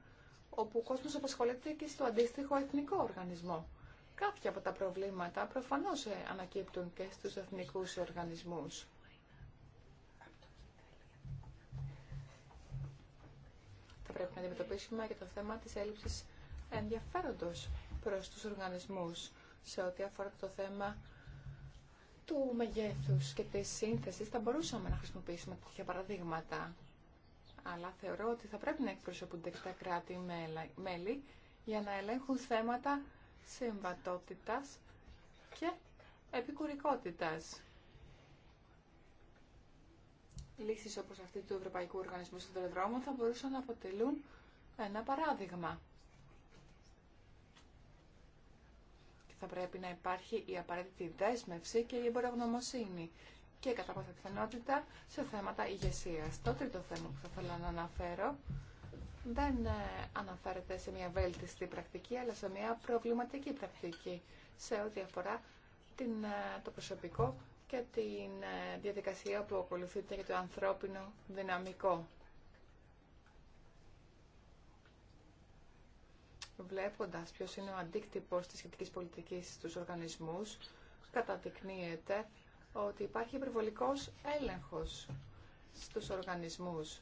D: όπου ο κόσμος απασχολείται και στο αντίστοιχο εθνικό οργανισμό. Κάποια από τα προβλήματα προφανώς ε, ανακύπτουν και στους εθνικούς οργανισμούς. Θα πρέπει να αντιμετωπίσουμε και το θέμα της έλλειψης ενδιαφέροντος προς τους οργανισμούς σε ό,τι αφορά το θέμα του μεγέθους και της σύνθεσης. Θα μπορούσαμε να χρησιμοποιήσουμε τέτοια παραδείγματα. Αλλά θεωρώ ότι θα πρέπει να εκπροσωπούνται και τα κράτη-μέλη για να ελέγχουν θέματα συμβατότητας και επικουρικότητας. Λύσεις όπως αυτή του Ευρωπαϊκού Οργανισμού θα μπορούσαν να αποτελούν ένα παράδειγμα. θα πρέπει να υπάρχει η απαραίτητη δέσμευση και η εμπορογνωμοσύνη και κατά πάσα σε θέματα ηγεσία. Το τρίτο θέμα που θα ήθελα να αναφέρω δεν ε, αναφέρεται σε μια βέλτιστη πρακτική, αλλά σε μια προβληματική πρακτική σε ό,τι αφορά την, ε, το προσωπικό και την ε, διαδικασία που ακολουθείται για το ανθρώπινο δυναμικό. βλέποντας ποιο είναι ο αντίκτυπος τη σχετική πολιτική στους οργανισμούς, καταδεικνύεται ότι υπάρχει υπερβολικό έλεγχος στους οργανισμούς,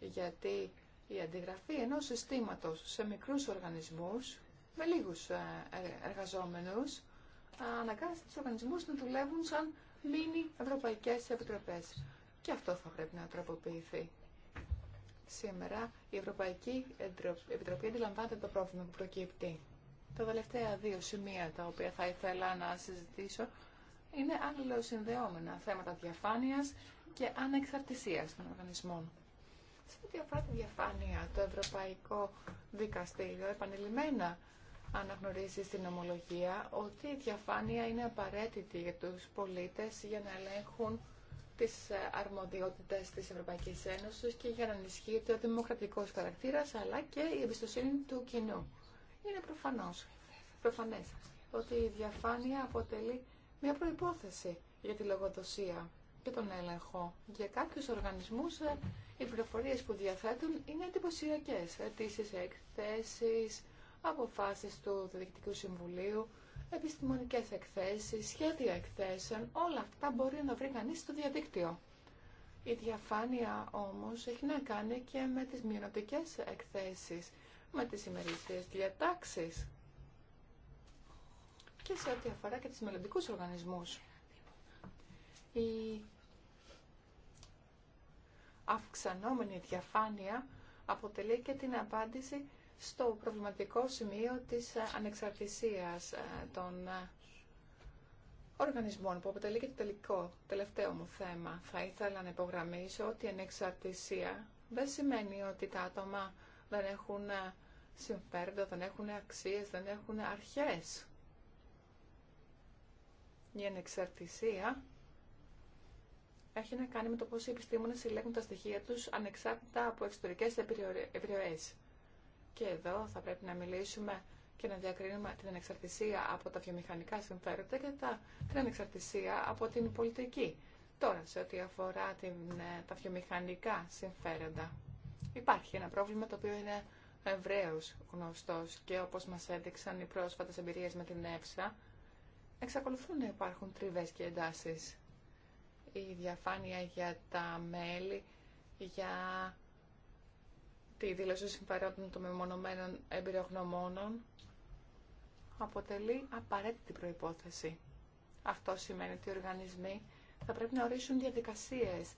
D: γιατί η αντιγραφή ενός συστήματος σε μικρούς οργανισμούς, με λίγους ε, ε, εργαζόμενους, αναγκάζει του οργανισμούς να δουλεύουν σαν μήνυ ευρωπαϊκέ επιτροπέ. Και αυτό θα πρέπει να τροποποιηθεί. Σήμερα η Ευρωπαϊκή Επιτροπή αντιλαμβάνεται το πρόβλημα που προκύπτει. Τα τελευταία δύο σημεία τα οποία θα ήθελα να συζητήσω είναι αλληλοσυνδεόμενα θέματα διαφάνειας και ανεξαρτησίας των οργανισμών. Σε ό,τι αφορά τη διαφάνεια, το Ευρωπαϊκό Δικαστήριο επανειλημμένα αναγνωρίζει στην ομολογία ότι η διαφάνεια είναι απαραίτητη για τους πολίτες για να ελέγχουν τι ε, αρμοδιότητε της Ευρωπαϊκής Ένωσης και για να ενισχύεται ο δημοκρατικό χαρακτήρα, αλλά και η εμπιστοσύνη του κοινού. Είναι προφανώς, προφανές ότι η διαφάνεια αποτελεί μια προϋπόθεση για τη λογοδοσία και τον έλεγχο. Για κάποιους οργανισμούς ε, οι πληροφορίε που διαθέτουν είναι εντυπωσιακέ. Αιτήσει, εκθέσει, αποφάσει του Διοικητικού Συμβουλίου, επιστημονικές εκθέσεις, σχέδια εκθέσεων, όλα αυτά μπορεί να βρει κανείς στο διαδίκτυο. Η διαφάνεια όμως έχει να κάνει και με τις μειονοτικές εκθέσεις, με τις ημερησίες διατάξεις και σε ό,τι αφορά και τις μελλοντικού οργανισμούς. Η αυξανόμενη διαφάνεια αποτελεί και την απάντηση στο προβληματικό σημείο της ανεξαρτησίας ε, των ε, οργανισμών που αποτελεί και το τελικό, τελευταίο μου θέμα. Θα ήθελα να υπογραμμίσω ότι η ανεξαρτησία δεν σημαίνει ότι τα άτομα δεν έχουν ε, συμφέροντα, δεν έχουν αξίες, δεν έχουν αρχές. Η ανεξαρτησία έχει να κάνει με το πώς οι επιστήμονες συλλέγουν τα στοιχεία τους ανεξάρτητα από εξωτερικές επιρροές. Και εδώ θα πρέπει να μιλήσουμε και να διακρίνουμε την ανεξαρτησία από τα βιομηχανικά συμφέροντα και τα, την ανεξαρτησία από την πολιτική. Τώρα, σε ό,τι αφορά την, ε, τα βιομηχανικά συμφέροντα, υπάρχει ένα πρόβλημα το οποίο είναι ευρέω γνωστό και όπω μα έδειξαν οι πρόσφατε εμπειρίε με την ΕΨΑ, εξακολουθούν να υπάρχουν τριβέ και εντάσει. Η διαφάνεια για τα μέλη, για τη δήλωση συμφερόντων των μεμονωμένων εμπειρογνωμόνων αποτελεί απαραίτητη προϋπόθεση. Αυτό σημαίνει ότι οι οργανισμοί θα πρέπει να ορίσουν διαδικασίες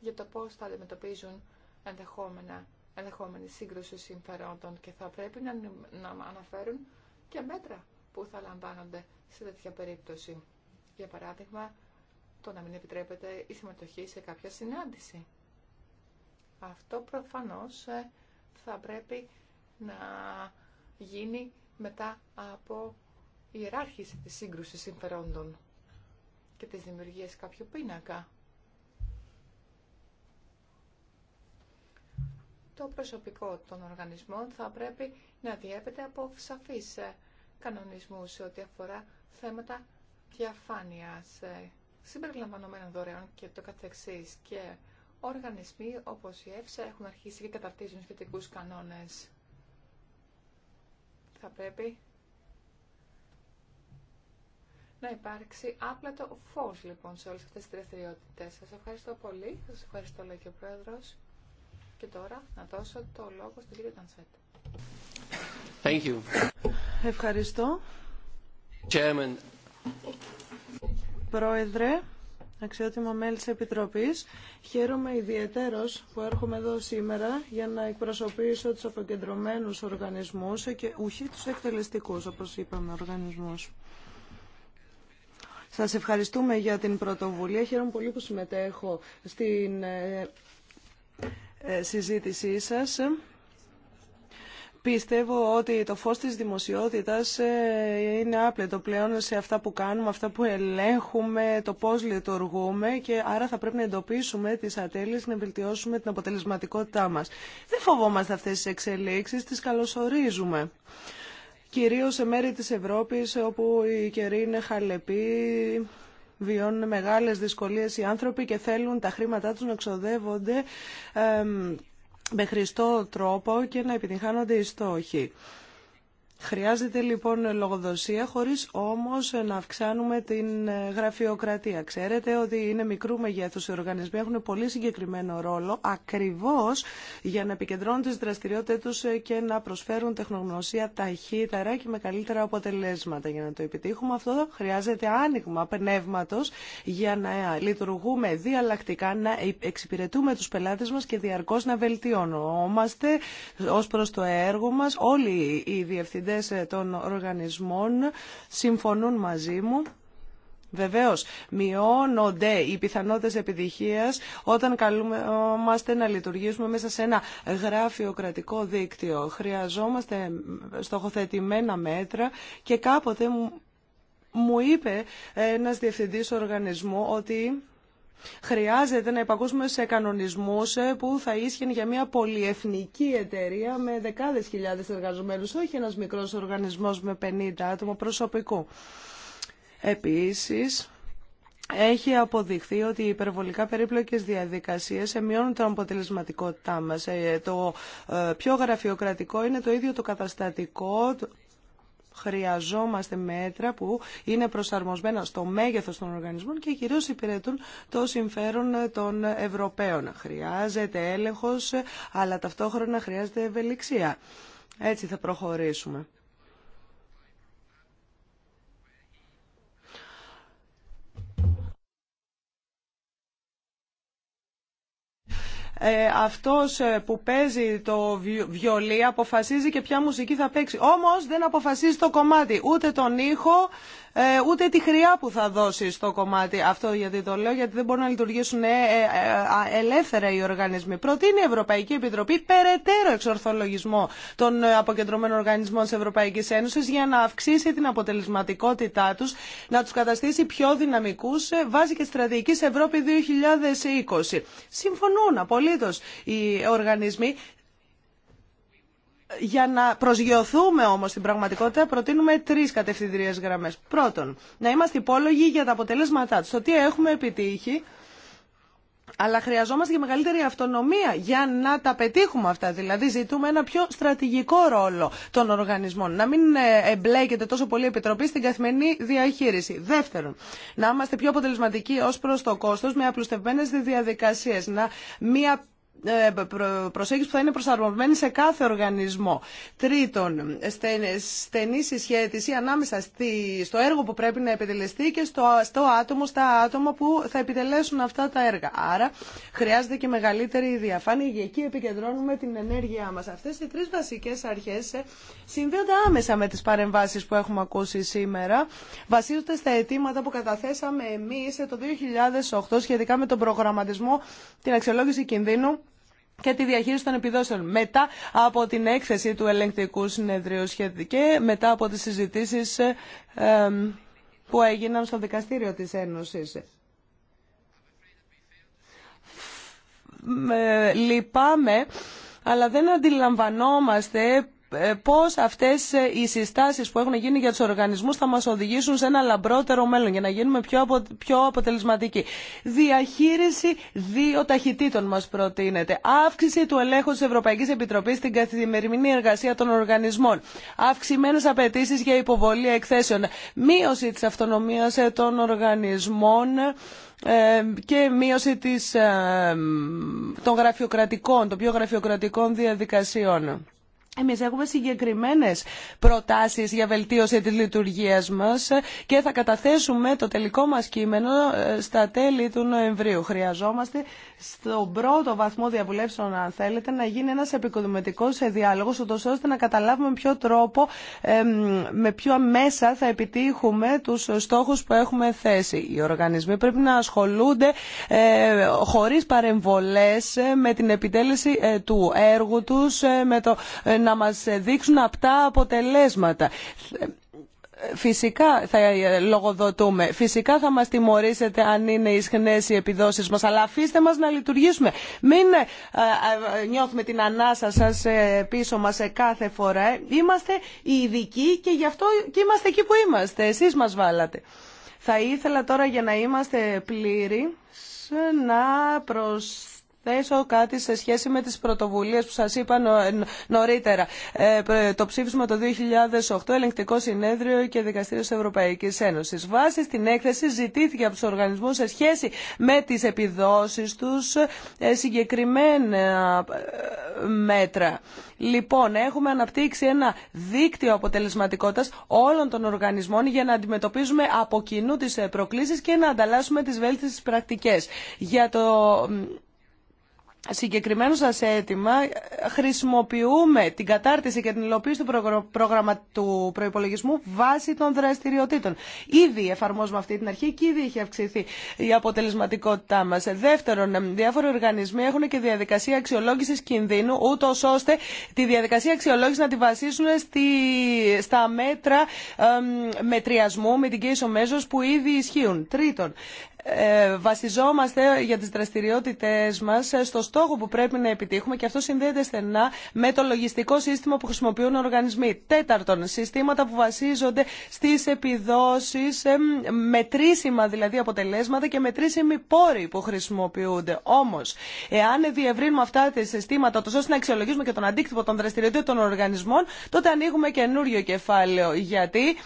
D: για το πώς θα αντιμετωπίζουν ενδεχόμενα, ενδεχόμενη σύγκρουση συμφερόντων και θα πρέπει να, αναφέρουν και μέτρα που θα λαμβάνονται σε τέτοια περίπτωση. Για παράδειγμα, το να μην επιτρέπεται η συμμετοχή σε κάποια συνάντηση. Αυτό προφανώς ε, θα πρέπει να γίνει μετά από ιεράρχηση της σύγκρουση συμφερόντων και της δημιουργίας κάποιου πίνακα. Το προσωπικό των οργανισμών θα πρέπει να διέπεται από σαφείς ε, κανονισμούς σε ό,τι αφορά θέματα διαφάνειας, ε, συμπεριλαμβανομένων δωρεών και το καθεξής και οργανισμοί όπως η ΕΦΣΑ έχουν αρχίσει και καταρτίζουν σχετικούς κανόνες. Θα πρέπει να υπάρξει άπλατο φως λοιπόν σε όλες αυτές τις δραστηριότητε. Σας ευχαριστώ πολύ. Σας ευχαριστώ λέει και ο Πρόεδρος. Και τώρα να δώσω το λόγο στον κύριο Τανσέτ. Thank you.
B: Ευχαριστώ. Chairman. Πρόεδρε, αξιότιμα μέλη της Επιτροπής. Χαίρομαι ιδιαίτερος που έρχομαι εδώ σήμερα για να εκπροσωπήσω τους αποκεντρωμένους οργανισμούς και ουχή τους εκτελεστικούς, όπως είπαμε, οργανισμούς. Σας ευχαριστούμε για την πρωτοβουλία. Χαίρομαι πολύ που συμμετέχω στην ε, ε, συζήτησή σας. Πιστεύω ότι το φως της δημοσιότητας ε, είναι άπλετο πλέον σε αυτά που κάνουμε, αυτά που ελέγχουμε, το πώς λειτουργούμε και άρα θα πρέπει να εντοπίσουμε τις ατέλειες να βελτιώσουμε την αποτελεσματικότητά μας. Δεν φοβόμαστε αυτές τις εξελίξεις, τις καλωσορίζουμε. Κυρίως σε μέρη της Ευρώπης όπου οι καιροί είναι χαλεποί, βιώνουν μεγάλες δυσκολίες οι άνθρωποι και θέλουν τα χρήματά τους να εξοδεύονται με χρηστό τρόπο και να επιτυγχάνονται οι στόχοι. Χρειάζεται λοιπόν λογοδοσία χωρίς όμως να αυξάνουμε την ε, γραφειοκρατία. Ξέρετε ότι είναι μικρού μεγέθους οι οργανισμοί, έχουν πολύ συγκεκριμένο ρόλο ακριβώς για να επικεντρώνουν τις δραστηριότητες τους ε, και να προσφέρουν τεχνογνωσία ταχύτερα και με καλύτερα αποτελέσματα. Για να το επιτύχουμε αυτό χρειάζεται άνοιγμα πνεύματος για να ε, λειτουργούμε διαλλακτικά, να εξυπηρετούμε τους πελάτες μας και διαρκώς να βελτιώνομαστε ως προς το έργο μας όλοι οι διευθυντές διευθυντές ε, των οργανισμών συμφωνούν μαζί μου. Βεβαίως, μειώνονται οι πιθανότητε επιτυχία όταν καλούμαστε να λειτουργήσουμε μέσα σε ένα γραφειοκρατικό δίκτυο. Χρειαζόμαστε στοχοθετημένα μέτρα και κάποτε μου είπε ένας διευθυντής οργανισμού ότι Χρειάζεται να υπακούσουμε σε κανονισμούς ε, που θα ίσχυαν για μια πολυεθνική εταιρεία με δεκάδες χιλιάδες εργαζομένους, όχι ένας μικρός οργανισμός με 50 άτομα προσωπικού. Επίσης, έχει αποδειχθεί ότι οι υπερβολικά περίπλοκες διαδικασίες μειώνουν την αποτελεσματικότητά μας. Ε, το ε, πιο γραφειοκρατικό είναι το ίδιο το καταστατικό Χρειαζόμαστε μέτρα που είναι προσαρμοσμένα στο μέγεθος των οργανισμών και κυρίως υπηρετούν το συμφέρον των Ευρωπαίων. Χρειάζεται έλεγχος, αλλά ταυτόχρονα χρειάζεται ευελιξία. Έτσι θα προχωρήσουμε. Ε, αυτός ε, που παίζει το βιολί αποφασίζει και ποια μουσική θα παίξει. Όμως δεν αποφασίζει το κομμάτι, ούτε τον ήχο, ε, ούτε τη χρειά που θα δώσει στο κομμάτι αυτό γιατί το λέω γιατί δεν μπορούν να λειτουργήσουν ε, ε, ελεύθερα οι οργανισμοί. Προτείνει η Ευρωπαϊκή Επιτροπή περαιτέρω εξορθολογισμό των αποκεντρωμένων οργανισμών τη ευρωπαϊκή Ένωση για να αυξήσει την αποτελεσματικότητά του, να του καταστήσει πιο δυναμικούς βάσει και στρατηγική Ευρώπη 2020. Συμφωνούν απολύτω οι οργανισμοί. Για να προσγειωθούμε όμω στην πραγματικότητα, προτείνουμε τρει κατευθυντηρίε γραμμέ. Πρώτον, να είμαστε υπόλογοι για τα αποτελέσματά του, το τι έχουμε επιτύχει, αλλά χρειαζόμαστε και μεγαλύτερη αυτονομία για να τα πετύχουμε αυτά. Δηλαδή, ζητούμε ένα πιο στρατηγικό ρόλο των οργανισμών. Να μην ε, εμπλέκεται τόσο πολύ η Επιτροπή στην καθημερινή διαχείριση. Δεύτερον, να είμαστε πιο αποτελεσματικοί ω προ το κόστο με απλουστευμένε διαδικασίε. Να μία ε, προσέγγιση που θα είναι προσαρμοσμένη σε κάθε οργανισμό. Τρίτον, στενή συσχέτιση ανάμεσα στο έργο που πρέπει να επιτελεστεί και στο άτομο, στα άτομα που θα επιτελέσουν αυτά τα έργα. Άρα, χρειάζεται και μεγαλύτερη διαφάνεια και εκεί επικεντρώνουμε την ενέργειά μα. Αυτέ οι τρει βασικέ αρχέ ε, συνδέονται άμεσα με τι παρεμβάσει που έχουμε ακούσει σήμερα. Βασίζονται στα αιτήματα που καταθέσαμε εμεί ε, το 2008 σχετικά με τον προγραμματισμό, την αξιολόγηση κινδύνου και τη διαχείριση των επιδόσεων. Μετά από την έκθεση του ελεγκτικού συνεδρίου και μετά από τις συζητήσεις ε, που έγιναν στο δικαστήριο της Ένωσης. Ε, λυπάμαι, αλλά δεν αντιλαμβανόμαστε ε, πώς αυτές ε, οι συστάσεις που έχουν γίνει για τους οργανισμούς θα μας οδηγήσουν σε ένα λαμπρότερο μέλλον για να γίνουμε πιο, απο, πιο αποτελεσματικοί. Διαχείριση δύο ταχυτήτων μας προτείνεται. Αύξηση του ελέγχου της Ευρωπαϊκής Επιτροπής στην καθημερινή εργασία των οργανισμών. Αυξημένες απαιτήσει για υποβολή εκθέσεων. Μείωση της αυτονομίας ε, των οργανισμών και μείωση των γραφειοκρατικών, των πιο γραφειοκρατικών διαδικασιών. Εμεί έχουμε συγκεκριμένε προτάσεις για βελτίωση της λειτουργίας μας και θα καταθέσουμε το τελικό μας κείμενο ε, στα τέλη του Νοεμβρίου. Χρειαζόμαστε στον πρώτο βαθμό διαβουλεύσεων, αν θέλετε, να γίνει ένας επικοδομητικός διάλογος, ώστε να καταλάβουμε με ποιο τρόπο, με ποιο μέσα θα επιτύχουμε τους στόχου που έχουμε θέσει. Οι οργανισμοί πρέπει να ασχολούνται ε, χωρί παρεμβολέ ε, με την επιτέλεση του έργου του. με το να μας δείξουν αυτά αποτελέσματα. Φυσικά θα λογοδοτούμε. Φυσικά θα μας τιμωρήσετε αν είναι ισχνές οι επιδόσεις μας. Αλλά αφήστε μας να λειτουργήσουμε. Μην ε, ε, νιώθουμε την ανάσα σας ε, πίσω μας κάθε φορά. Είμαστε οι ειδικοί και γι' αυτό και είμαστε εκεί που είμαστε. Εσείς μας βάλατε. Θα ήθελα τώρα για να είμαστε πλήρη να προσθέσουμε θέσω κάτι σε σχέση με τις πρωτοβουλίες που σας είπα νωρίτερα. Ε, το ψήφισμα το 2008, ελεγκτικό συνέδριο και δικαστήριο της Ευρωπαϊκής Ένωσης. Βάσει στην έκθεση ζητήθηκε από τους οργανισμούς σε σχέση με τις επιδόσεις τους ε, συγκεκριμένα ε, μέτρα. Λοιπόν, έχουμε αναπτύξει ένα δίκτυο αποτελεσματικότητας όλων των οργανισμών για να αντιμετωπίζουμε από κοινού τις προκλήσεις και να ανταλλάσσουμε τις βέλτιστες πρακτικές. Για το συγκεκριμένο σα αίτημα χρησιμοποιούμε την κατάρτιση και την υλοποίηση του πρόγραμμα του προϋπολογισμού βάσει των δραστηριοτήτων. Ήδη εφαρμόζουμε αυτή την αρχή και ήδη έχει αυξηθεί η αποτελεσματικότητά μας. Δεύτερον, διάφοροι οργανισμοί έχουν και διαδικασία αξιολόγηση κινδύνου, ούτω ώστε τη διαδικασία αξιολόγηση να τη βασίσουν στη, στα μέτρα μετριασμού με την κέισο που ήδη ισχύουν. Τρίτον, ε, βασιζόμαστε για τις δραστηριότητες μας στο στόχο που πρέπει να επιτύχουμε και αυτό συνδέεται στενά με το λογιστικό σύστημα που χρησιμοποιούν οργανισμοί. Τέταρτον, συστήματα που βασίζονται στις επιδόσεις, ε, μετρήσιμα δηλαδή αποτελέσματα και μετρήσιμοι πόροι που χρησιμοποιούνται. Όμως, εάν διευρύνουμε αυτά τα συστήματα ώστε να αξιολογήσουμε και τον αντίκτυπο των δραστηριοτήτων των οργανισμών, τότε ανοίγουμε καινούριο κεφάλαιο. Γιατί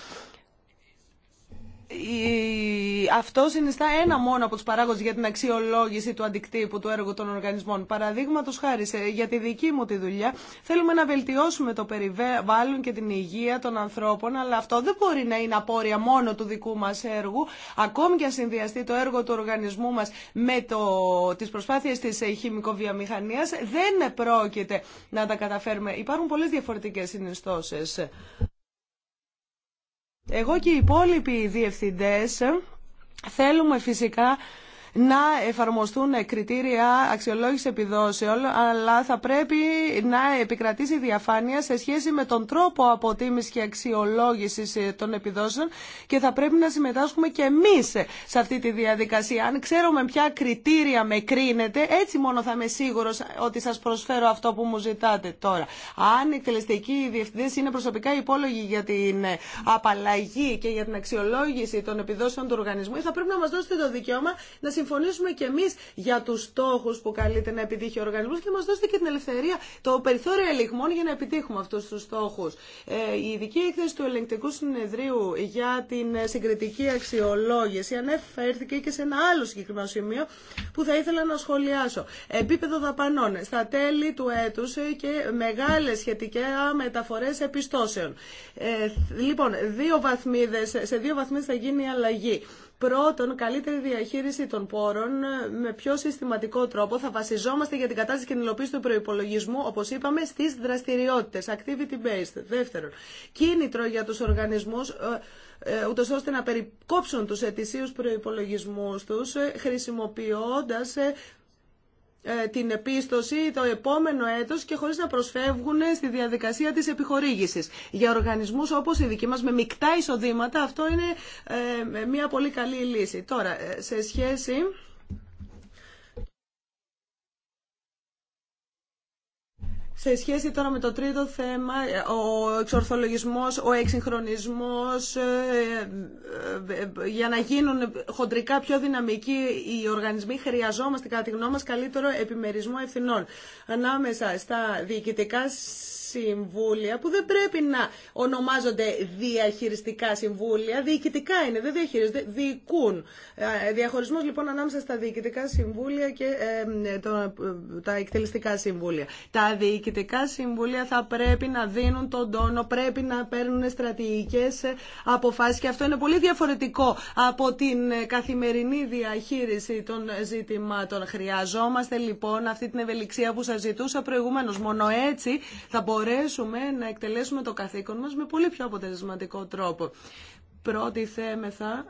B: αυτό συνιστά ένα μόνο από του παράγοντε για την αξιολόγηση του αντικτύπου του έργου των οργανισμών. Παραδείγματο χάρη σε για τη δική μου τη δουλειά θέλουμε να βελτιώσουμε το περιβάλλον και την υγεία των ανθρώπων αλλά αυτό δεν μπορεί να είναι απόρρια μόνο του δικού μας έργου ακόμη και αν συνδυαστεί το έργο του οργανισμού μα με το, τις προσπάθειες της ε, δεν πρόκειται να τα καταφέρουμε. Υπάρχουν πολλέ διαφορετικέ συνιστώσει. Εγώ και οι υπόλοιποι διευθυντές θέλουμε φυσικά να εφαρμοστούν κριτήρια αξιολόγηση επιδόσεων, αλλά θα πρέπει να επικρατήσει διαφάνεια σε σχέση με τον τρόπο αποτίμηση και αξιολόγηση ε, των επιδόσεων και θα πρέπει να συμμετάσχουμε και εμεί σε αυτή τη διαδικασία. Αν ξέρουμε ποια κριτήρια με κρίνεται, έτσι μόνο θα είμαι σίγουρο ότι σα προσφέρω αυτό που μου ζητάτε τώρα. Αν οι εκτελεστικοί διευθυντέ είναι προσωπικά υπόλογοι για την ε, απαλλαγή και για την αξιολόγηση των επιδόσεων του οργανισμού, θα πρέπει να μα δώσετε το δικαίωμα να συμφωνήσουμε κι εμεί για του στόχου που καλείται να επιτύχει ο οργανισμό και μα δώσετε και την ελευθερία, το περιθώριο ελιγμών για να επιτύχουμε αυτούς τους στόχους. Ε, η ειδική έκθεση του ελεγκτικού συνεδρίου για την συγκριτική αξιολόγηση ανέφερθηκε και σε ένα άλλο συγκεκριμένο σημείο που θα ήθελα να σχολιάσω. Επίπεδο δαπανών στα τέλη του έτου και μεγάλε σχετικέ μεταφορέ επιστώσεων. Ε, λοιπόν, δύο βαθμίδες, σε δύο βαθμίδε θα γίνει η αλλαγή. Πρώτον, καλύτερη διαχείριση των πόρων ε, με πιο συστηματικό τρόπο. Θα βασιζόμαστε για την κατάσταση και την υλοποίηση του προπολογισμού, όπω είπαμε, στι δραστηριότητε, activity-based. Δεύτερον, κίνητρο για του οργανισμού ε, ε, ούτω ώστε να περικόψουν τους ετησίου προϋπολογισμούς τους χρησιμοποιώντα. Ε, την επίστοση το επόμενο έτος και χωρίς να προσφεύγουν στη διαδικασία της επιχορήγησης. Για οργανισμούς όπως η δική μας με μεικτά εισοδήματα αυτό είναι ε, μια πολύ καλή λύση. Τώρα, ε, σε σχέση Σε σχέση τώρα με το τρίτο θέμα, ε, ο εξορθολογισμός, ο εξυγχρονισμός, ε, ε, για να γίνουν χοντρικά πιο δυναμικοί οι οργανισμοί, χρειαζόμαστε κατά τη γνώμη μας καλύτερο επιμερισμό ευθυνών. Ανάμεσα στα διοικητικά συμβούλια που δεν πρέπει να ονομάζονται διαχειριστικά συμβούλια, διοικητικά είναι, δεν διαχειρίζονται, διοικούν. Ε, Διαχωρισμό λοιπόν ανάμεσα στα διοικητικά συμβούλια και το, τα εκτελεστικά συμβούλια. Τα διοικητικά συμβούλια θα πρέπει να δίνουν τον τόνο, πρέπει να παίρνουν στρατηγικέ ε, αποφάσει και αυτό είναι πολύ διαφορετικό από την ε, καθημερινή διαχείριση των ζητημάτων. Χρειαζόμαστε λοιπόν αυτή την ευελιξία που σα ζητούσα προηγουμένω. Μόνο θα μπορούμε μπορέσουμε να εκτελέσουμε το καθήκον μας με πολύ πιο αποτελεσματικό τρόπο. Πρώτη θέμεθα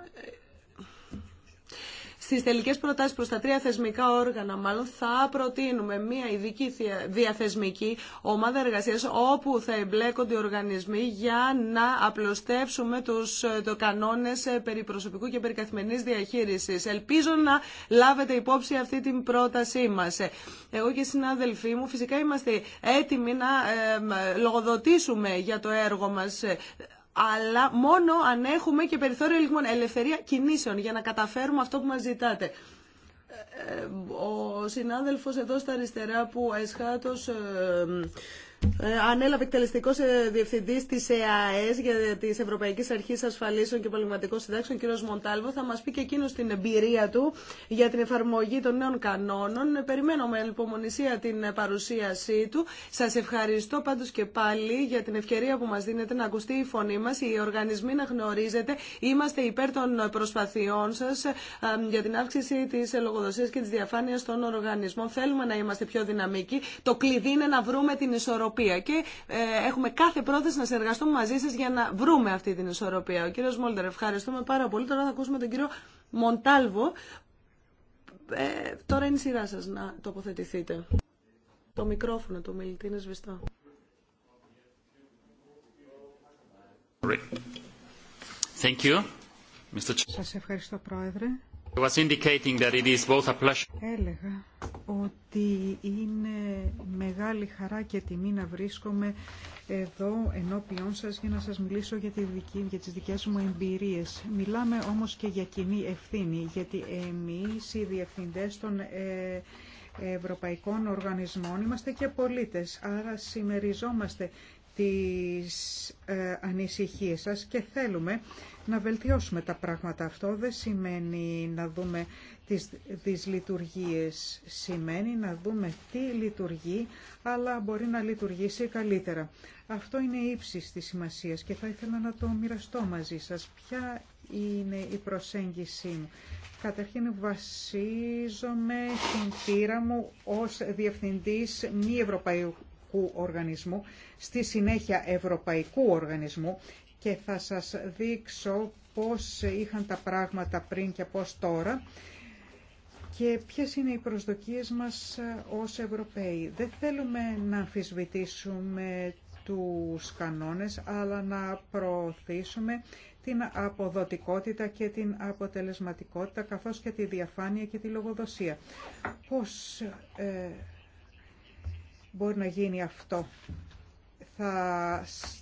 B: Στι τελικέ προτάσει προ τα τρία θεσμικά όργανα μάλλον θα προτείνουμε μια ειδική διαθεσμική ομάδα εργασίας όπου θα εμπλέκονται οι οργανισμοί για να απλωστεύσουμε τους ε, το κανόνες ε, περί προσωπικού και περί καθημερινή διαχείρισης. Ελπίζω να λάβετε υπόψη αυτή την πρότασή μας. Ε, εγώ και συνάδελφοί μου φυσικά είμαστε έτοιμοι να λογοδοτήσουμε για το έργο μα αλλά μόνο αν έχουμε και περιθώριο λοιπόν, ελευθερία κινήσεων για να καταφέρουμε αυτό που μας ζητάτε. Ε, ε, ο συνάδελφος εδώ στα αριστερά που αισχάτως ε, ε, ανέλαβε εκτελεστικό ε, διευθυντή τη ΕΑΕΣ για ε, τη Ευρωπαϊκή Αρχή Ασφαλίσεων και Πολυματικών Συντάξεων, κ. Μοντάλβο. Θα μα πει και εκείνο την εμπειρία του για την εφαρμογή των νέων κανόνων. Περιμένω με ελπομονησία την παρουσίασή του. Σα ευχαριστώ πάντω και πάλι για την ευκαιρία που μα δίνετε να ακουστεί η φωνή μα, οι οργανισμοί να γνωρίζετε. Είμαστε υπέρ των προσπαθειών σα για την αύξηση τη λογοδοσία και τη διαφάνεια των οργανισμών. Θέλουμε να είμαστε πιο δυναμικοί. Το κλειδί είναι να βρούμε την ισορροπία και ε, έχουμε κάθε πρόθεση να συνεργαστούμε μαζί σας για να βρούμε αυτή την ισορροπία. Ο κύριος Μόλτερ, ευχαριστούμε πάρα πολύ. Τώρα θα ακούσουμε τον κύριο Μοντάλβο. Ε, τώρα είναι η σειρά σας να τοποθετηθείτε. Το μικρόφωνο του μιλητή είναι σβηστό.
C: Thank Σας ευχαριστώ, Πρόεδρε. Έλεγα ότι είναι μεγάλη χαρά και τιμή να βρίσκομαι εδώ ενώπιόν σας για να σας μιλήσω για, τη δική, για τις δικές μου εμπειρίες. Μιλάμε όμως και για κοινή ευθύνη, γιατί εμείς οι διευθυντές των ε, ευρωπαϊκών οργανισμών είμαστε και πολίτες, άρα συμμεριζόμαστε τις ε, ανησυχίες σας και θέλουμε να βελτιώσουμε τα πράγματα. Αυτό δεν σημαίνει να δούμε τις, δυσλειτουργίες. σημαίνει να δούμε τι λειτουργεί, αλλά μπορεί να λειτουργήσει καλύτερα. Αυτό είναι ύψη της σημασία και θα ήθελα να το μοιραστώ μαζί σας. Ποια είναι η προσέγγιση μου. Καταρχήν βασίζομαι στην πείρα μου ως Διευθυντής μη ευρωπαϊκού Οργανισμού, στη συνέχεια Ευρωπαϊκού Οργανισμού και θα σας δείξω πώς είχαν τα πράγματα πριν και πώς τώρα και ποιες είναι οι προσδοκίες μας ως Ευρωπαίοι. Δεν θέλουμε να αμφισβητήσουμε τους κανόνες, αλλά να προωθήσουμε την αποδοτικότητα και την αποτελεσματικότητα, καθώς και τη διαφάνεια και τη λογοδοσία. Πώς ε, μπορεί να γίνει αυτό. Θα,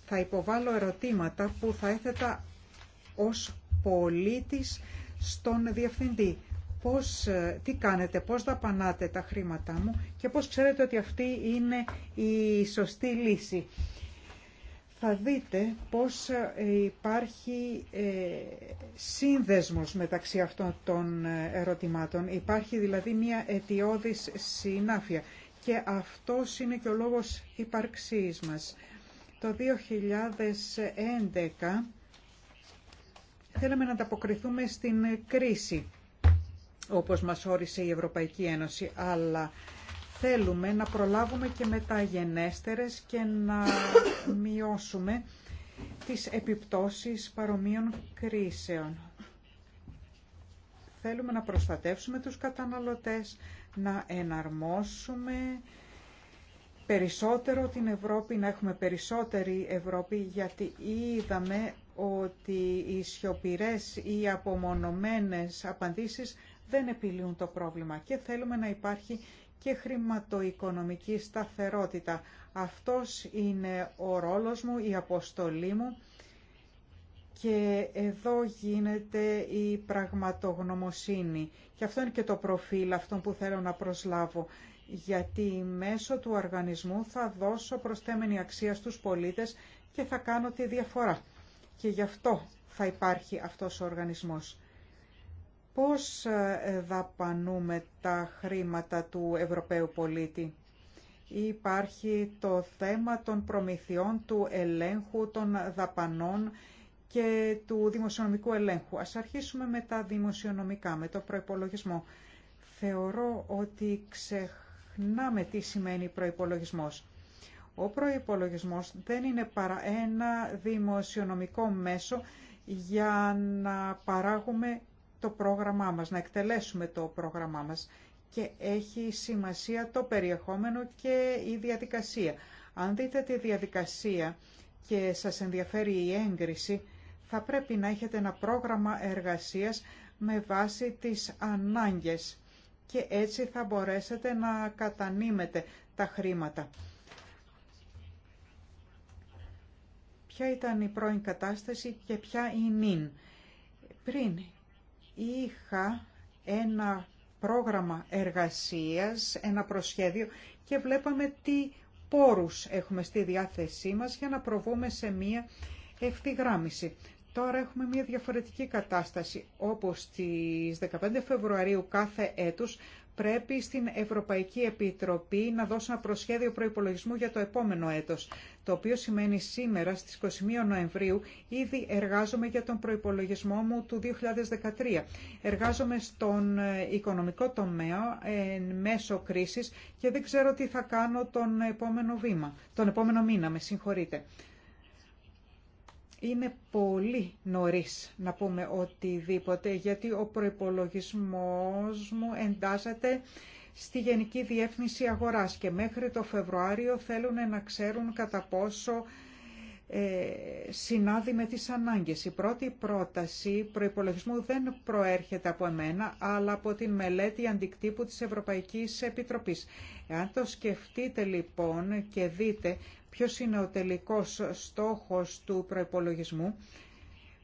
C: θα υποβάλω ερωτήματα που θα έθετα ως πολίτης στον διευθυντή. Πώς, τι κάνετε, πώς δαπανάτε τα χρήματά μου και πώς ξέρετε ότι αυτή είναι η σωστή λύση. Θα δείτε πώς ε, υπάρχει ε, σύνδεσμος μεταξύ αυτών των ε, ερωτημάτων. Υπάρχει δηλαδή μια αιτιώδης συνάφεια και αυτό είναι και ο λόγος υπαρξής μας. Το 2011 θέλαμε να ανταποκριθούμε στην κρίση, όπως μας όρισε η Ευρωπαϊκή Ένωση, αλλά θέλουμε να προλάβουμε και μεταγενέστερες και να μειώσουμε τις επιπτώσεις παρομοίων κρίσεων. Θέλουμε να προστατεύσουμε τους καταναλωτές, να εναρμόσουμε περισσότερο την Ευρώπη, να έχουμε περισσότερη Ευρώπη, γιατί είδαμε ότι οι σιωπηρές ή οι απομονωμένες απαντήσεις δεν επιλύουν το πρόβλημα και θέλουμε να υπάρχει και χρηματοοικονομική σταθερότητα. Αυτός είναι ο ρόλος μου, η αποστολή μου και εδώ γίνεται η πραγματογνωμοσύνη. Και αυτό είναι και το προφίλ αυτό που θέλω να προσλάβω. Γιατί μέσω του οργανισμού θα δώσω προσθέμενη αξία στους πολίτες και θα κάνω τη διαφορά. Και γι' αυτό θα υπάρχει αυτός ο οργανισμός. Πώς ε, δαπανούμε τα χρήματα του Ευρωπαίου πολίτη. Υπάρχει το θέμα των προμηθειών, του ελέγχου, των δαπανών και του δημοσιονομικού ελέγχου. Ας αρχίσουμε με τα δημοσιονομικά, με το προϋπολογισμό. Θεωρώ ότι ξεχνάμε τι σημαίνει προϋπολογισμός. Ο προϋπολογισμός δεν είναι παρά ένα δημοσιονομικό μέσο για να παράγουμε το πρόγραμμά μας, να εκτελέσουμε το πρόγραμμά μας και έχει σημασία το περιεχόμενο και η διαδικασία. Αν δείτε τη διαδικασία και σας ενδιαφέρει η έγκριση, θα πρέπει να έχετε ένα πρόγραμμα εργασίας με βάση τις ανάγκες και έτσι θα μπορέσετε να κατανείμετε τα χρήματα. Ποια ήταν η πρώην κατάσταση και ποια η νυν. Πριν είχα ένα πρόγραμμα εργασίας, ένα προσχέδιο και βλέπαμε τι πόρους έχουμε στη διάθεσή μας για να προβούμε σε μία ευθυγράμμιση. Τώρα έχουμε μια διαφορετική κατάσταση, όπως στις 15 Φεβρουαρίου κάθε έτους πρέπει στην Ευρωπαϊκή Επιτροπή να δώσει ένα προσχέδιο προϋπολογισμού για το επόμενο έτος, το οποίο σημαίνει σήμερα στις 21 Νοεμβρίου ήδη εργάζομαι για τον προϋπολογισμό μου του 2013. Εργάζομαι στον ε, οικονομικό τομέα ε, εν μέσω κρίσης και δεν ξέρω τι θα κάνω τον επόμενο βήμα, τον επόμενο μήνα, με συγχωρείτε. Είναι πολύ νωρίς να πούμε οτιδήποτε, γιατί ο προϋπολογισμός μου εντάσσεται στη Γενική Διεύθυνση Αγοράς και μέχρι το Φεβρουάριο θέλουν να ξέρουν κατά πόσο ε, συνάδει με τις ανάγκες. Η πρώτη πρόταση προϋπολογισμού δεν προέρχεται από εμένα, αλλά από τη μελέτη αντικτύπου της Ευρωπαϊκής Επιτροπής. Αν το σκεφτείτε λοιπόν και δείτε ποιος είναι ο τελικός στόχος του προϋπολογισμού,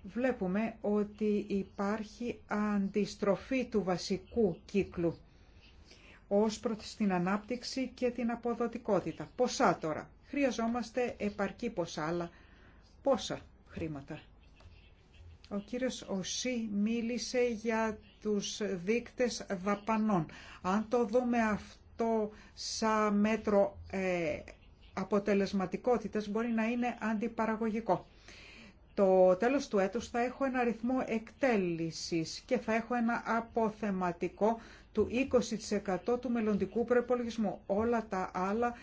C: βλέπουμε ότι υπάρχει αντιστροφή του βασικού κύκλου ως προς την ανάπτυξη και την αποδοτικότητα. Ποσά τώρα. Χρειαζόμαστε επαρκή ποσά, αλλά πόσα χρήματα. Ο κύριος Οσί μίλησε για τους δείκτες δαπανών. Αν το δούμε αυτό σαν μέτρο ε, αποτελεσματικότητας μπορεί να είναι αντιπαραγωγικό. Το τέλος του έτους θα έχω ένα αριθμό εκτέλησης και θα έχω ένα αποθεματικό του 20% του μελλοντικού προϋπολογισμού. Όλα τα άλλα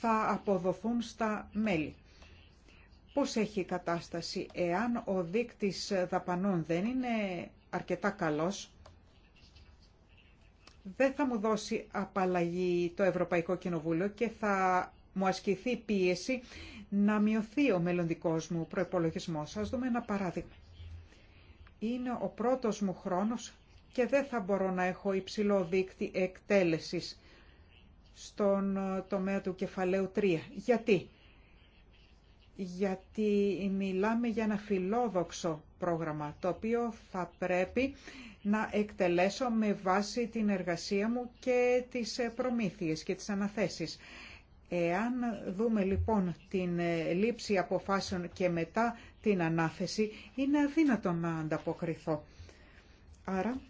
C: θα αποδοθούν στα μέλη. Πώς έχει η κατάσταση εάν ο δείκτης δαπανών δεν είναι αρκετά καλός, δεν θα μου δώσει απαλλαγή το Ευρωπαϊκό Κοινοβούλιο και θα μου ασκηθεί πίεση να μειωθεί ο μελλοντικός μου προϋπολογισμός. Ας δούμε ένα παράδειγμα. Είναι ο πρώτος μου χρόνος και δεν θα μπορώ να έχω υψηλό δίκτυ εκτέλεσης στον ε, τομέα του κεφαλαίου 3. Γιατί? Γιατί μιλάμε για ένα φιλόδοξο πρόγραμμα, το οποίο θα πρέπει να εκτελέσω με βάση την εργασία μου και τις ε, προμήθειες και τις αναθέσεις. Εάν δούμε λοιπόν την ε, λήψη αποφάσεων και μετά την ανάθεση, είναι αδύνατο να ανταποκριθώ. Άρα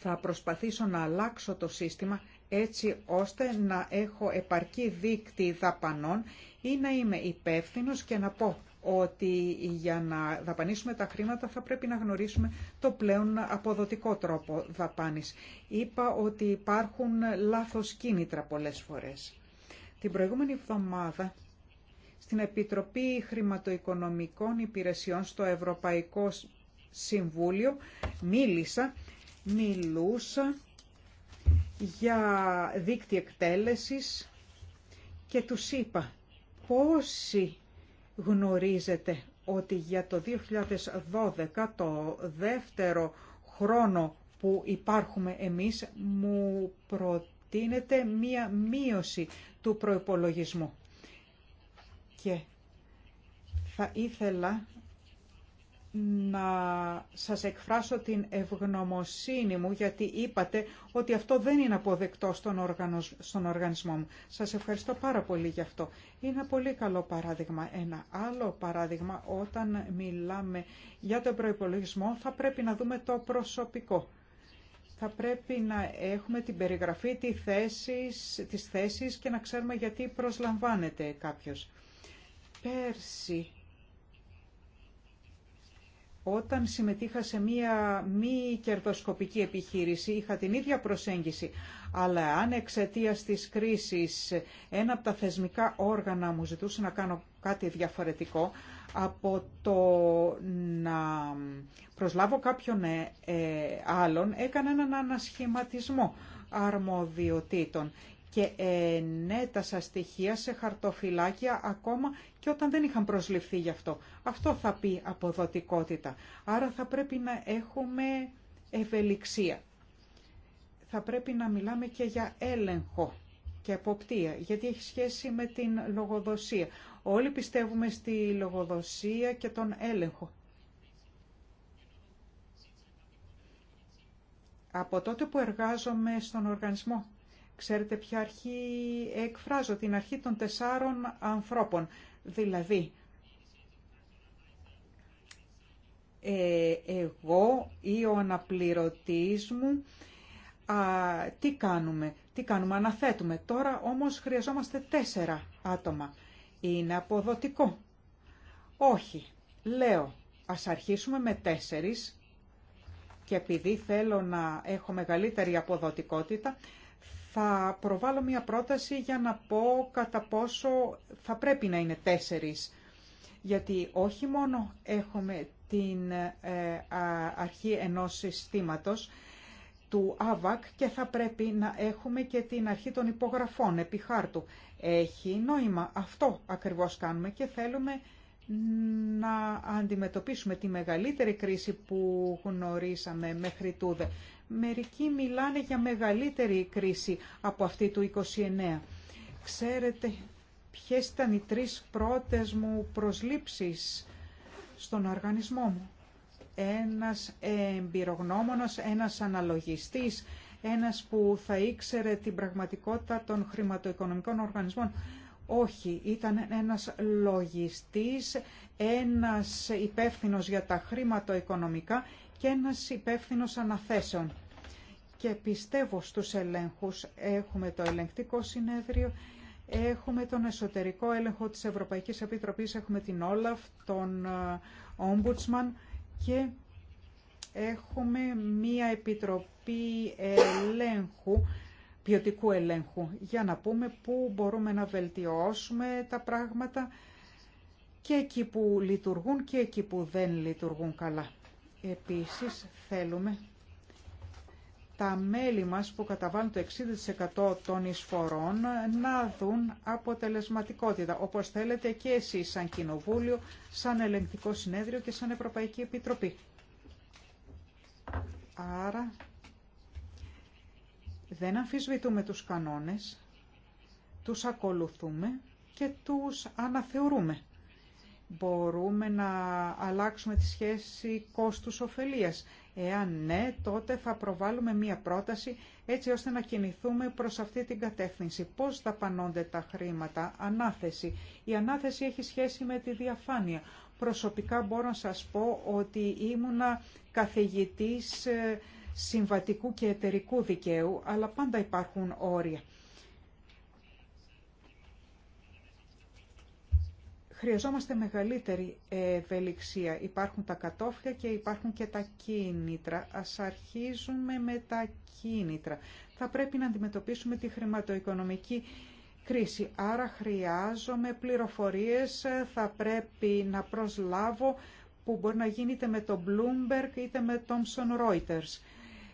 C: θα προσπαθήσω να αλλάξω το σύστημα έτσι ώστε να έχω επαρκή δίκτυ δαπανών ή να είμαι υπεύθυνο και να πω ότι για να δαπανίσουμε τα χρήματα θα πρέπει να γνωρίσουμε το πλέον αποδοτικό τρόπο δαπάνης. Είπα ότι υπάρχουν λάθος κίνητρα πολλές φορές. Την προηγούμενη εβδομάδα στην Επιτροπή Χρηματοοικονομικών Υπηρεσιών στο Ευρωπαϊκό Συμβούλιο μίλησα, μιλούσα για δίκτυ εκτέλεσης και τους είπα πόσοι γνωρίζετε ότι για το 2012 το δεύτερο χρόνο που υπάρχουμε εμείς μου προτείνεται μία μείωση του προϋπολογισμού. Και θα ήθελα να σας εκφράσω την ευγνωμοσύνη μου γιατί είπατε ότι αυτό δεν είναι αποδεκτό στον, στον οργανισμό μου. Σας ευχαριστώ πάρα πολύ γι' αυτό. Είναι πολύ καλό παράδειγμα. Ένα άλλο παράδειγμα όταν μιλάμε για τον προϋπολογισμό θα πρέπει να δούμε το προσωπικό. Θα πρέπει να έχουμε την περιγραφή τη θέσης, της θέσης και να ξέρουμε γιατί προσλαμβάνεται κάποιος. Πέρσι όταν συμμετείχα σε μία μη κερδοσκοπική επιχείρηση είχα την ίδια προσέγγιση, αλλά αν εξαιτία της κρίσης ένα από τα θεσμικά όργανα μου ζητούσε να κάνω κάτι διαφορετικό, από το να προσλάβω κάποιον ε, ε, άλλον έκανα έναν ανασχηματισμό αρμοδιοτήτων και ενέτασα ναι, στοιχεία σε χαρτοφυλάκια ακόμα και όταν δεν είχαν προσληφθεί γι' αυτό. Αυτό θα πει αποδοτικότητα. Άρα θα πρέπει να έχουμε ευελιξία. Θα πρέπει να μιλάμε και για έλεγχο και εποπτεία, γιατί έχει σχέση με την λογοδοσία. Όλοι πιστεύουμε στη λογοδοσία και τον έλεγχο. Από τότε που εργάζομαι στον οργανισμό Ξέρετε ποια αρχή εκφράζω, την αρχή των τεσσάρων ανθρώπων. Δηλαδή, ε, εγώ ή ο αναπληρωτής μου, α, τι κάνουμε, τι κάνουμε, αναθέτουμε. Τώρα όμως χρειαζόμαστε τέσσερα άτομα. Είναι αποδοτικό. Όχι, λέω, ας αρχίσουμε με τέσσερις και επειδή θέλω να έχω μεγαλύτερη αποδοτικότητα, θα προβάλλω μια πρόταση για να πω κατά πόσο θα πρέπει να είναι τέσσερις. Γιατί όχι μόνο έχουμε την ε, αρχή ενός συστήματος του ΑΒΑΚ και θα πρέπει να έχουμε και την αρχή των υπογραφών επί χάρτου. Έχει νόημα. Αυτό ακριβώς κάνουμε και θέλουμε να αντιμετωπίσουμε τη μεγαλύτερη κρίση που γνωρίσαμε μέχρι τούδε. Μερικοί μιλάνε για μεγαλύτερη κρίση από αυτή του 29. Ξέρετε ποιες ήταν οι τρεις πρώτες μου προσλήψεις στον οργανισμό μου. Ένας εμπειρογνώμονας, ένας αναλογιστής, ένας που θα ήξερε την πραγματικότητα των χρηματοοικονομικών οργανισμών. Όχι, ήταν ένας λογιστής, ένας υπεύθυνος για τα χρηματοοικονομικά και ένας υπεύθυνο αναθέσεων. Και πιστεύω στους ελέγχους. Έχουμε το ελεγκτικό συνέδριο, έχουμε τον εσωτερικό έλεγχο της Ευρωπαϊκής Επιτροπής, έχουμε την Όλαφ, τον Ομπούτσμαν ε, και έχουμε μία επιτροπή ελέγχου, ποιοτικού ελέγχου, για να πούμε πού μπορούμε να βελτιώσουμε τα πράγματα και εκεί που λειτουργούν και εκεί που δεν λειτουργούν καλά. Επίσης θέλουμε τα μέλη μας που καταβάλουν το 60% των εισφορών να δουν αποτελεσματικότητα, όπως θέλετε και εσείς σαν Κοινοβούλιο, σαν Ελεγκτικό Συνέδριο και σαν Ευρωπαϊκή Επιτροπή. Άρα δεν αμφισβητούμε τους κανόνες, τους ακολουθούμε και τους αναθεωρούμε. Μπορούμε να αλλάξουμε τη σχέση κόστους-οφελίας. Εάν ναι, τότε θα προβάλλουμε μία πρόταση έτσι ώστε να κινηθούμε προς αυτή την κατεύθυνση. Πώς δαπανώνται τα χρήματα, ανάθεση. Η ανάθεση έχει σχέση με τη διαφάνεια. Προσωπικά μπορώ να σας πω ότι ήμουνα καθηγητής ε, συμβατικού και εταιρικού δικαίου, αλλά πάντα υπάρχουν όρια. Χρειαζόμαστε μεγαλύτερη ευελιξία. Υπάρχουν τα κατόφλια και υπάρχουν και τα κίνητρα. Ας αρχίζουμε με τα κίνητρα. Θα πρέπει να αντιμετωπίσουμε τη χρηματοοικονομική κρίση. Άρα χρειάζομαι πληροφορίες, θα πρέπει να προσλάβω που μπορεί να γίνει είτε με το Bloomberg είτε με Thomson Reuters.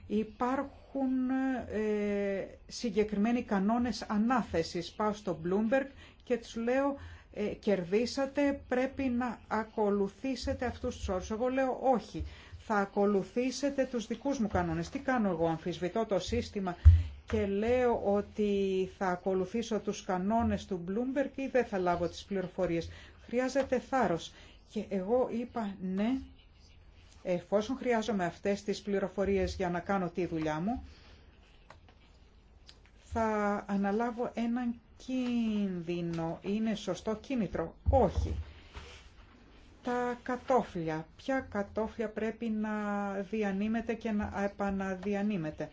C: Υπάρχουν ε, συγκεκριμένοι κανόνες ανάθεσης. Πάω στο Bloomberg και τους λέω ε, κερδίσατε πρέπει να ακολουθήσετε αυτούς τους όρους. Εγώ λέω όχι. Θα ακολουθήσετε τους δικούς μου κανόνες. Τι κάνω εγώ, αμφισβητώ το σύστημα και λέω ότι θα ακολουθήσω τους κανόνες του Bloomberg ή δεν θα λάβω τις πληροφορίες. Χρειάζεται θάρρος. Και εγώ είπα ναι, εφόσον χρειάζομαι αυτές τις πληροφορίες για να κάνω τη δουλειά μου, θα αναλάβω έναν κίνδυνο είναι σωστό κίνητρο. Όχι. Τα κατόφλια. Ποια κατόφλια πρέπει να διανύμεται και να επαναδιανύμεται.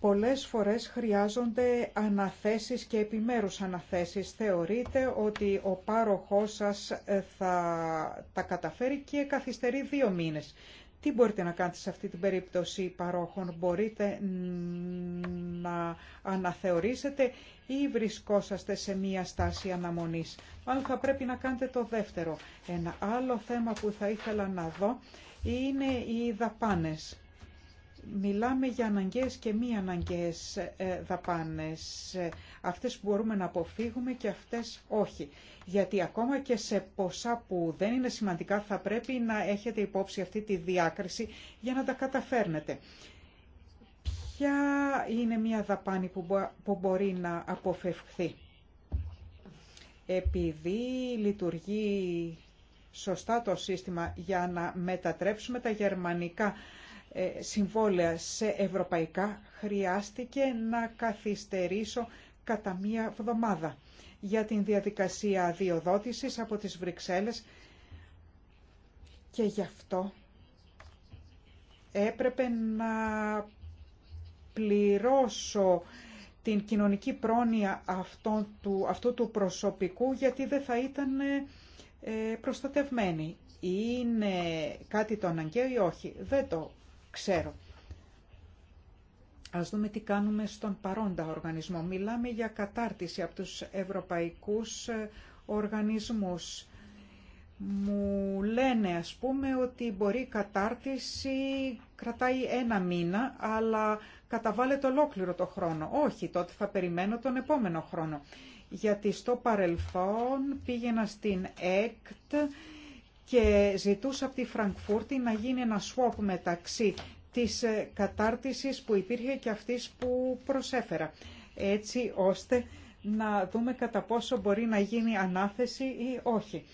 C: Πολλές φορές χρειάζονται αναθέσεις και επιμέρους αναθέσεις. Θεωρείτε ότι ο πάροχός σας ε, θα τα καταφέρει και καθυστερεί δύο μήνες. Τι μπορείτε να κάνετε σε αυτή την περίπτωση παρόχων, μπορείτε να αναθεωρήσετε ή βρισκόσαστε σε μία στάση αναμονής. Μάλλον θα πρέπει να κάνετε το δεύτερο. Ένα άλλο θέμα που θα ήθελα να δω είναι οι δαπάνες. Μιλάμε για αναγκαίες και μη αναγκαίες ε, δαπάνες. Ε, αυτές που μπορούμε να αποφύγουμε και αυτές όχι. Γιατί ακόμα και σε ποσά που δεν είναι σημαντικά θα πρέπει να έχετε υπόψη αυτή τη διάκριση για να τα καταφέρνετε. Ποια είναι μια δαπάνη που μπορεί να αποφευχθεί. Επειδή λειτουργεί σωστά το σύστημα για να μετατρέψουμε τα γερμανικά ε, συμβόλαια σε ευρωπαϊκά χρειάστηκε να καθυστερήσω κατά μία εβδομάδα για την διαδικασία διοδότησης από τις Βρυξέλλες και γι' αυτό έπρεπε να πληρώσω την κοινωνική πρόνοια αυτού του, του προσωπικού γιατί δεν θα ήταν ε, προστατευμένη. Είναι κάτι το αναγκαίο ή όχι. Δεν το ξέρω. Ας δούμε τι κάνουμε στον παρόντα οργανισμό. Μιλάμε για κατάρτιση από τους ευρωπαϊκούς ε, οργανισμούς. Μου λένε ας πούμε ότι μπορεί η κατάρτιση κρατάει ένα μήνα, αλλά καταβάλλεται ολόκληρο το χρόνο. Όχι, τότε θα περιμένω τον επόμενο χρόνο. Γιατί στο παρελθόν πήγαινα στην ΕΚΤ και ζητούσα από τη Φραγκφούρτη να γίνει ένα swap μεταξύ της ε, κατάρτισης που υπήρχε και αυτής που προσέφερα, έτσι ώστε να δούμε κατά πόσο μπορεί να γίνει ανάθεση ή όχι.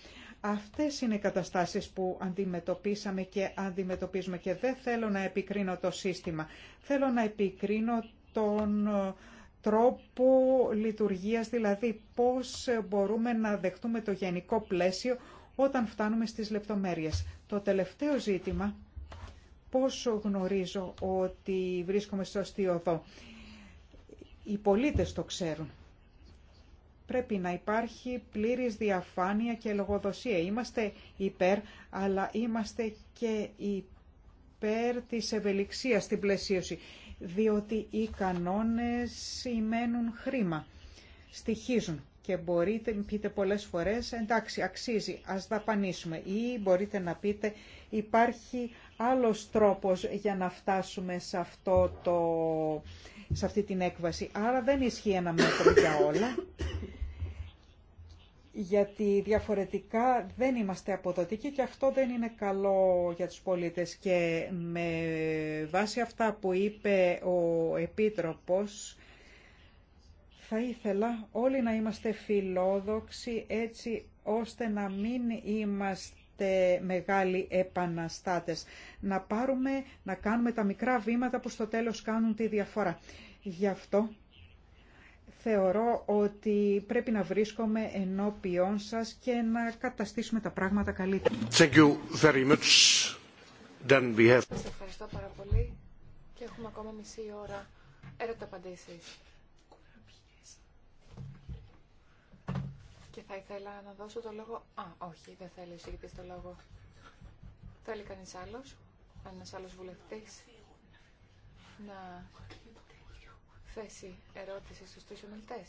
C: Αυτές είναι οι καταστάσεις που αντιμετωπίσαμε και αντιμετωπίζουμε και δεν θέλω να επικρίνω το σύστημα. Θέλω να επικρίνω τον ε, τρόπο λειτουργίας, δηλαδή πώς μπορούμε να δεχτούμε το γενικό πλαίσιο όταν φτάνουμε στις λεπτομέρειες. Το τελευταίο ζήτημα, πόσο γνωρίζω ότι βρίσκομαι στο οδό. Οι πολίτες το ξέρουν. Πρέπει να υπάρχει πλήρης διαφάνεια και λογοδοσία. Είμαστε υπέρ, αλλά είμαστε και υπέρ της ευελιξίας στην πλαισίωση, διότι οι κανόνες σημαίνουν χρήμα, στοιχίζουν και μπορείτε να πείτε πολλές φορές εντάξει αξίζει ας δαπανίσουμε ή μπορείτε να πείτε υπάρχει άλλος τρόπος για να φτάσουμε σε, αυτό το, σε αυτή την έκβαση. Άρα δεν ισχύει ένα μέτρο για όλα γιατί διαφορετικά δεν είμαστε αποδοτικοί και αυτό δεν είναι καλό για τους πολίτες. Και με βάση αυτά που είπε ο Επίτροπος θα ήθελα όλοι να είμαστε φιλόδοξοι έτσι ώστε να μην είμαστε μεγάλοι επαναστάτες. Να πάρουμε, να κάνουμε τα μικρά βήματα που στο τέλος κάνουν τη διαφορά. Γι' αυτό θεωρώ ότι πρέπει να βρίσκομαι ενώπιόν σας και να καταστήσουμε τα πράγματα καλύτερα.
A: Thank you very much. Then we have... Σας
D: ευχαριστώ πάρα πολύ και έχουμε ακόμα μισή ώρα έρωτα Και θα ήθελα να δώσω το λόγο... Α, όχι, δεν θέλει ο συγκεκριτής το λόγο. Θέλει κανεί άλλο ένα άλλο βουλευτής, να θέσει ερώτηση στους τρεις ομιλητές.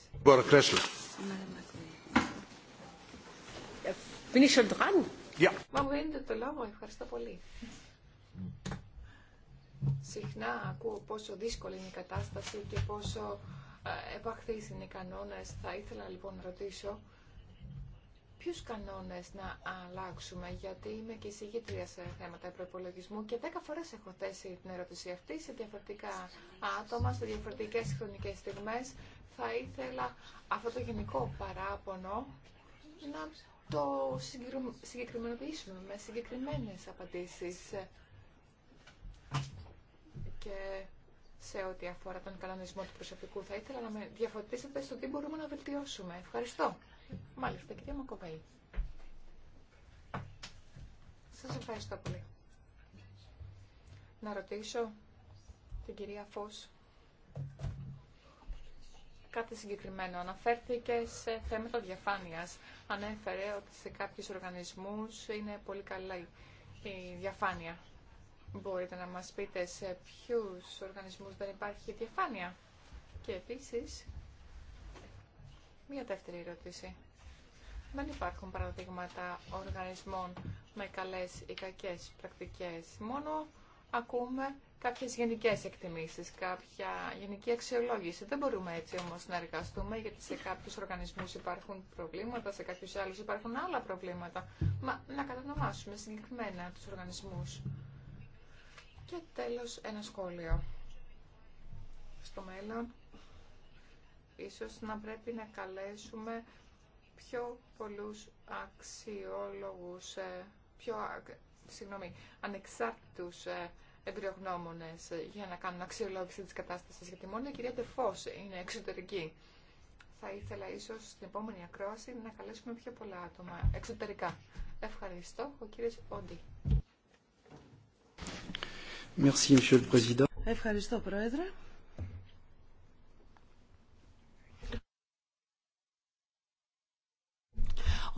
D: Μα μου δίνετε το λόγο, ευχαριστώ πολύ. Συχνά ακούω πόσο δύσκολη είναι η κατάσταση και πόσο ε, επαχθείς είναι οι κανόνες. Θα ήθελα λοιπόν να ρωτήσω ποιου κανόνε να αλλάξουμε, γιατί είμαι και εισηγήτρια σε θέματα προπολογισμού και δέκα φορέ έχω θέσει την ερώτηση αυτή σε διαφορετικά άτομα, σε διαφορετικέ χρονικέ στιγμέ. Θα ήθελα αυτό το γενικό παράπονο να το συγκεκριμενοποιήσουμε με συγκεκριμένε απαντήσει και σε ό,τι αφορά τον κανονισμό του προσωπικού. Θα ήθελα να με διαφωτίσετε στο τι μπορούμε να βελτιώσουμε. Ευχαριστώ. Μάλιστα, κυρία Μακοβέλη. Σας ευχαριστώ πολύ. Να ρωτήσω την κυρία Φως κάτι συγκεκριμένο. Αναφέρθηκε σε θέματα διαφάνειας. Ανέφερε ότι σε κάποιους οργανισμούς είναι πολύ καλά η διαφάνεια. Μπορείτε να μας πείτε σε ποιους οργανισμούς δεν υπάρχει διαφάνεια. Και επίσης, Μία δεύτερη ερώτηση. Δεν υπάρχουν παραδείγματα οργανισμών με καλές ή κακές πρακτικές. Μόνο ακούμε κάποιες γενικές εκτιμήσεις, κάποια γενική αξιολόγηση. Δεν μπορούμε έτσι όμως να εργαστούμε, γιατί σε κάποιους οργανισμούς υπάρχουν προβλήματα, σε κάποιους άλλους υπάρχουν άλλα προβλήματα. Μα να κατανομάσουμε συγκεκριμένα τους οργανισμούς. Και τέλος ένα σχόλιο. Στο μέλλον Ίσως να πρέπει να καλέσουμε πιο πολλούς αξιόλογους, ε, πιο, συγγνώμη, ανεξάρτητους ε, εμπειρογνώμονες ε, για να κάνουν αξιολόγηση της κατάστασης, γιατί μόνο η κυρία Τεφός είναι εξωτερική. Θα ήθελα ίσως στην επόμενη ακρόαση να καλέσουμε πιο πολλά άτομα εξωτερικά. Ευχαριστώ. Ο κύριος Όντι.
B: Ευχαριστώ, Πρόεδρε.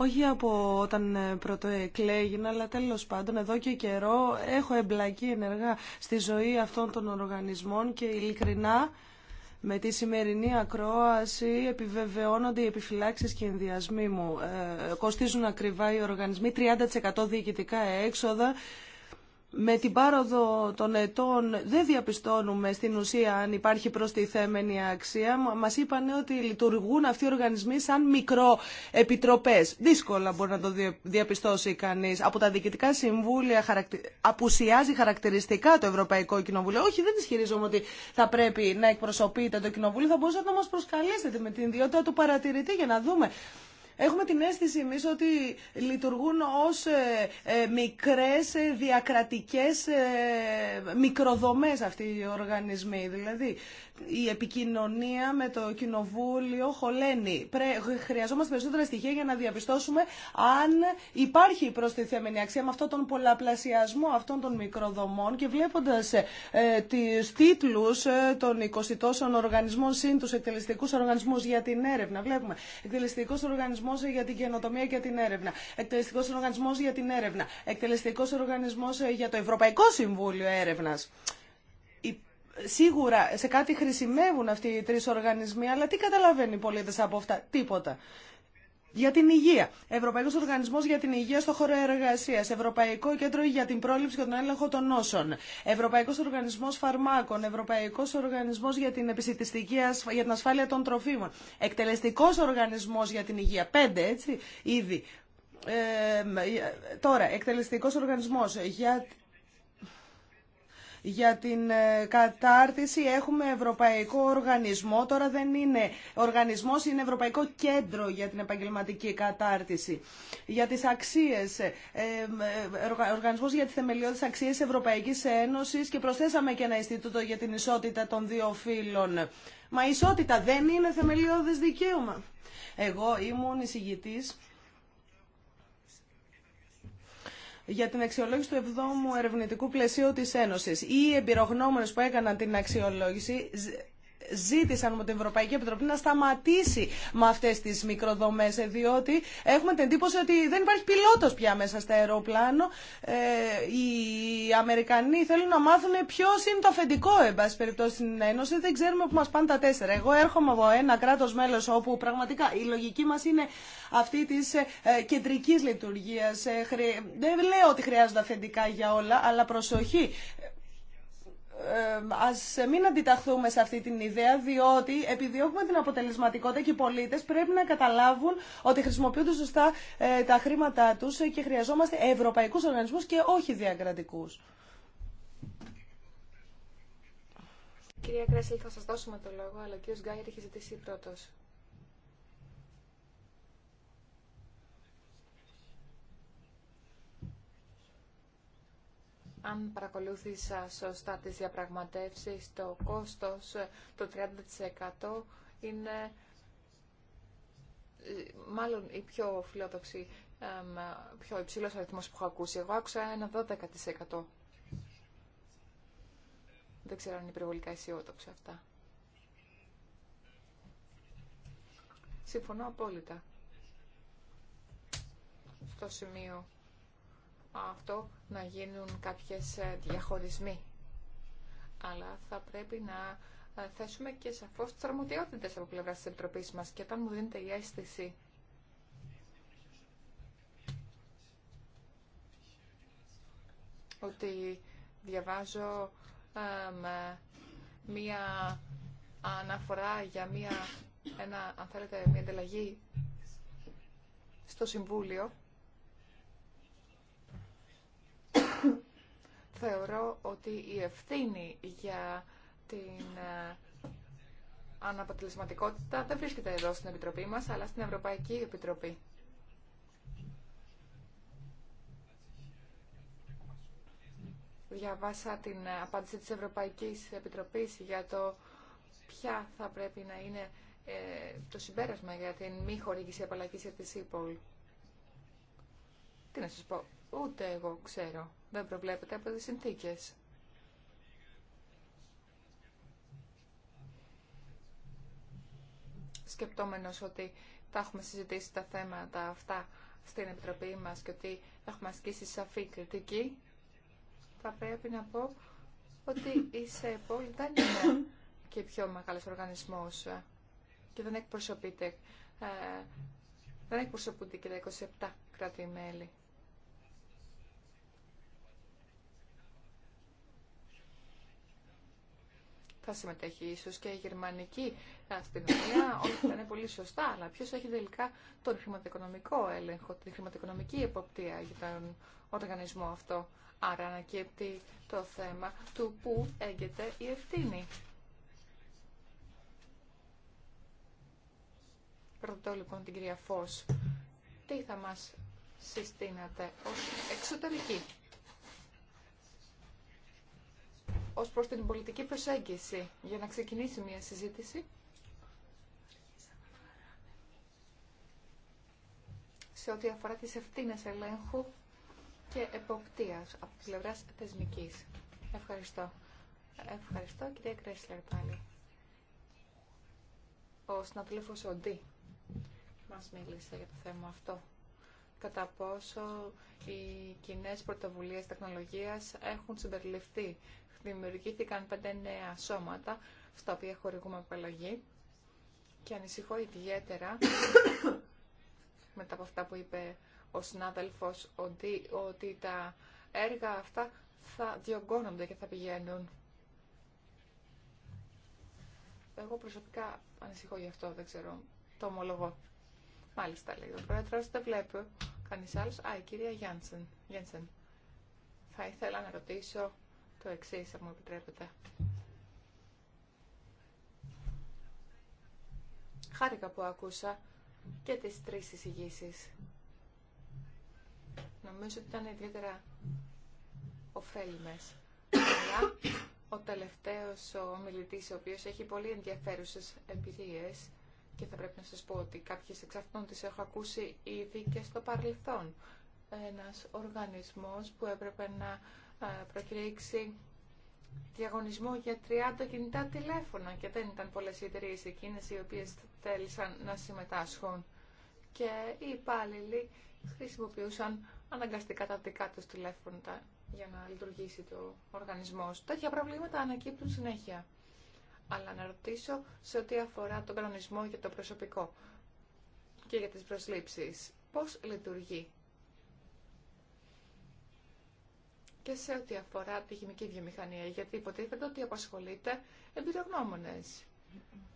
B: όχι από όταν ε, πρωτοεκλέγινα, ε, αλλά τέλος πάντων εδώ και καιρό έχω εμπλακεί ενεργά στη ζωή αυτών των οργανισμών και ειλικρινά με τη σημερινή ακρόαση επιβεβαιώνονται οι επιφυλάξει και οι ενδιασμοί μου. Ε, κοστίζουν ακριβά οι οργανισμοί, 30% διοικητικά έξοδα με την πάροδο των ετών δεν διαπιστώνουμε στην ουσία αν υπάρχει προστιθέμενη αξία. Μας είπαν ότι λειτουργούν αυτοί οι οργανισμοί σαν μικροεπιτροπές. Δύσκολα μπορεί να το διαπιστώσει κανείς. Από τα διοικητικά συμβούλια απουσιάζει χαρακτηριστικά το Ευρωπαϊκό Κοινοβούλιο. Όχι, δεν ισχυρίζομαι ότι θα πρέπει να εκπροσωπείτε το Κοινοβούλιο. Θα μπορούσατε να μας προσκαλέσετε με την ιδιότητα του παρατηρητή για να δούμε Έχουμε την αίσθηση εμεί ότι λειτουργούν ως ε, ε, μικρές ε, διακρατικές μικροδομές αυτοί οι οργανισμοί. Δηλαδή η επικοινωνία με το Κοινοβούλιο χωλαίνει. Χρειαζόμαστε περισσότερα στοιχεία για να διαπιστώσουμε αν υπάρχει προστιθέμενη αξία με αυτόν τον πολλαπλασιασμό αυτών των μικροδομών και βλέποντα ε, τις τίτλους ε, των 20 τόσων οργανισμών συν του εκτελεστικού οργανισμού για την έρευνα. Βλέπουμε Εκτελεστικό οργανισμό για την καινοτομία και την έρευνα. Εκτελεστικό Οργανισμό για την έρευνα. Εκτελεστικό οργανισμό ε, για το Ευρωπαϊκό Συμβούλιο Έρευνα σίγουρα σε κάτι χρησιμεύουν αυτοί οι τρεις οργανισμοί, αλλά τι καταλαβαίνουν οι πολίτες από αυτά, τίποτα. Για την υγεία. Ευρωπαϊκός οργανισμός για την Υγεία στο χώρο εργασία. Ευρωπαϊκό Κέντρο για την Πρόληψη και τον Έλεγχο των Νόσων. Ευρωπαϊκός οργανισμός Φαρμάκων. Ευρωπαϊκός οργανισμός για την Επισητιστική για την Ασφάλεια των Τροφίμων. Εκτελεστικός οργανισμός για την Υγεία. Πέντε, έτσι, ήδη. Ε, ε τώρα, εκτελεστικό οργανισμό για για την ε, κατάρτιση έχουμε ευρωπαϊκό οργανισμό. Τώρα δεν είναι οργανισμός, είναι ευρωπαϊκό κέντρο για την επαγγελματική κατάρτιση. Για τις αξίες, ε, ε, οργανισμός για τις θεμελιώδεις αξίες Ευρωπαϊκής Ένωσης και προσθέσαμε και ένα Ινστιτούτο για την ισότητα των δύο φύλων. Μα η ισότητα δεν είναι θεμελιώδες δικαίωμα. Εγώ ήμουν εισηγητής για την αξιολόγηση του 7ου ερευνητικού πλαισίου της Ένωσης. Οι εμπειρογνώμονες που έκαναν την αξιολόγηση ζήτησαν από την Ευρωπαϊκή Επιτροπή να σταματήσει με αυτέ τι μικροδομές ε, διότι έχουμε την εντύπωση ότι δεν υπάρχει πιλότο πια μέσα στο αεροπλάνο ε, οι Αμερικανοί θέλουν να μάθουν ποιο είναι το αφεντικό εν πάση περιπτώσει στην Ένωση δεν ξέρουμε που μα πάνε τα τέσσερα εγώ έρχομαι από ένα κράτο μέλο όπου πραγματικά η λογική μα είναι αυτή τη ε, κεντρικής ε, δεν λέω ότι χρειάζονται αφεντικά για όλα αλλά προσοχή ας μην αντιταχθούμε σε αυτή την ιδέα, διότι επιδιώκουμε την αποτελεσματικότητα και οι πολίτες πρέπει να καταλάβουν ότι χρησιμοποιούνται σωστά ε, τα χρήματά τους και χρειαζόμαστε ευρωπαϊκούς οργανισμούς και όχι διακρατικούς.
D: Κυρία Κρέσλη, θα σας δώσουμε το λόγο, αλλά ο κ. Γκάιρ έχει ζητήσει πρώτος. Αν παρακολούθησα σωστά τις διαπραγματεύσεις, το κόστος, το 30% είναι ε, μάλλον η πιο φιλόδοξη, πιο υψηλός αριθμός που έχω ακούσει. Εγώ άκουσα ένα 12%. Δεν ξέρω αν είναι υπερβολικά αισιόδοξα αυτά. Συμφωνώ απόλυτα. Στο σημείο αυτό να γίνουν κάποιες ε, διαχωρισμοί. Αλλά θα πρέπει να ε, θέσουμε και σαφώς τις αρμοδιότητες από πλευράς της Επιτροπής μας και όταν μου δίνεται η αίσθηση ότι διαβάζω μία αναφορά για μία, ένα, αν θέλετε, μία ανταλλαγή στο Συμβούλιο θεωρώ ότι η ευθύνη για την ε, αναποτελεσματικότητα δεν βρίσκεται εδώ στην Επιτροπή μας, αλλά στην Ευρωπαϊκή Επιτροπή. Διαβάσα την ε, απάντηση της Ευρωπαϊκής Επιτροπής για το ποια θα πρέπει να είναι ε, το συμπέρασμα για την μη χορήγηση απαλλαγής τη ΣΥΠΟΛ. Τι να σας πω, ούτε εγώ ξέρω. Δεν προβλέπεται από τις συνθήκες. Σκεπτόμενος ότι θα έχουμε συζητήσει τα θέματα αυτά στην Επιτροπή μας και ότι έχουμε ασκήσει σαφή κριτική, θα πρέπει να πω ότι η ΣΕΠΟΛ δεν είναι και πιο μεγάλος οργανισμός και δεν εκπροσωπείται, ε, δεν εκπροσωπούνται και τα 27 κράτη-μέλη. θα συμμετέχει ίσω και η γερμανική αστυνομία, όλα είναι πολύ σωστά, αλλά ποιο έχει τελικά τον χρηματοοικονομικό έλεγχο, την χρηματοοικονομική εποπτεία για τον οργανισμό αυτό. Άρα ανακύπτει το θέμα του πού έγκαιται η ευθύνη. Ρωτώ λοιπόν την κυρία Φως, τι θα μας συστήνατε ως εξωτερική ως προς την πολιτική προσέγγιση για να ξεκινήσει μια συζήτηση σε ό,τι αφορά τις ευθύνες ελέγχου και εποπτείας από τη πλευρά θεσμική. Ευχαριστώ. Ευχαριστώ, κυρία Κρέσλερ, πάλι. Ο συναδέλφος Οντί μας μίλησε για το θέμα αυτό. Κατά πόσο οι κοινέ πρωτοβουλίες τεχνολογίας έχουν συμπεριληφθεί δημιουργήθηκαν πέντε νέα σώματα στα οποία χορηγούμε απαλλαγή και ανησυχώ ιδιαίτερα μετά από αυτά που είπε ο συνάδελφος ότι, ότι τα έργα αυτά θα διωγγώνονται και θα πηγαίνουν. Εγώ προσωπικά ανησυχώ γι' αυτό, δεν ξέρω. Το ομολογώ. Μάλιστα, λέει ο πρόεδρος, δεν βλέπω κανείς άλλος. Α, η κυρία Γιάνσεν. Θα ήθελα να ρωτήσω το εξή, αν μου επιτρέπετε. Χάρηκα που άκουσα και τις τρεις εισηγήσεις. Νομίζω ότι ήταν ιδιαίτερα ωφέλιμες. Αλλά ο τελευταίος ο μιλητής, ο οποίος έχει πολύ ενδιαφέρουσες εμπειρίες και θα πρέπει να σας πω ότι κάποιες εξ αυτών τις έχω ακούσει ήδη και στο παρελθόν. Ένας οργανισμός που έπρεπε να προκηρύξει διαγωνισμό για 30 κινητά τηλέφωνα και δεν ήταν πολλές οι εταιρείε εκείνες οι οποίες θέλησαν να συμμετάσχουν και οι υπάλληλοι χρησιμοποιούσαν αναγκαστικά τα δικά τους τηλέφωνα για να λειτουργήσει το οργανισμό. Τέτοια προβλήματα ανακύπτουν συνέχεια. Αλλά να ρωτήσω σε ό,τι αφορά τον κανονισμό για το προσωπικό και για τις προσλήψεις. Πώς λειτουργεί και σε ό,τι αφορά τη χημική βιομηχανία, γιατί υποτίθεται ότι απασχολείται εμπειρογνώμονες,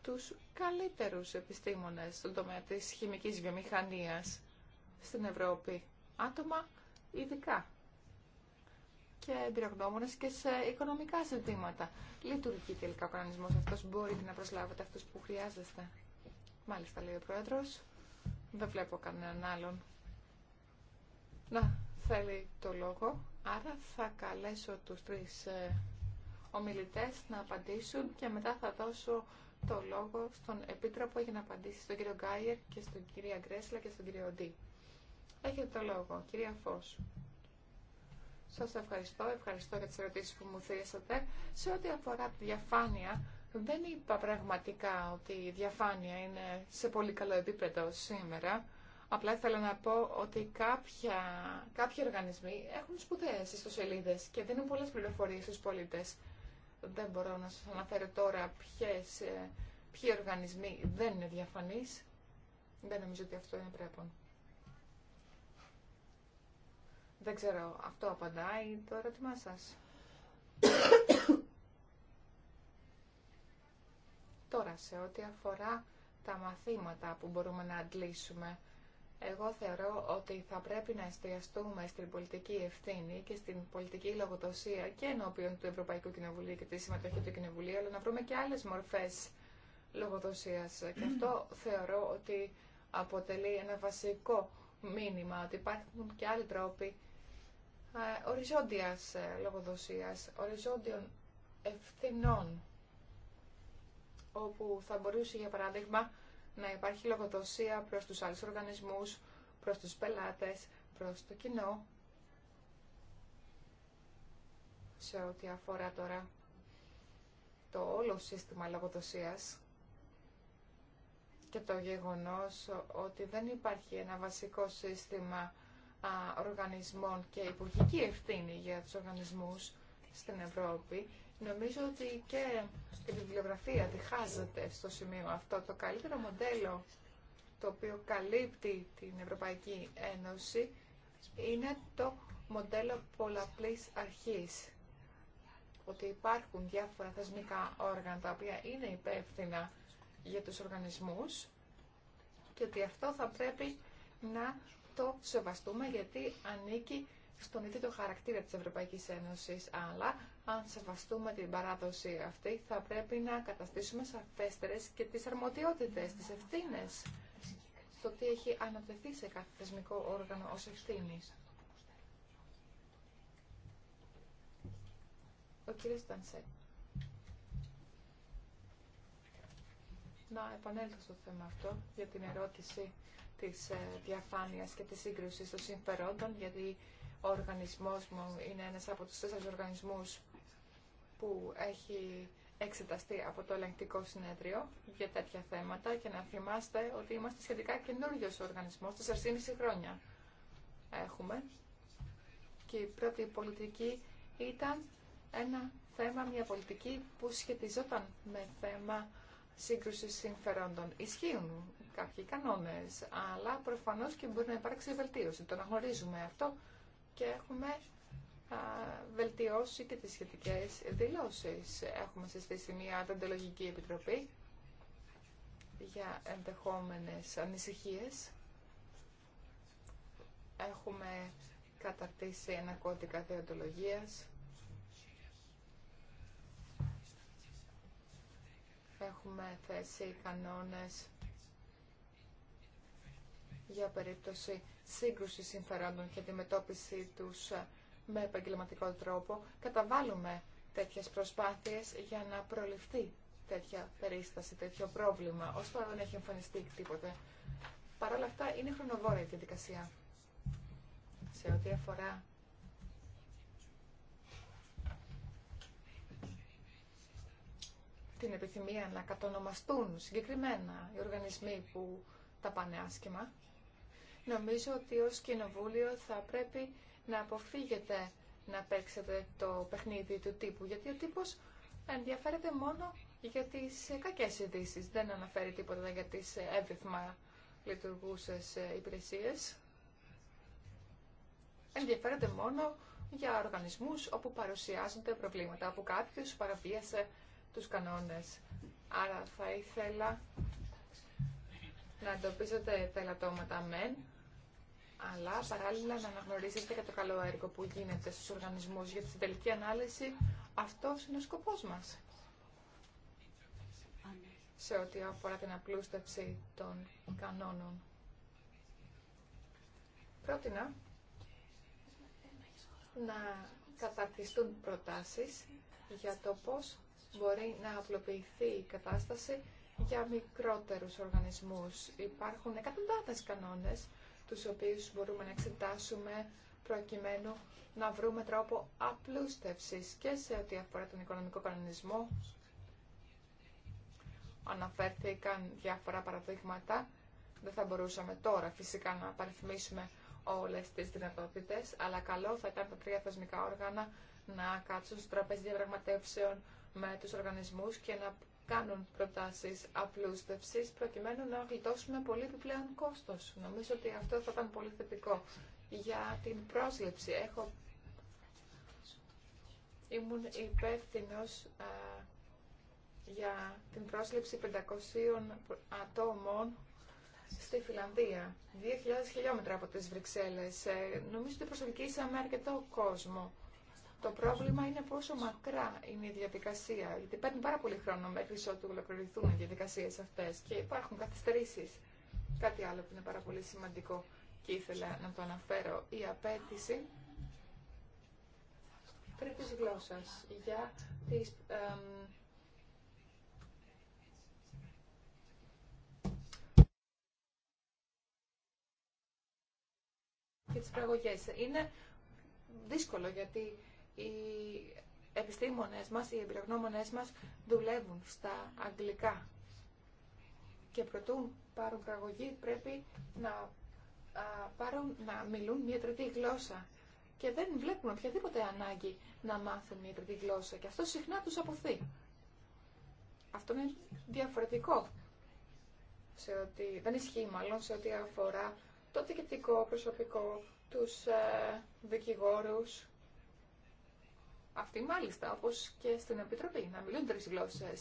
D: τους καλύτερους επιστήμονες στον τομέα της χημικής βιομηχανίας στην Ευρώπη, άτομα ειδικά και εμπειρογνώμονες και σε οικονομικά ζητήματα. Λειτουργεί τελικά ο κανονισμό αυτός, μπορείτε να προσλάβετε αυτούς που χρειάζεστε. Μάλιστα, λέει ο Πρόεδρος. Δεν βλέπω κανέναν άλλον. Να, θέλει το λόγο. Άρα θα καλέσω τους τρεις ε, ομιλητές να απαντήσουν και μετά θα δώσω το λόγο στον Επίτροπο για να απαντήσει στον κύριο Γκάιερ και στον κύριο Γκρέσλα και στον κύριο Ντί. Έχετε το λόγο, κυρία Φως. Σας ευχαριστώ, ευχαριστώ για τις ερωτήσεις που μου θέσατε. Σε ό,τι αφορά τη διαφάνεια, δεν είπα πραγματικά ότι η διαφάνεια είναι σε πολύ καλό επίπεδο σήμερα. Απλά ήθελα να πω ότι κάποια, κάποιοι οργανισμοί έχουν σπουδαίες ιστοσελίδες και δίνουν πολλές πληροφορίες στους πολίτες. Δεν μπορώ να σας αναφέρω τώρα ποιες, ε, ποιοι οργανισμοί δεν είναι διαφανείς. Δεν νομίζω ότι αυτό είναι πρέπον. Δεν ξέρω, αυτό απαντάει το ερώτημά σας. τώρα, σε ό,τι αφορά τα μαθήματα που μπορούμε να αντλήσουμε εγώ θεωρώ ότι θα πρέπει να εστιαστούμε στην πολιτική ευθύνη και στην πολιτική λογοδοσία και ενώπιον του Ευρωπαϊκού Κοινοβουλίου και τη συμμετοχή του Κοινοβουλίου, αλλά να βρούμε και άλλε μορφέ λογοδοσία. Και αυτό θεωρώ ότι αποτελεί ένα βασικό μήνυμα, ότι υπάρχουν και άλλοι τρόποι ε, οριζόντιας ε, λογοδοσίας, οριζόντιων ευθυνών, όπου θα μπορούσε, για παράδειγμα, να υπάρχει λογοδοσία προς τους άλλους οργανισμούς, προς τους πελάτες, προς το κοινό, σε ό,τι αφορά τώρα το όλο σύστημα λογοδοσίας και το γεγονός ότι δεν υπάρχει ένα βασικό σύστημα οργανισμών και υπουργική ευθύνη για τους οργανισμούς στην Ευρώπη. Νομίζω ότι και η βιβλιογραφία διχάζεται στο σημείο αυτό. Το καλύτερο μοντέλο το οποίο καλύπτει την Ευρωπαϊκή Ένωση είναι το μοντέλο πολλαπλής αρχής. Ότι υπάρχουν διάφορα θεσμικά όργανα τα οποία είναι υπεύθυνα για τους οργανισμούς και ότι αυτό θα πρέπει να το σεβαστούμε γιατί ανήκει στον ίδιο το χαρακτήρα της Ευρωπαϊκής Ένωσης, αλλά αν σεβαστούμε την παράδοση αυτή θα πρέπει να καταστήσουμε σαφέστερες και τις αρμοδιότητες, τις ευθύνες, το τι έχει ανατεθεί σε κάθε θεσμικό όργανο ως ευθύνη. Ο κ. Στανσέ. Να επανέλθω στο θέμα αυτό για την ερώτηση της ε, διαφάνειας και της σύγκρουσης των συμφερόντων, γιατί οργανισμός μου είναι ένας από τους τέσσερις οργανισμούς που έχει εξεταστεί από το ελεγκτικό συνέδριο για τέτοια θέματα και να θυμάστε ότι είμαστε σχετικά καινούριο οργανισμός, 4,5 χρόνια έχουμε. Και η πρώτη πολιτική ήταν ένα θέμα, μια πολιτική που σχετιζόταν με θέμα σύγκρουση συμφερόντων. Ισχύουν κάποιοι κανόνες, αλλά προφανώς και μπορεί να υπάρξει βελτίωση. Το να γνωρίζουμε αυτό και έχουμε βελτιώσει και τις σχετικές δηλώσεις. Έχουμε συστήσει μια ανταλλογική επιτροπή για ενδεχόμενες ανησυχίες. Έχουμε καταρτήσει ένα κώδικα διοντολογίας. Έχουμε θέσει κανόνες για περίπτωση σύγκρουση συμφερόντων και αντιμετώπιση τους ε, με επαγγελματικό τρόπο, καταβάλουμε τέτοιες προσπάθειες για να προληφθεί τέτοια περίσταση, τέτοιο πρόβλημα, ώστε να δεν έχει εμφανιστεί τίποτε. Παρ' όλα αυτά είναι χρονοβόρα η διαδικασία. Σε ό,τι αφορά την επιθυμία να κατονομαστούν συγκεκριμένα οι οργανισμοί που τα πάνε άσχημα, Νομίζω ότι ως κοινοβούλιο θα πρέπει να αποφύγετε να παίξετε το παιχνίδι του τύπου, γιατί ο τύπος ενδιαφέρεται μόνο για τις ε, κακές ειδήσει. Δεν αναφέρει τίποτα για τις ε, εύρυθμα λειτουργούσες ε, υπηρεσίες. Ενδιαφέρεται μόνο για οργανισμούς όπου παρουσιάζονται προβλήματα, όπου κάποιος παραβίασε τους κανόνες. Άρα θα ήθελα να εντοπίζετε τα μεν, αλλά παράλληλα να αναγνωρίζετε και το καλό έργο που γίνεται στους οργανισμούς, για στην τελική ανάλυση αυτός είναι ο σκοπός μας. Σε ό,τι αφορά την απλούστευση των κανόνων. Πρότεινα να καταρτιστούν προτάσεις για το πώς μπορεί να απλοποιηθεί η κατάσταση για μικρότερους οργανισμούς. Υπάρχουν εκατοντάδες κανόνες τους οποίους μπορούμε να εξετάσουμε προκειμένου να βρούμε τρόπο απλούστευσης και σε ό,τι αφορά τον οικονομικό κανονισμό. Αναφέρθηκαν διάφορα παραδείγματα. Δεν θα μπορούσαμε τώρα φυσικά να παριθμίσουμε όλες τις δυνατότητες, αλλά καλό θα ήταν τα τρία θεσμικά όργανα να κάτσουν στο τραπέζι διαπραγματεύσεων με τους οργανισμούς και να κάνουν προτάσεις απλούστευσης προκειμένου να γλιτώσουν πολύ επιπλέον κόστος. Νομίζω ότι αυτό θα ήταν πολύ θετικό για την πρόσληψη. Έχω... Ήμουν υπεύθυνο για την πρόσληψη 500 ατόμων στη Φιλανδία, 2.000 χιλιόμετρα από τις Βρυξέλλες. Ε, νομίζω ότι προσελκύσαμε αρκετό κόσμο. Το πρόβλημα είναι πόσο μακρά είναι η διαδικασία, γιατί παίρνει πάρα πολύ χρόνο μέχρι ότου ολοκληρωθούν οι διαδικασίε αυτέ και υπάρχουν καθυστερήσει. Κάτι άλλο που είναι πάρα πολύ σημαντικό και ήθελα να το αναφέρω, η απέτηση τρίτης γλώσσας για τις Είναι δύσκολο γιατί οι επιστήμονες μας, οι εμπειρογνώμονες μας δουλεύουν στα αγγλικά και προτού πάρουν πραγωγή πρέπει να, πάρουν, να μιλούν μια τρίτη γλώσσα και δεν βλέπουν οποιαδήποτε ανάγκη να μάθουν μια τρίτη γλώσσα και αυτό συχνά τους αποθεί. Αυτό είναι διαφορετικό. Σε ότι, δεν ισχύει μάλλον σε ό,τι αφορά το διοικητικό προσωπικό, τους ε, αυτή μάλιστα, όπως και στην Επιτροπή, να μιλούν τρεις γλώσσε.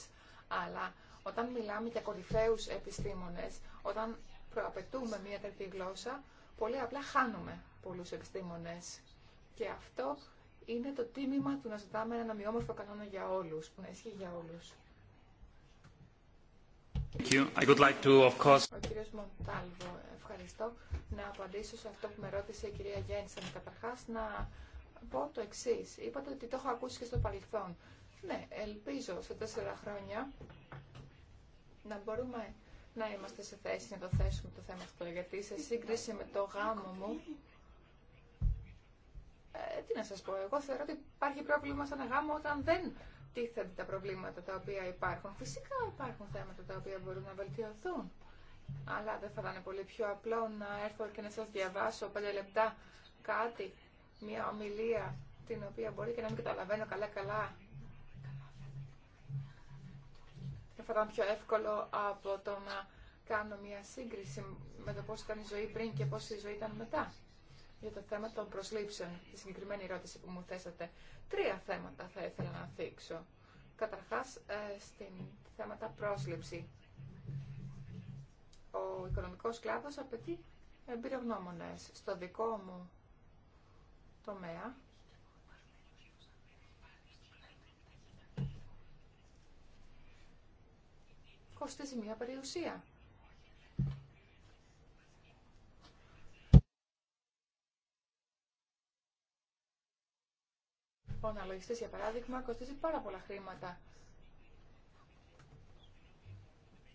D: Αλλά όταν μιλάμε για κορυφαίους επιστήμονες, όταν προαπαιτούμε μια τέτοια γλώσσα, πολύ απλά χάνουμε πολλούς επιστήμονες. Και αυτό είναι το τίμημα του να ζητάμε έναν ομοιόμορφο κανόνα για όλους, που να ισχύει για όλους. Ο κύριος Μοντάλβο, ευχαριστώ. Να απαντήσω σε αυτό που με ρώτησε η κυρία Καταρχάς, να πω το εξή. Είπατε ότι το έχω ακούσει και στο παρελθόν. Ναι, ελπίζω σε τέσσερα χρόνια να μπορούμε να είμαστε σε θέση να το θέσουμε το θέμα αυτό. Γιατί σε σύγκριση με το γάμο μου, ε, τι να σα πω, εγώ θεωρώ ότι υπάρχει πρόβλημα σαν γάμο όταν δεν τίθενται τα προβλήματα τα οποία υπάρχουν. Φυσικά υπάρχουν θέματα τα οποία μπορούν να βελτιωθούν. Αλλά δεν θα ήταν πολύ πιο απλό να έρθω και να σα διαβάσω πέντε λεπτά κάτι μια ομιλία την οποία μπορεί και να μην καταλαβαίνω καλά-καλά. Θα ήταν πιο εύκολο από το να κάνω μια σύγκριση με το πώς ήταν η ζωή πριν και πώς η ζωή ήταν μετά. Για το θέμα των προσλήψεων, τη συγκεκριμένη ερώτηση που μου θέσατε. Τρία θέματα θα ήθελα να θίξω. Καταρχάς, ε, στην θέματα πρόσληψη. Ο οικονομικός κλάδος απαιτεί εμπειρογνώμονες. Στο δικό μου τομέα κοστίζει μια περιουσία. Ο αναλογιστής, για παράδειγμα, κοστίζει πάρα πολλά χρήματα.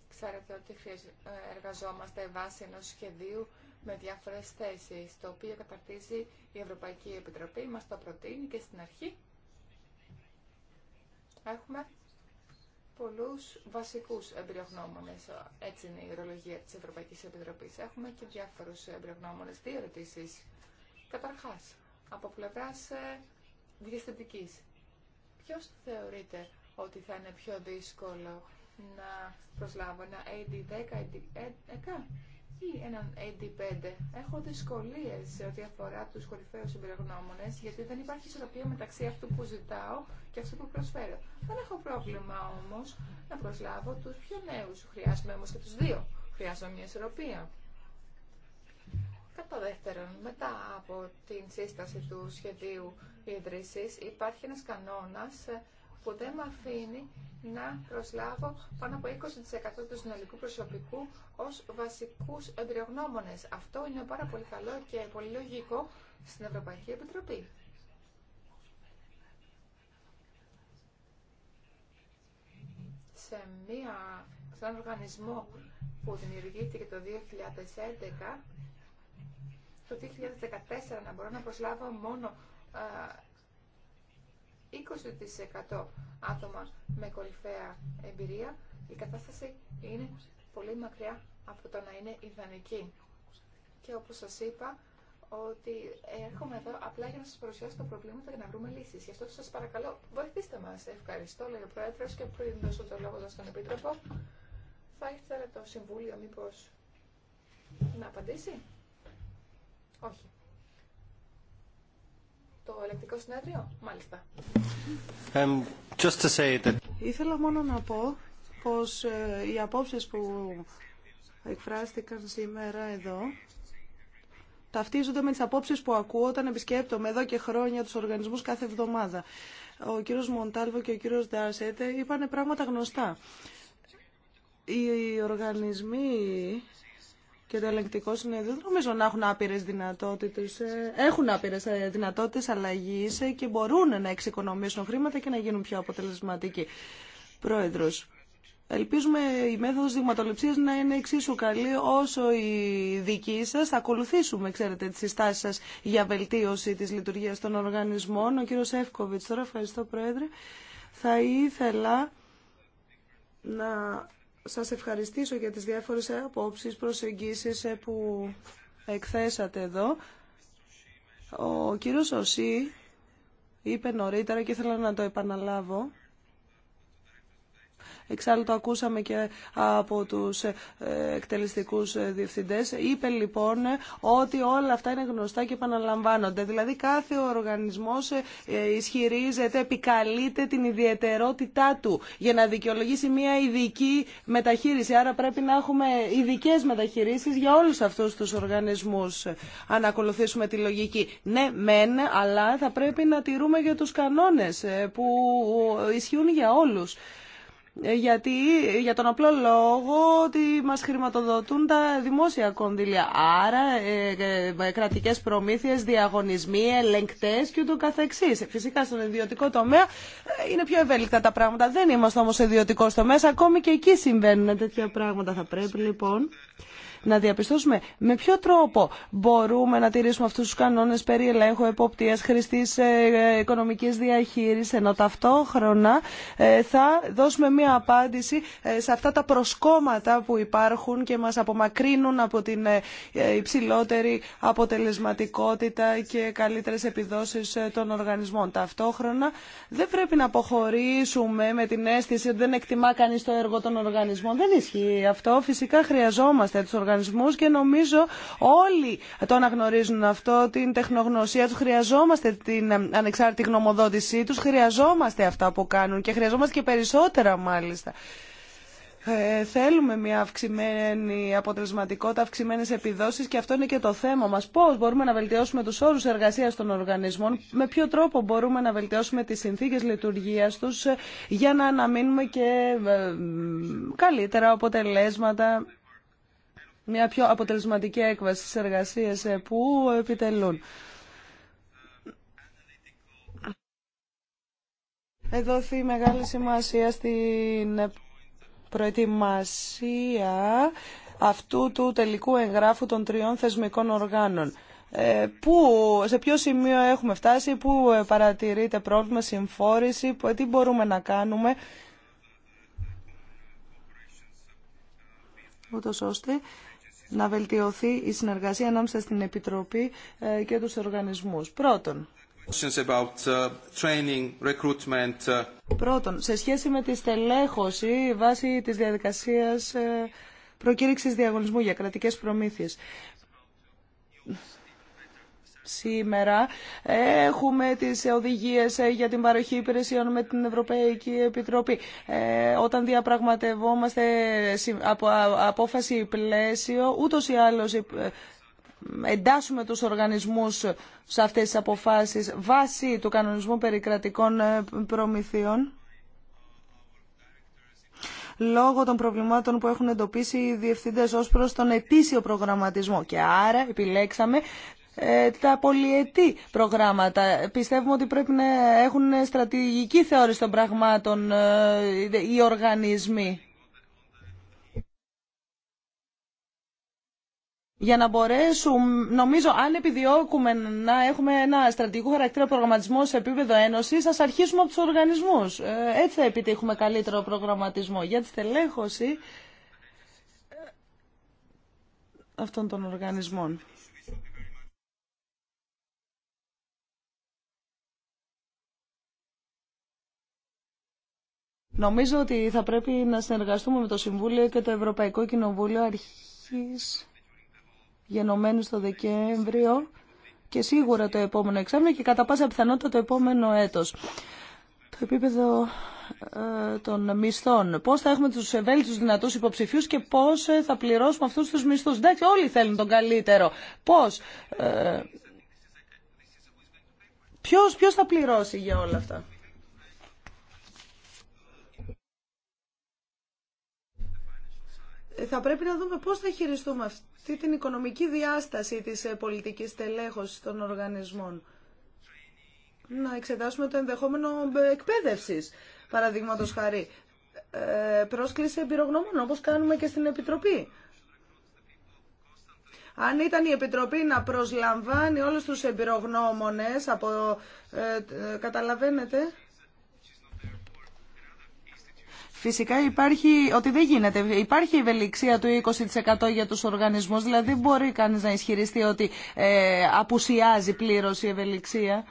D: Ξέρετε ότι ε, εργαζόμαστε βάσει ενός σχεδίου με διάφορες θέσεις, το οποίο καταρτίζει η Ευρωπαϊκή Επιτροπή, μας το προτείνει και στην αρχή έχουμε πολλούς βασικούς εμπειρογνώμονες, έτσι είναι η ορολογία της Ευρωπαϊκής Επιτροπής. Έχουμε και διάφορους εμπειρογνώμονες, δύο ερωτήσει. Καταρχάς, από πλευρά ε, διαστητική. Ποιο θεωρείται ότι θα είναι πιο δύσκολο να προσλάβω ένα AD10, AD11 ε, ε, όχι έναν ND5. Έχω δυσκολίε σε ό,τι αφορά του κορυφαίου εμπειρογνώμονε, γιατί δεν υπάρχει ισορροπία μεταξύ αυτού που ζητάω και αυτού που προσφέρω. Δεν έχω πρόβλημα όμω να προσλάβω του πιο νέου. Χρειάζομαι όμω και του δύο. Χρειάζομαι μια ισορροπία. Κατά δεύτερον, μετά από την σύσταση του σχεδίου ίδρυσης υπάρχει ένας κανόνας που δεν με αφήνει να προσλάβω πάνω από 20% του συνολικού προσωπικού ως βασικούς εμπειρογνώμονες. Αυτό είναι πάρα πολύ καλό και πολύ λογικό στην Ευρωπαϊκή Επιτροπή. Σε, μία, σε έναν οργανισμό που δημιουργήθηκε το 2011, το 2014 να μπορώ να προσλάβω μόνο ε, 20% άτομα με κορυφαία εμπειρία, η κατάσταση είναι πολύ μακριά από το να είναι ιδανική. Και όπως σας είπα, ότι έρχομαι εδώ απλά για να σας παρουσιάσω τα προβλήματα και να βρούμε λύσεις. Γι' αυτό σας παρακαλώ, βοηθήστε μας. Ευχαριστώ, λέει ο Πρόεδρος, και πριν δώσω το λόγο στον Επίτροπο, θα ήθελα το Συμβούλιο μήπως να απαντήσει. Όχι το ελεκτικό συνέδριο. Μάλιστα. Um, just to say that...
B: Ήθελα μόνο να πω πως ε, οι απόψεις που εκφράστηκαν σήμερα εδώ ταυτίζονται με τις απόψεις που ακούω όταν επισκέπτομαι εδώ και χρόνια τους οργανισμούς κάθε εβδομάδα. Ο κύριος Μοντάλβο και ο κύριος Ντάσετε είπαν πράγματα γνωστά. Οι οργανισμοί και το ελεγκτικό συνέδριο δεν νομίζω να έχουν άπειρε δυνατότητε. Ε, έχουν άπειρε δυνατότητε αλλαγή ε, και μπορούν να εξοικονομήσουν χρήματα και να γίνουν πιο αποτελεσματικοί. Πρόεδρο. Ελπίζουμε η μέθοδος δειγματοληψία να είναι εξίσου καλή όσο η δική σας. Θα ακολουθήσουμε, ξέρετε, τις συστάσεις σα για βελτίωση τη λειτουργία των οργανισμών. Ο κύριο Εύκοβιτ, τώρα ευχαριστώ Πρόεδρε. Θα ήθελα να σας ευχαριστήσω για τις διάφορες απόψεις, προσεγγίσεις ε, που εκθέσατε εδώ. Ο κύριος Οσί είπε νωρίτερα και ήθελα να το επαναλάβω Εξάλλου το ακούσαμε και από τους ε, εκτελεστικούς ε, διευθυντές. Είπε λοιπόν ότι όλα αυτά είναι γνωστά και επαναλαμβάνονται. Δηλαδή κάθε οργανισμός ε, ισχυρίζεται, επικαλείται την ιδιαιτερότητά του για να δικαιολογήσει μια ειδική μεταχείριση. Άρα πρέπει να έχουμε ειδικέ μεταχειρήσει για όλους αυτούς τους οργανισμούς αν ακολουθήσουμε τη λογική. Ναι, μεν, αλλά θα πρέπει να τηρούμε για τους κανόνες που ισχύουν για όλους. Ε, γιατί για τον απλό λόγο ότι μας χρηματοδοτούν τα δημόσια κονδύλια. Άρα ε, ε, ε κρατικές προμήθειες, διαγωνισμοί, ελεγκτές και ούτω καθεξής. Φυσικά στον ιδιωτικό τομέα είναι πιο ευέλικτα τα πράγματα. Δεν είμαστε όμως ιδιωτικό τομέα, ακόμη και εκεί συμβαίνουν τέτοια πράγματα. Θα πρέπει λοιπόν να διαπιστώσουμε με ποιο τρόπο μπορούμε να τηρήσουμε αυτούς τους κανόνες περί ελέγχου, εποπτείας, χρηστής ε, οικονομικής διαχείρισης, ενώ ταυτόχρονα ε, θα δώσουμε μία απάντηση ε, σε αυτά τα προσκόμματα που υπάρχουν και μας απομακρύνουν από την υψηλότερη αποτελεσματικότητα και καλύτερες επιδόσεις των οργανισμών. Ταυτόχρονα δεν πρέπει να αποχωρήσουμε με την αίσθηση ότι δεν εκτιμά κανείς το έργο των οργανισμών. Δεν ισχύει αυτό. Φυσικά χρειαζόμαστε του οργανισμού και νομίζω όλοι το αναγνωρίζουν αυτό, την τεχνογνωσία του. χρειαζόμαστε την ε, ανεξάρτητη γνωμοδότησή του, χρειαζόμαστε αυτά που κάνουν και χρειαζόμαστε και περισσότερα μάλιστα. Ε, θέλουμε μια αυξημένη αποτελεσματικότητα, αυξημένε επιδόσει και αυτό είναι και το θέμα μα. Πώ μπορούμε να βελτιώσουμε του όρου εργασία των οργανισμών, με ποιο τρόπο μπορούμε να βελτιώσουμε τι συνθήκε λειτουργία του ε, για να αναμείνουμε και ε, καλύτερα αποτελέσματα μια πιο αποτελεσματική έκβαση στις εργασίες ε, που επιτελούν. Εδώθη μεγάλη σημασία στην προετοιμασία αυτού του τελικού εγγράφου των τριών θεσμικών οργάνων. Ε, πού, σε ποιο σημείο έχουμε φτάσει, πού ε, παρατηρείται πρόβλημα, συμφόρηση, τι μπορούμε να κάνουμε, ούτως ώστε να βελτιωθεί η συνεργασία ανάμεσα στην Επιτροπή ε, και τους οργανισμούς. Πρώτον,
A: About uh, training, recruitment. Uh,
B: πρώτον, σε σχέση με τη στελέχωση βάσει της διαδικασίας ε, προκήρυξης διαγωνισμού για κρατικές προμήθειες σήμερα. Έχουμε τις οδηγίες ε, για την παροχή υπηρεσιών με την Ευρωπαϊκή Επιτροπή. Ε, όταν διαπραγματευόμαστε ε, από απόφαση πλαίσιο, ούτως ή άλλως εντάσσουμε τους οργανισμούς σε αυτές τις αποφάσεις βάσει του κανονισμού περικρατικών προμηθειών λόγω των προβλημάτων που έχουν εντοπίσει οι διευθυντέ ω προ τον ετήσιο προγραμματισμό. Και άρα επιλέξαμε ε, τα πολυετή προγράμματα. Πιστεύουμε ότι πρέπει να έχουν στρατηγική θεώρηση των πραγμάτων ε, οι οργανισμοί. για να μπορέσουμε, νομίζω, αν επιδιώκουμε να έχουμε ένα στρατηγικό χαρακτήρα προγραμματισμό σε επίπεδο ένωση, α αρχίσουμε από του οργανισμού. Ε, έτσι θα επιτύχουμε καλύτερο προγραμματισμό. Για τη στελέχωση αυτών των οργανισμών. Νομίζω ότι θα πρέπει να συνεργαστούμε με το Συμβούλιο και το Ευρωπαϊκό Κοινοβούλιο αρχής γενομένου στο Δεκέμβριο και σίγουρα το επόμενο εξάμεινο και κατά πάσα πιθανότητα το επόμενο έτος. Το επίπεδο ε, των μισθών. Πώς θα έχουμε τους ευέλικτου δυνατούς υποψηφίους και πώ ε, θα πληρώσουμε αυτούς τους μισθούς. Εντάξει, όλοι θέλουν τον καλύτερο. Πώς Ε, θα πληρώσει για όλα αυτά. θα πρέπει να δούμε πώς θα χειριστούμε αυτή την οικονομική διάσταση της ε, πολιτικής τελέχωσης των οργανισμών. Να εξετάσουμε το ενδεχόμενο ε, εκπαίδευσης, παραδείγματο χαρή. Ε, πρόσκληση εμπειρογνώμων, όπως κάνουμε και στην Επιτροπή. Αν ήταν η Επιτροπή να προσλαμβάνει όλους τους εμπειρογνώμονες από... Ε, καταλαβαίνετε... Φυσικά υπάρχει ότι δεν γίνεται. Υπάρχει η ευελιξία του 20% για τους οργανισμούς, δηλαδή μπορεί κανείς να ισχυριστεί ότι ε, απουσιάζει πλήρως η ευελιξία.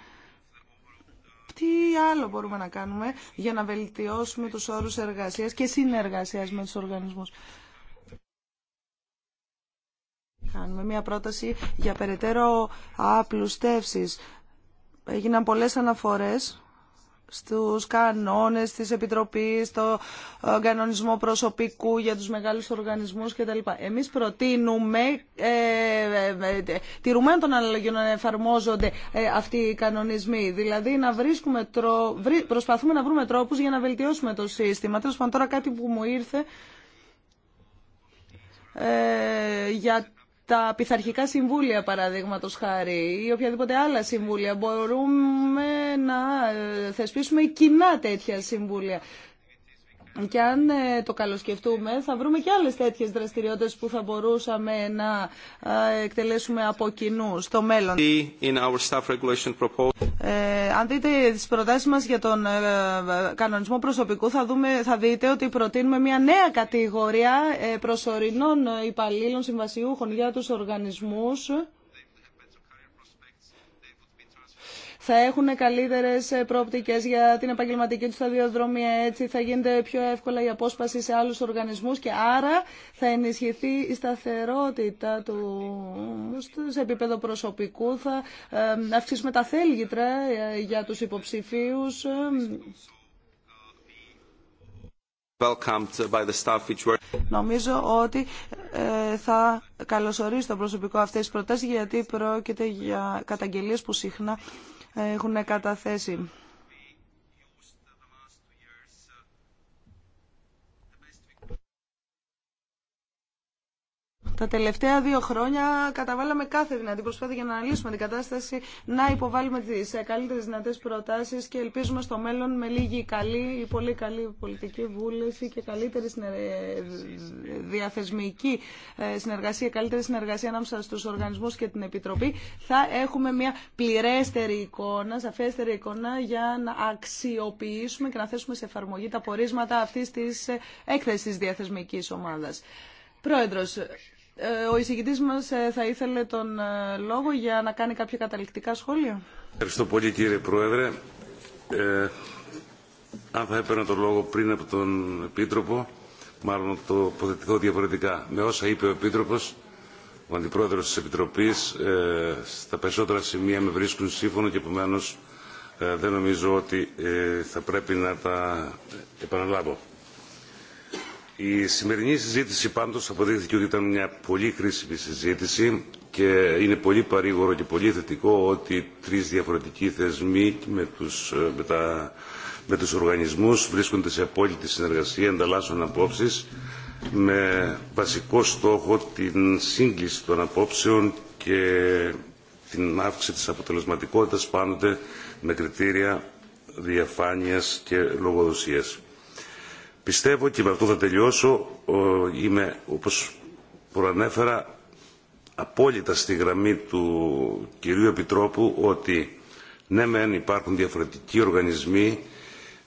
B: Τι άλλο μπορούμε να κάνουμε για να βελτιώσουμε τους όρους εργασίας και συνεργασίας με τους οργανισμούς. Κάνουμε μια πρόταση για περαιτέρω απλουστεύσεις. Έγιναν πολλές αναφορές στους κανόνες της Επιτροπής, στο ε, κανονισμό προσωπικού για τους μεγάλους οργανισμούς κτλ. Εμείς προτείνουμε, ε, ε, ε των αναλογιών να εφαρμόζονται ε, αυτοί οι κανονισμοί. Δηλαδή να βρίσκουμε τρο, προσπαθούμε να βρούμε τρόπους για να βελτιώσουμε το σύστημα. Τέλος πάντων τώρα κάτι που μου ήρθε για τα πειθαρχικά συμβούλια παραδείγματος χάρη ή οποιαδήποτε άλλα συμβούλια. Μπορούμε να ε, θεσπίσουμε κοινά τέτοια συμβούλια. Και αν ε, το καλοσκεφτούμε, θα βρούμε και άλλες τέτοιες δραστηριότητες που θα μπορούσαμε να ε, εκτελέσουμε από κοινού στο μέλλον. ε, αν δείτε τις προτάσεις μας για τον ε, κανονισμό προσωπικού, θα, δούμε, θα δείτε ότι προτείνουμε μια νέα κατηγορία προσωρινών υπαλλήλων συμβασιούχων για τους οργανισμούς θα έχουν καλύτερε ε, πρόπτικες για την επαγγελματική του σταδιοδρομία, έτσι θα γίνεται πιο εύκολα η απόσπαση σε άλλους οργανισμούς και άρα θα ενισχυθεί η σταθερότητα του σε επίπεδο προσωπικού, θα ε, αυξήσουμε τα θέλγητρα ε, για τους υποψηφίους. Νομίζω ότι θα καλωσορίσει το προσωπικό αυτές τις προτάσεις γιατί πρόκειται για καταγγελίες που συχνά έχουν καταθέσει. Τα τελευταία δύο χρόνια καταβάλαμε κάθε δυνατή προσπάθεια για να αναλύσουμε την κατάσταση, να υποβάλουμε τι καλύτερε δυνατέ προτάσει και ελπίζουμε στο μέλλον με λίγη καλή ή πολύ καλή πολιτική βούληση και καλύτερη διαθεσμική ε, συνεργασία, καλύτερη συνεργασία ανάμεσα στου οργανισμού και την Επιτροπή, θα έχουμε μια πληρέστερη εικόνα, σαφέστερη εικόνα για να αξιοποιήσουμε και να θέσουμε σε εφαρμογή τα πορίσματα αυτή τη ε, έκθεση τη διαθεσμική ομάδα. Πρόεδρος, ε, ο εισηγητής μας ε, θα ήθελε τον ε, λόγο για να κάνει κάποια καταληκτικά σχόλια.
A: Ευχαριστώ πολύ κύριε Πρόεδρε. Ε, αν θα έπαιρνα τον λόγο πριν από τον Επίτροπο, μάλλον το υποθετηθώ διαφορετικά. Με όσα είπε ο Επίτροπος, ο αντιπρόεδρο τη Επιτροπής, στα περισσότερα σημεία με βρίσκουν σύμφωνο και επομένω δεν νομίζω ότι θα πρέπει να τα επαναλάβω. Η σημερινή συζήτηση πάντως αποδείχθηκε ότι ήταν μια πολύ χρήσιμη συζήτηση και είναι πολύ παρήγορο και πολύ θετικό ότι τρεις διαφορετικοί θεσμοί με τους, ε, με τα, με τους οργανισμούς βρίσκονται σε απόλυτη συνεργασία, ανταλλάσσουν απόψεις με βασικό στόχο την σύγκληση των απόψεων και την αύξηση της αποτελεσματικότητας πάντοτε με κριτήρια διαφάνειας και λογοδοσίας Πιστεύω και με αυτό θα τελειώσω, είμαι όπως προανέφερα απόλυτα στη γραμμή του κυρίου Επιτρόπου ότι ναι μεν υπάρχουν διαφορετικοί οργανισμοί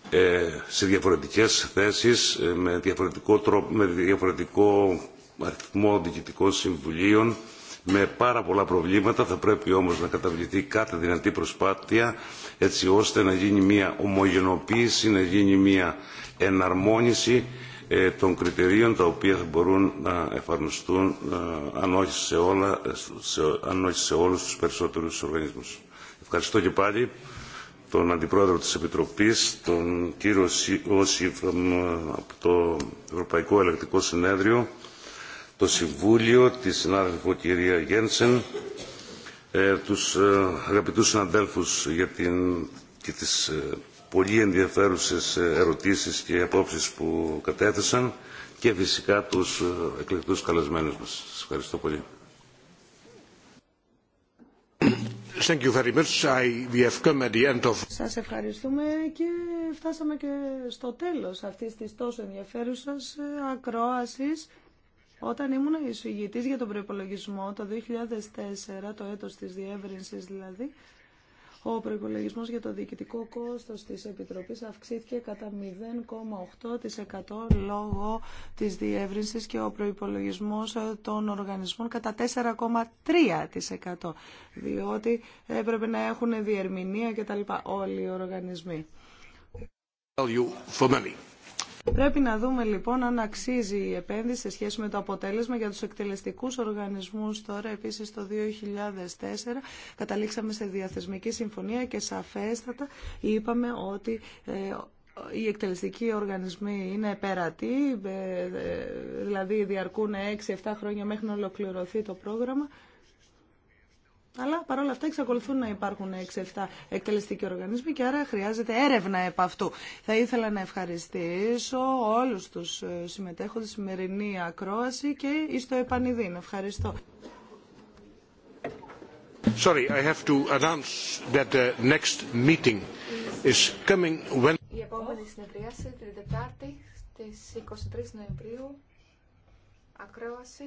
A: ε, σε διαφορετικές θέσεις, ε, με διαφορετικό, τρόπο, με διαφορετικό αριθμό διοικητικών συμβουλίων, με πάρα πολλά προβλήματα. Θα πρέπει όμως να καταβληθεί κάθε δυνατή προσπάθεια έτσι ώστε να γίνει μια ομογενοποίηση, να γίνει μια εναρμόνιση ε, των κριτηρίων τα οποία θα μπορούν να εφαρμοστούν ε, αν όχι σε, όλα, ε, σε, αν όχι σε όλους τους περισσότερους οργανισμούς. Ευχαριστώ και πάλι τον Αντιπρόεδρο της Επιτροπής, τον κύριο Όση από το Ευρωπαϊκό Ελεκτικό Συνέδριο, το Συμβούλιο, τη συνάδελφο κυρία Γένσεν, τους αγαπητούς συναδέλφους για την, και πολύ ενδιαφέρουσες ε, ερωτήσεις και απόψεις που κατέθεσαν και φυσικά τους ε, εκλεκτούς καλεσμένους μας. Σας ευχαριστώ πολύ. Thank you very much. I, we have come at the end of...
B: Σας ευχαριστούμε και φτάσαμε και στο τέλος αυτής της τόσο ενδιαφέρουσας ε, ακρόασης. Όταν ήμουν εισηγητής για τον προπολογισμό το 2004, το έτος της διεύρυνσης δηλαδή, ο προπολογισμό για το διοικητικό κόστο τη Επιτροπής αυξήθηκε κατά 0,8% λόγω της διεύρυνσης και ο προπολογισμό των οργανισμών κατά 4,3% διότι έπρεπε να έχουν διερμηνία κτλ. όλοι οι οργανισμοί. Πρέπει να δούμε λοιπόν αν αξίζει η επένδυση σε σχέση με το αποτέλεσμα για τους εκτελεστικούς οργανισμούς. Τώρα επίσης το 2004 καταλήξαμε σε διαθεσμική συμφωνία και σαφέστατα είπαμε ότι ε, οι εκτελεστικοί οργανισμοί είναι περατοί, ε, ε, δηλαδή διαρκούν 6-7 χρόνια μέχρι να ολοκληρωθεί το πρόγραμμα. Αλλά παρόλα αυτά εξακολουθούν να υπαρχουν εξαιρετικά εκτελεστικοί οργανισμοί και άρα χρειάζεται έρευνα επ' αυτού. Θα ήθελα να ευχαριστήσω όλους τους ε, συμμετέχοντες στη σημερινή ακρόαση και το επανειδήν. Ευχαριστώ.
A: Sorry, I have to announce that the next meeting is coming when...
D: Η επόμενη συνεδρίαση την Τετάρτη στις 23 Νοεμβρίου, ακρόαση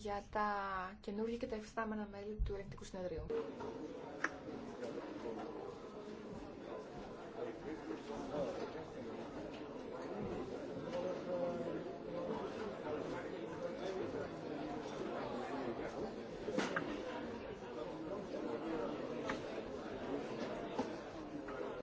D: για τα καινούργια και τα εφιστάμενα μέλη του Ελληνικού Συνεδρίου.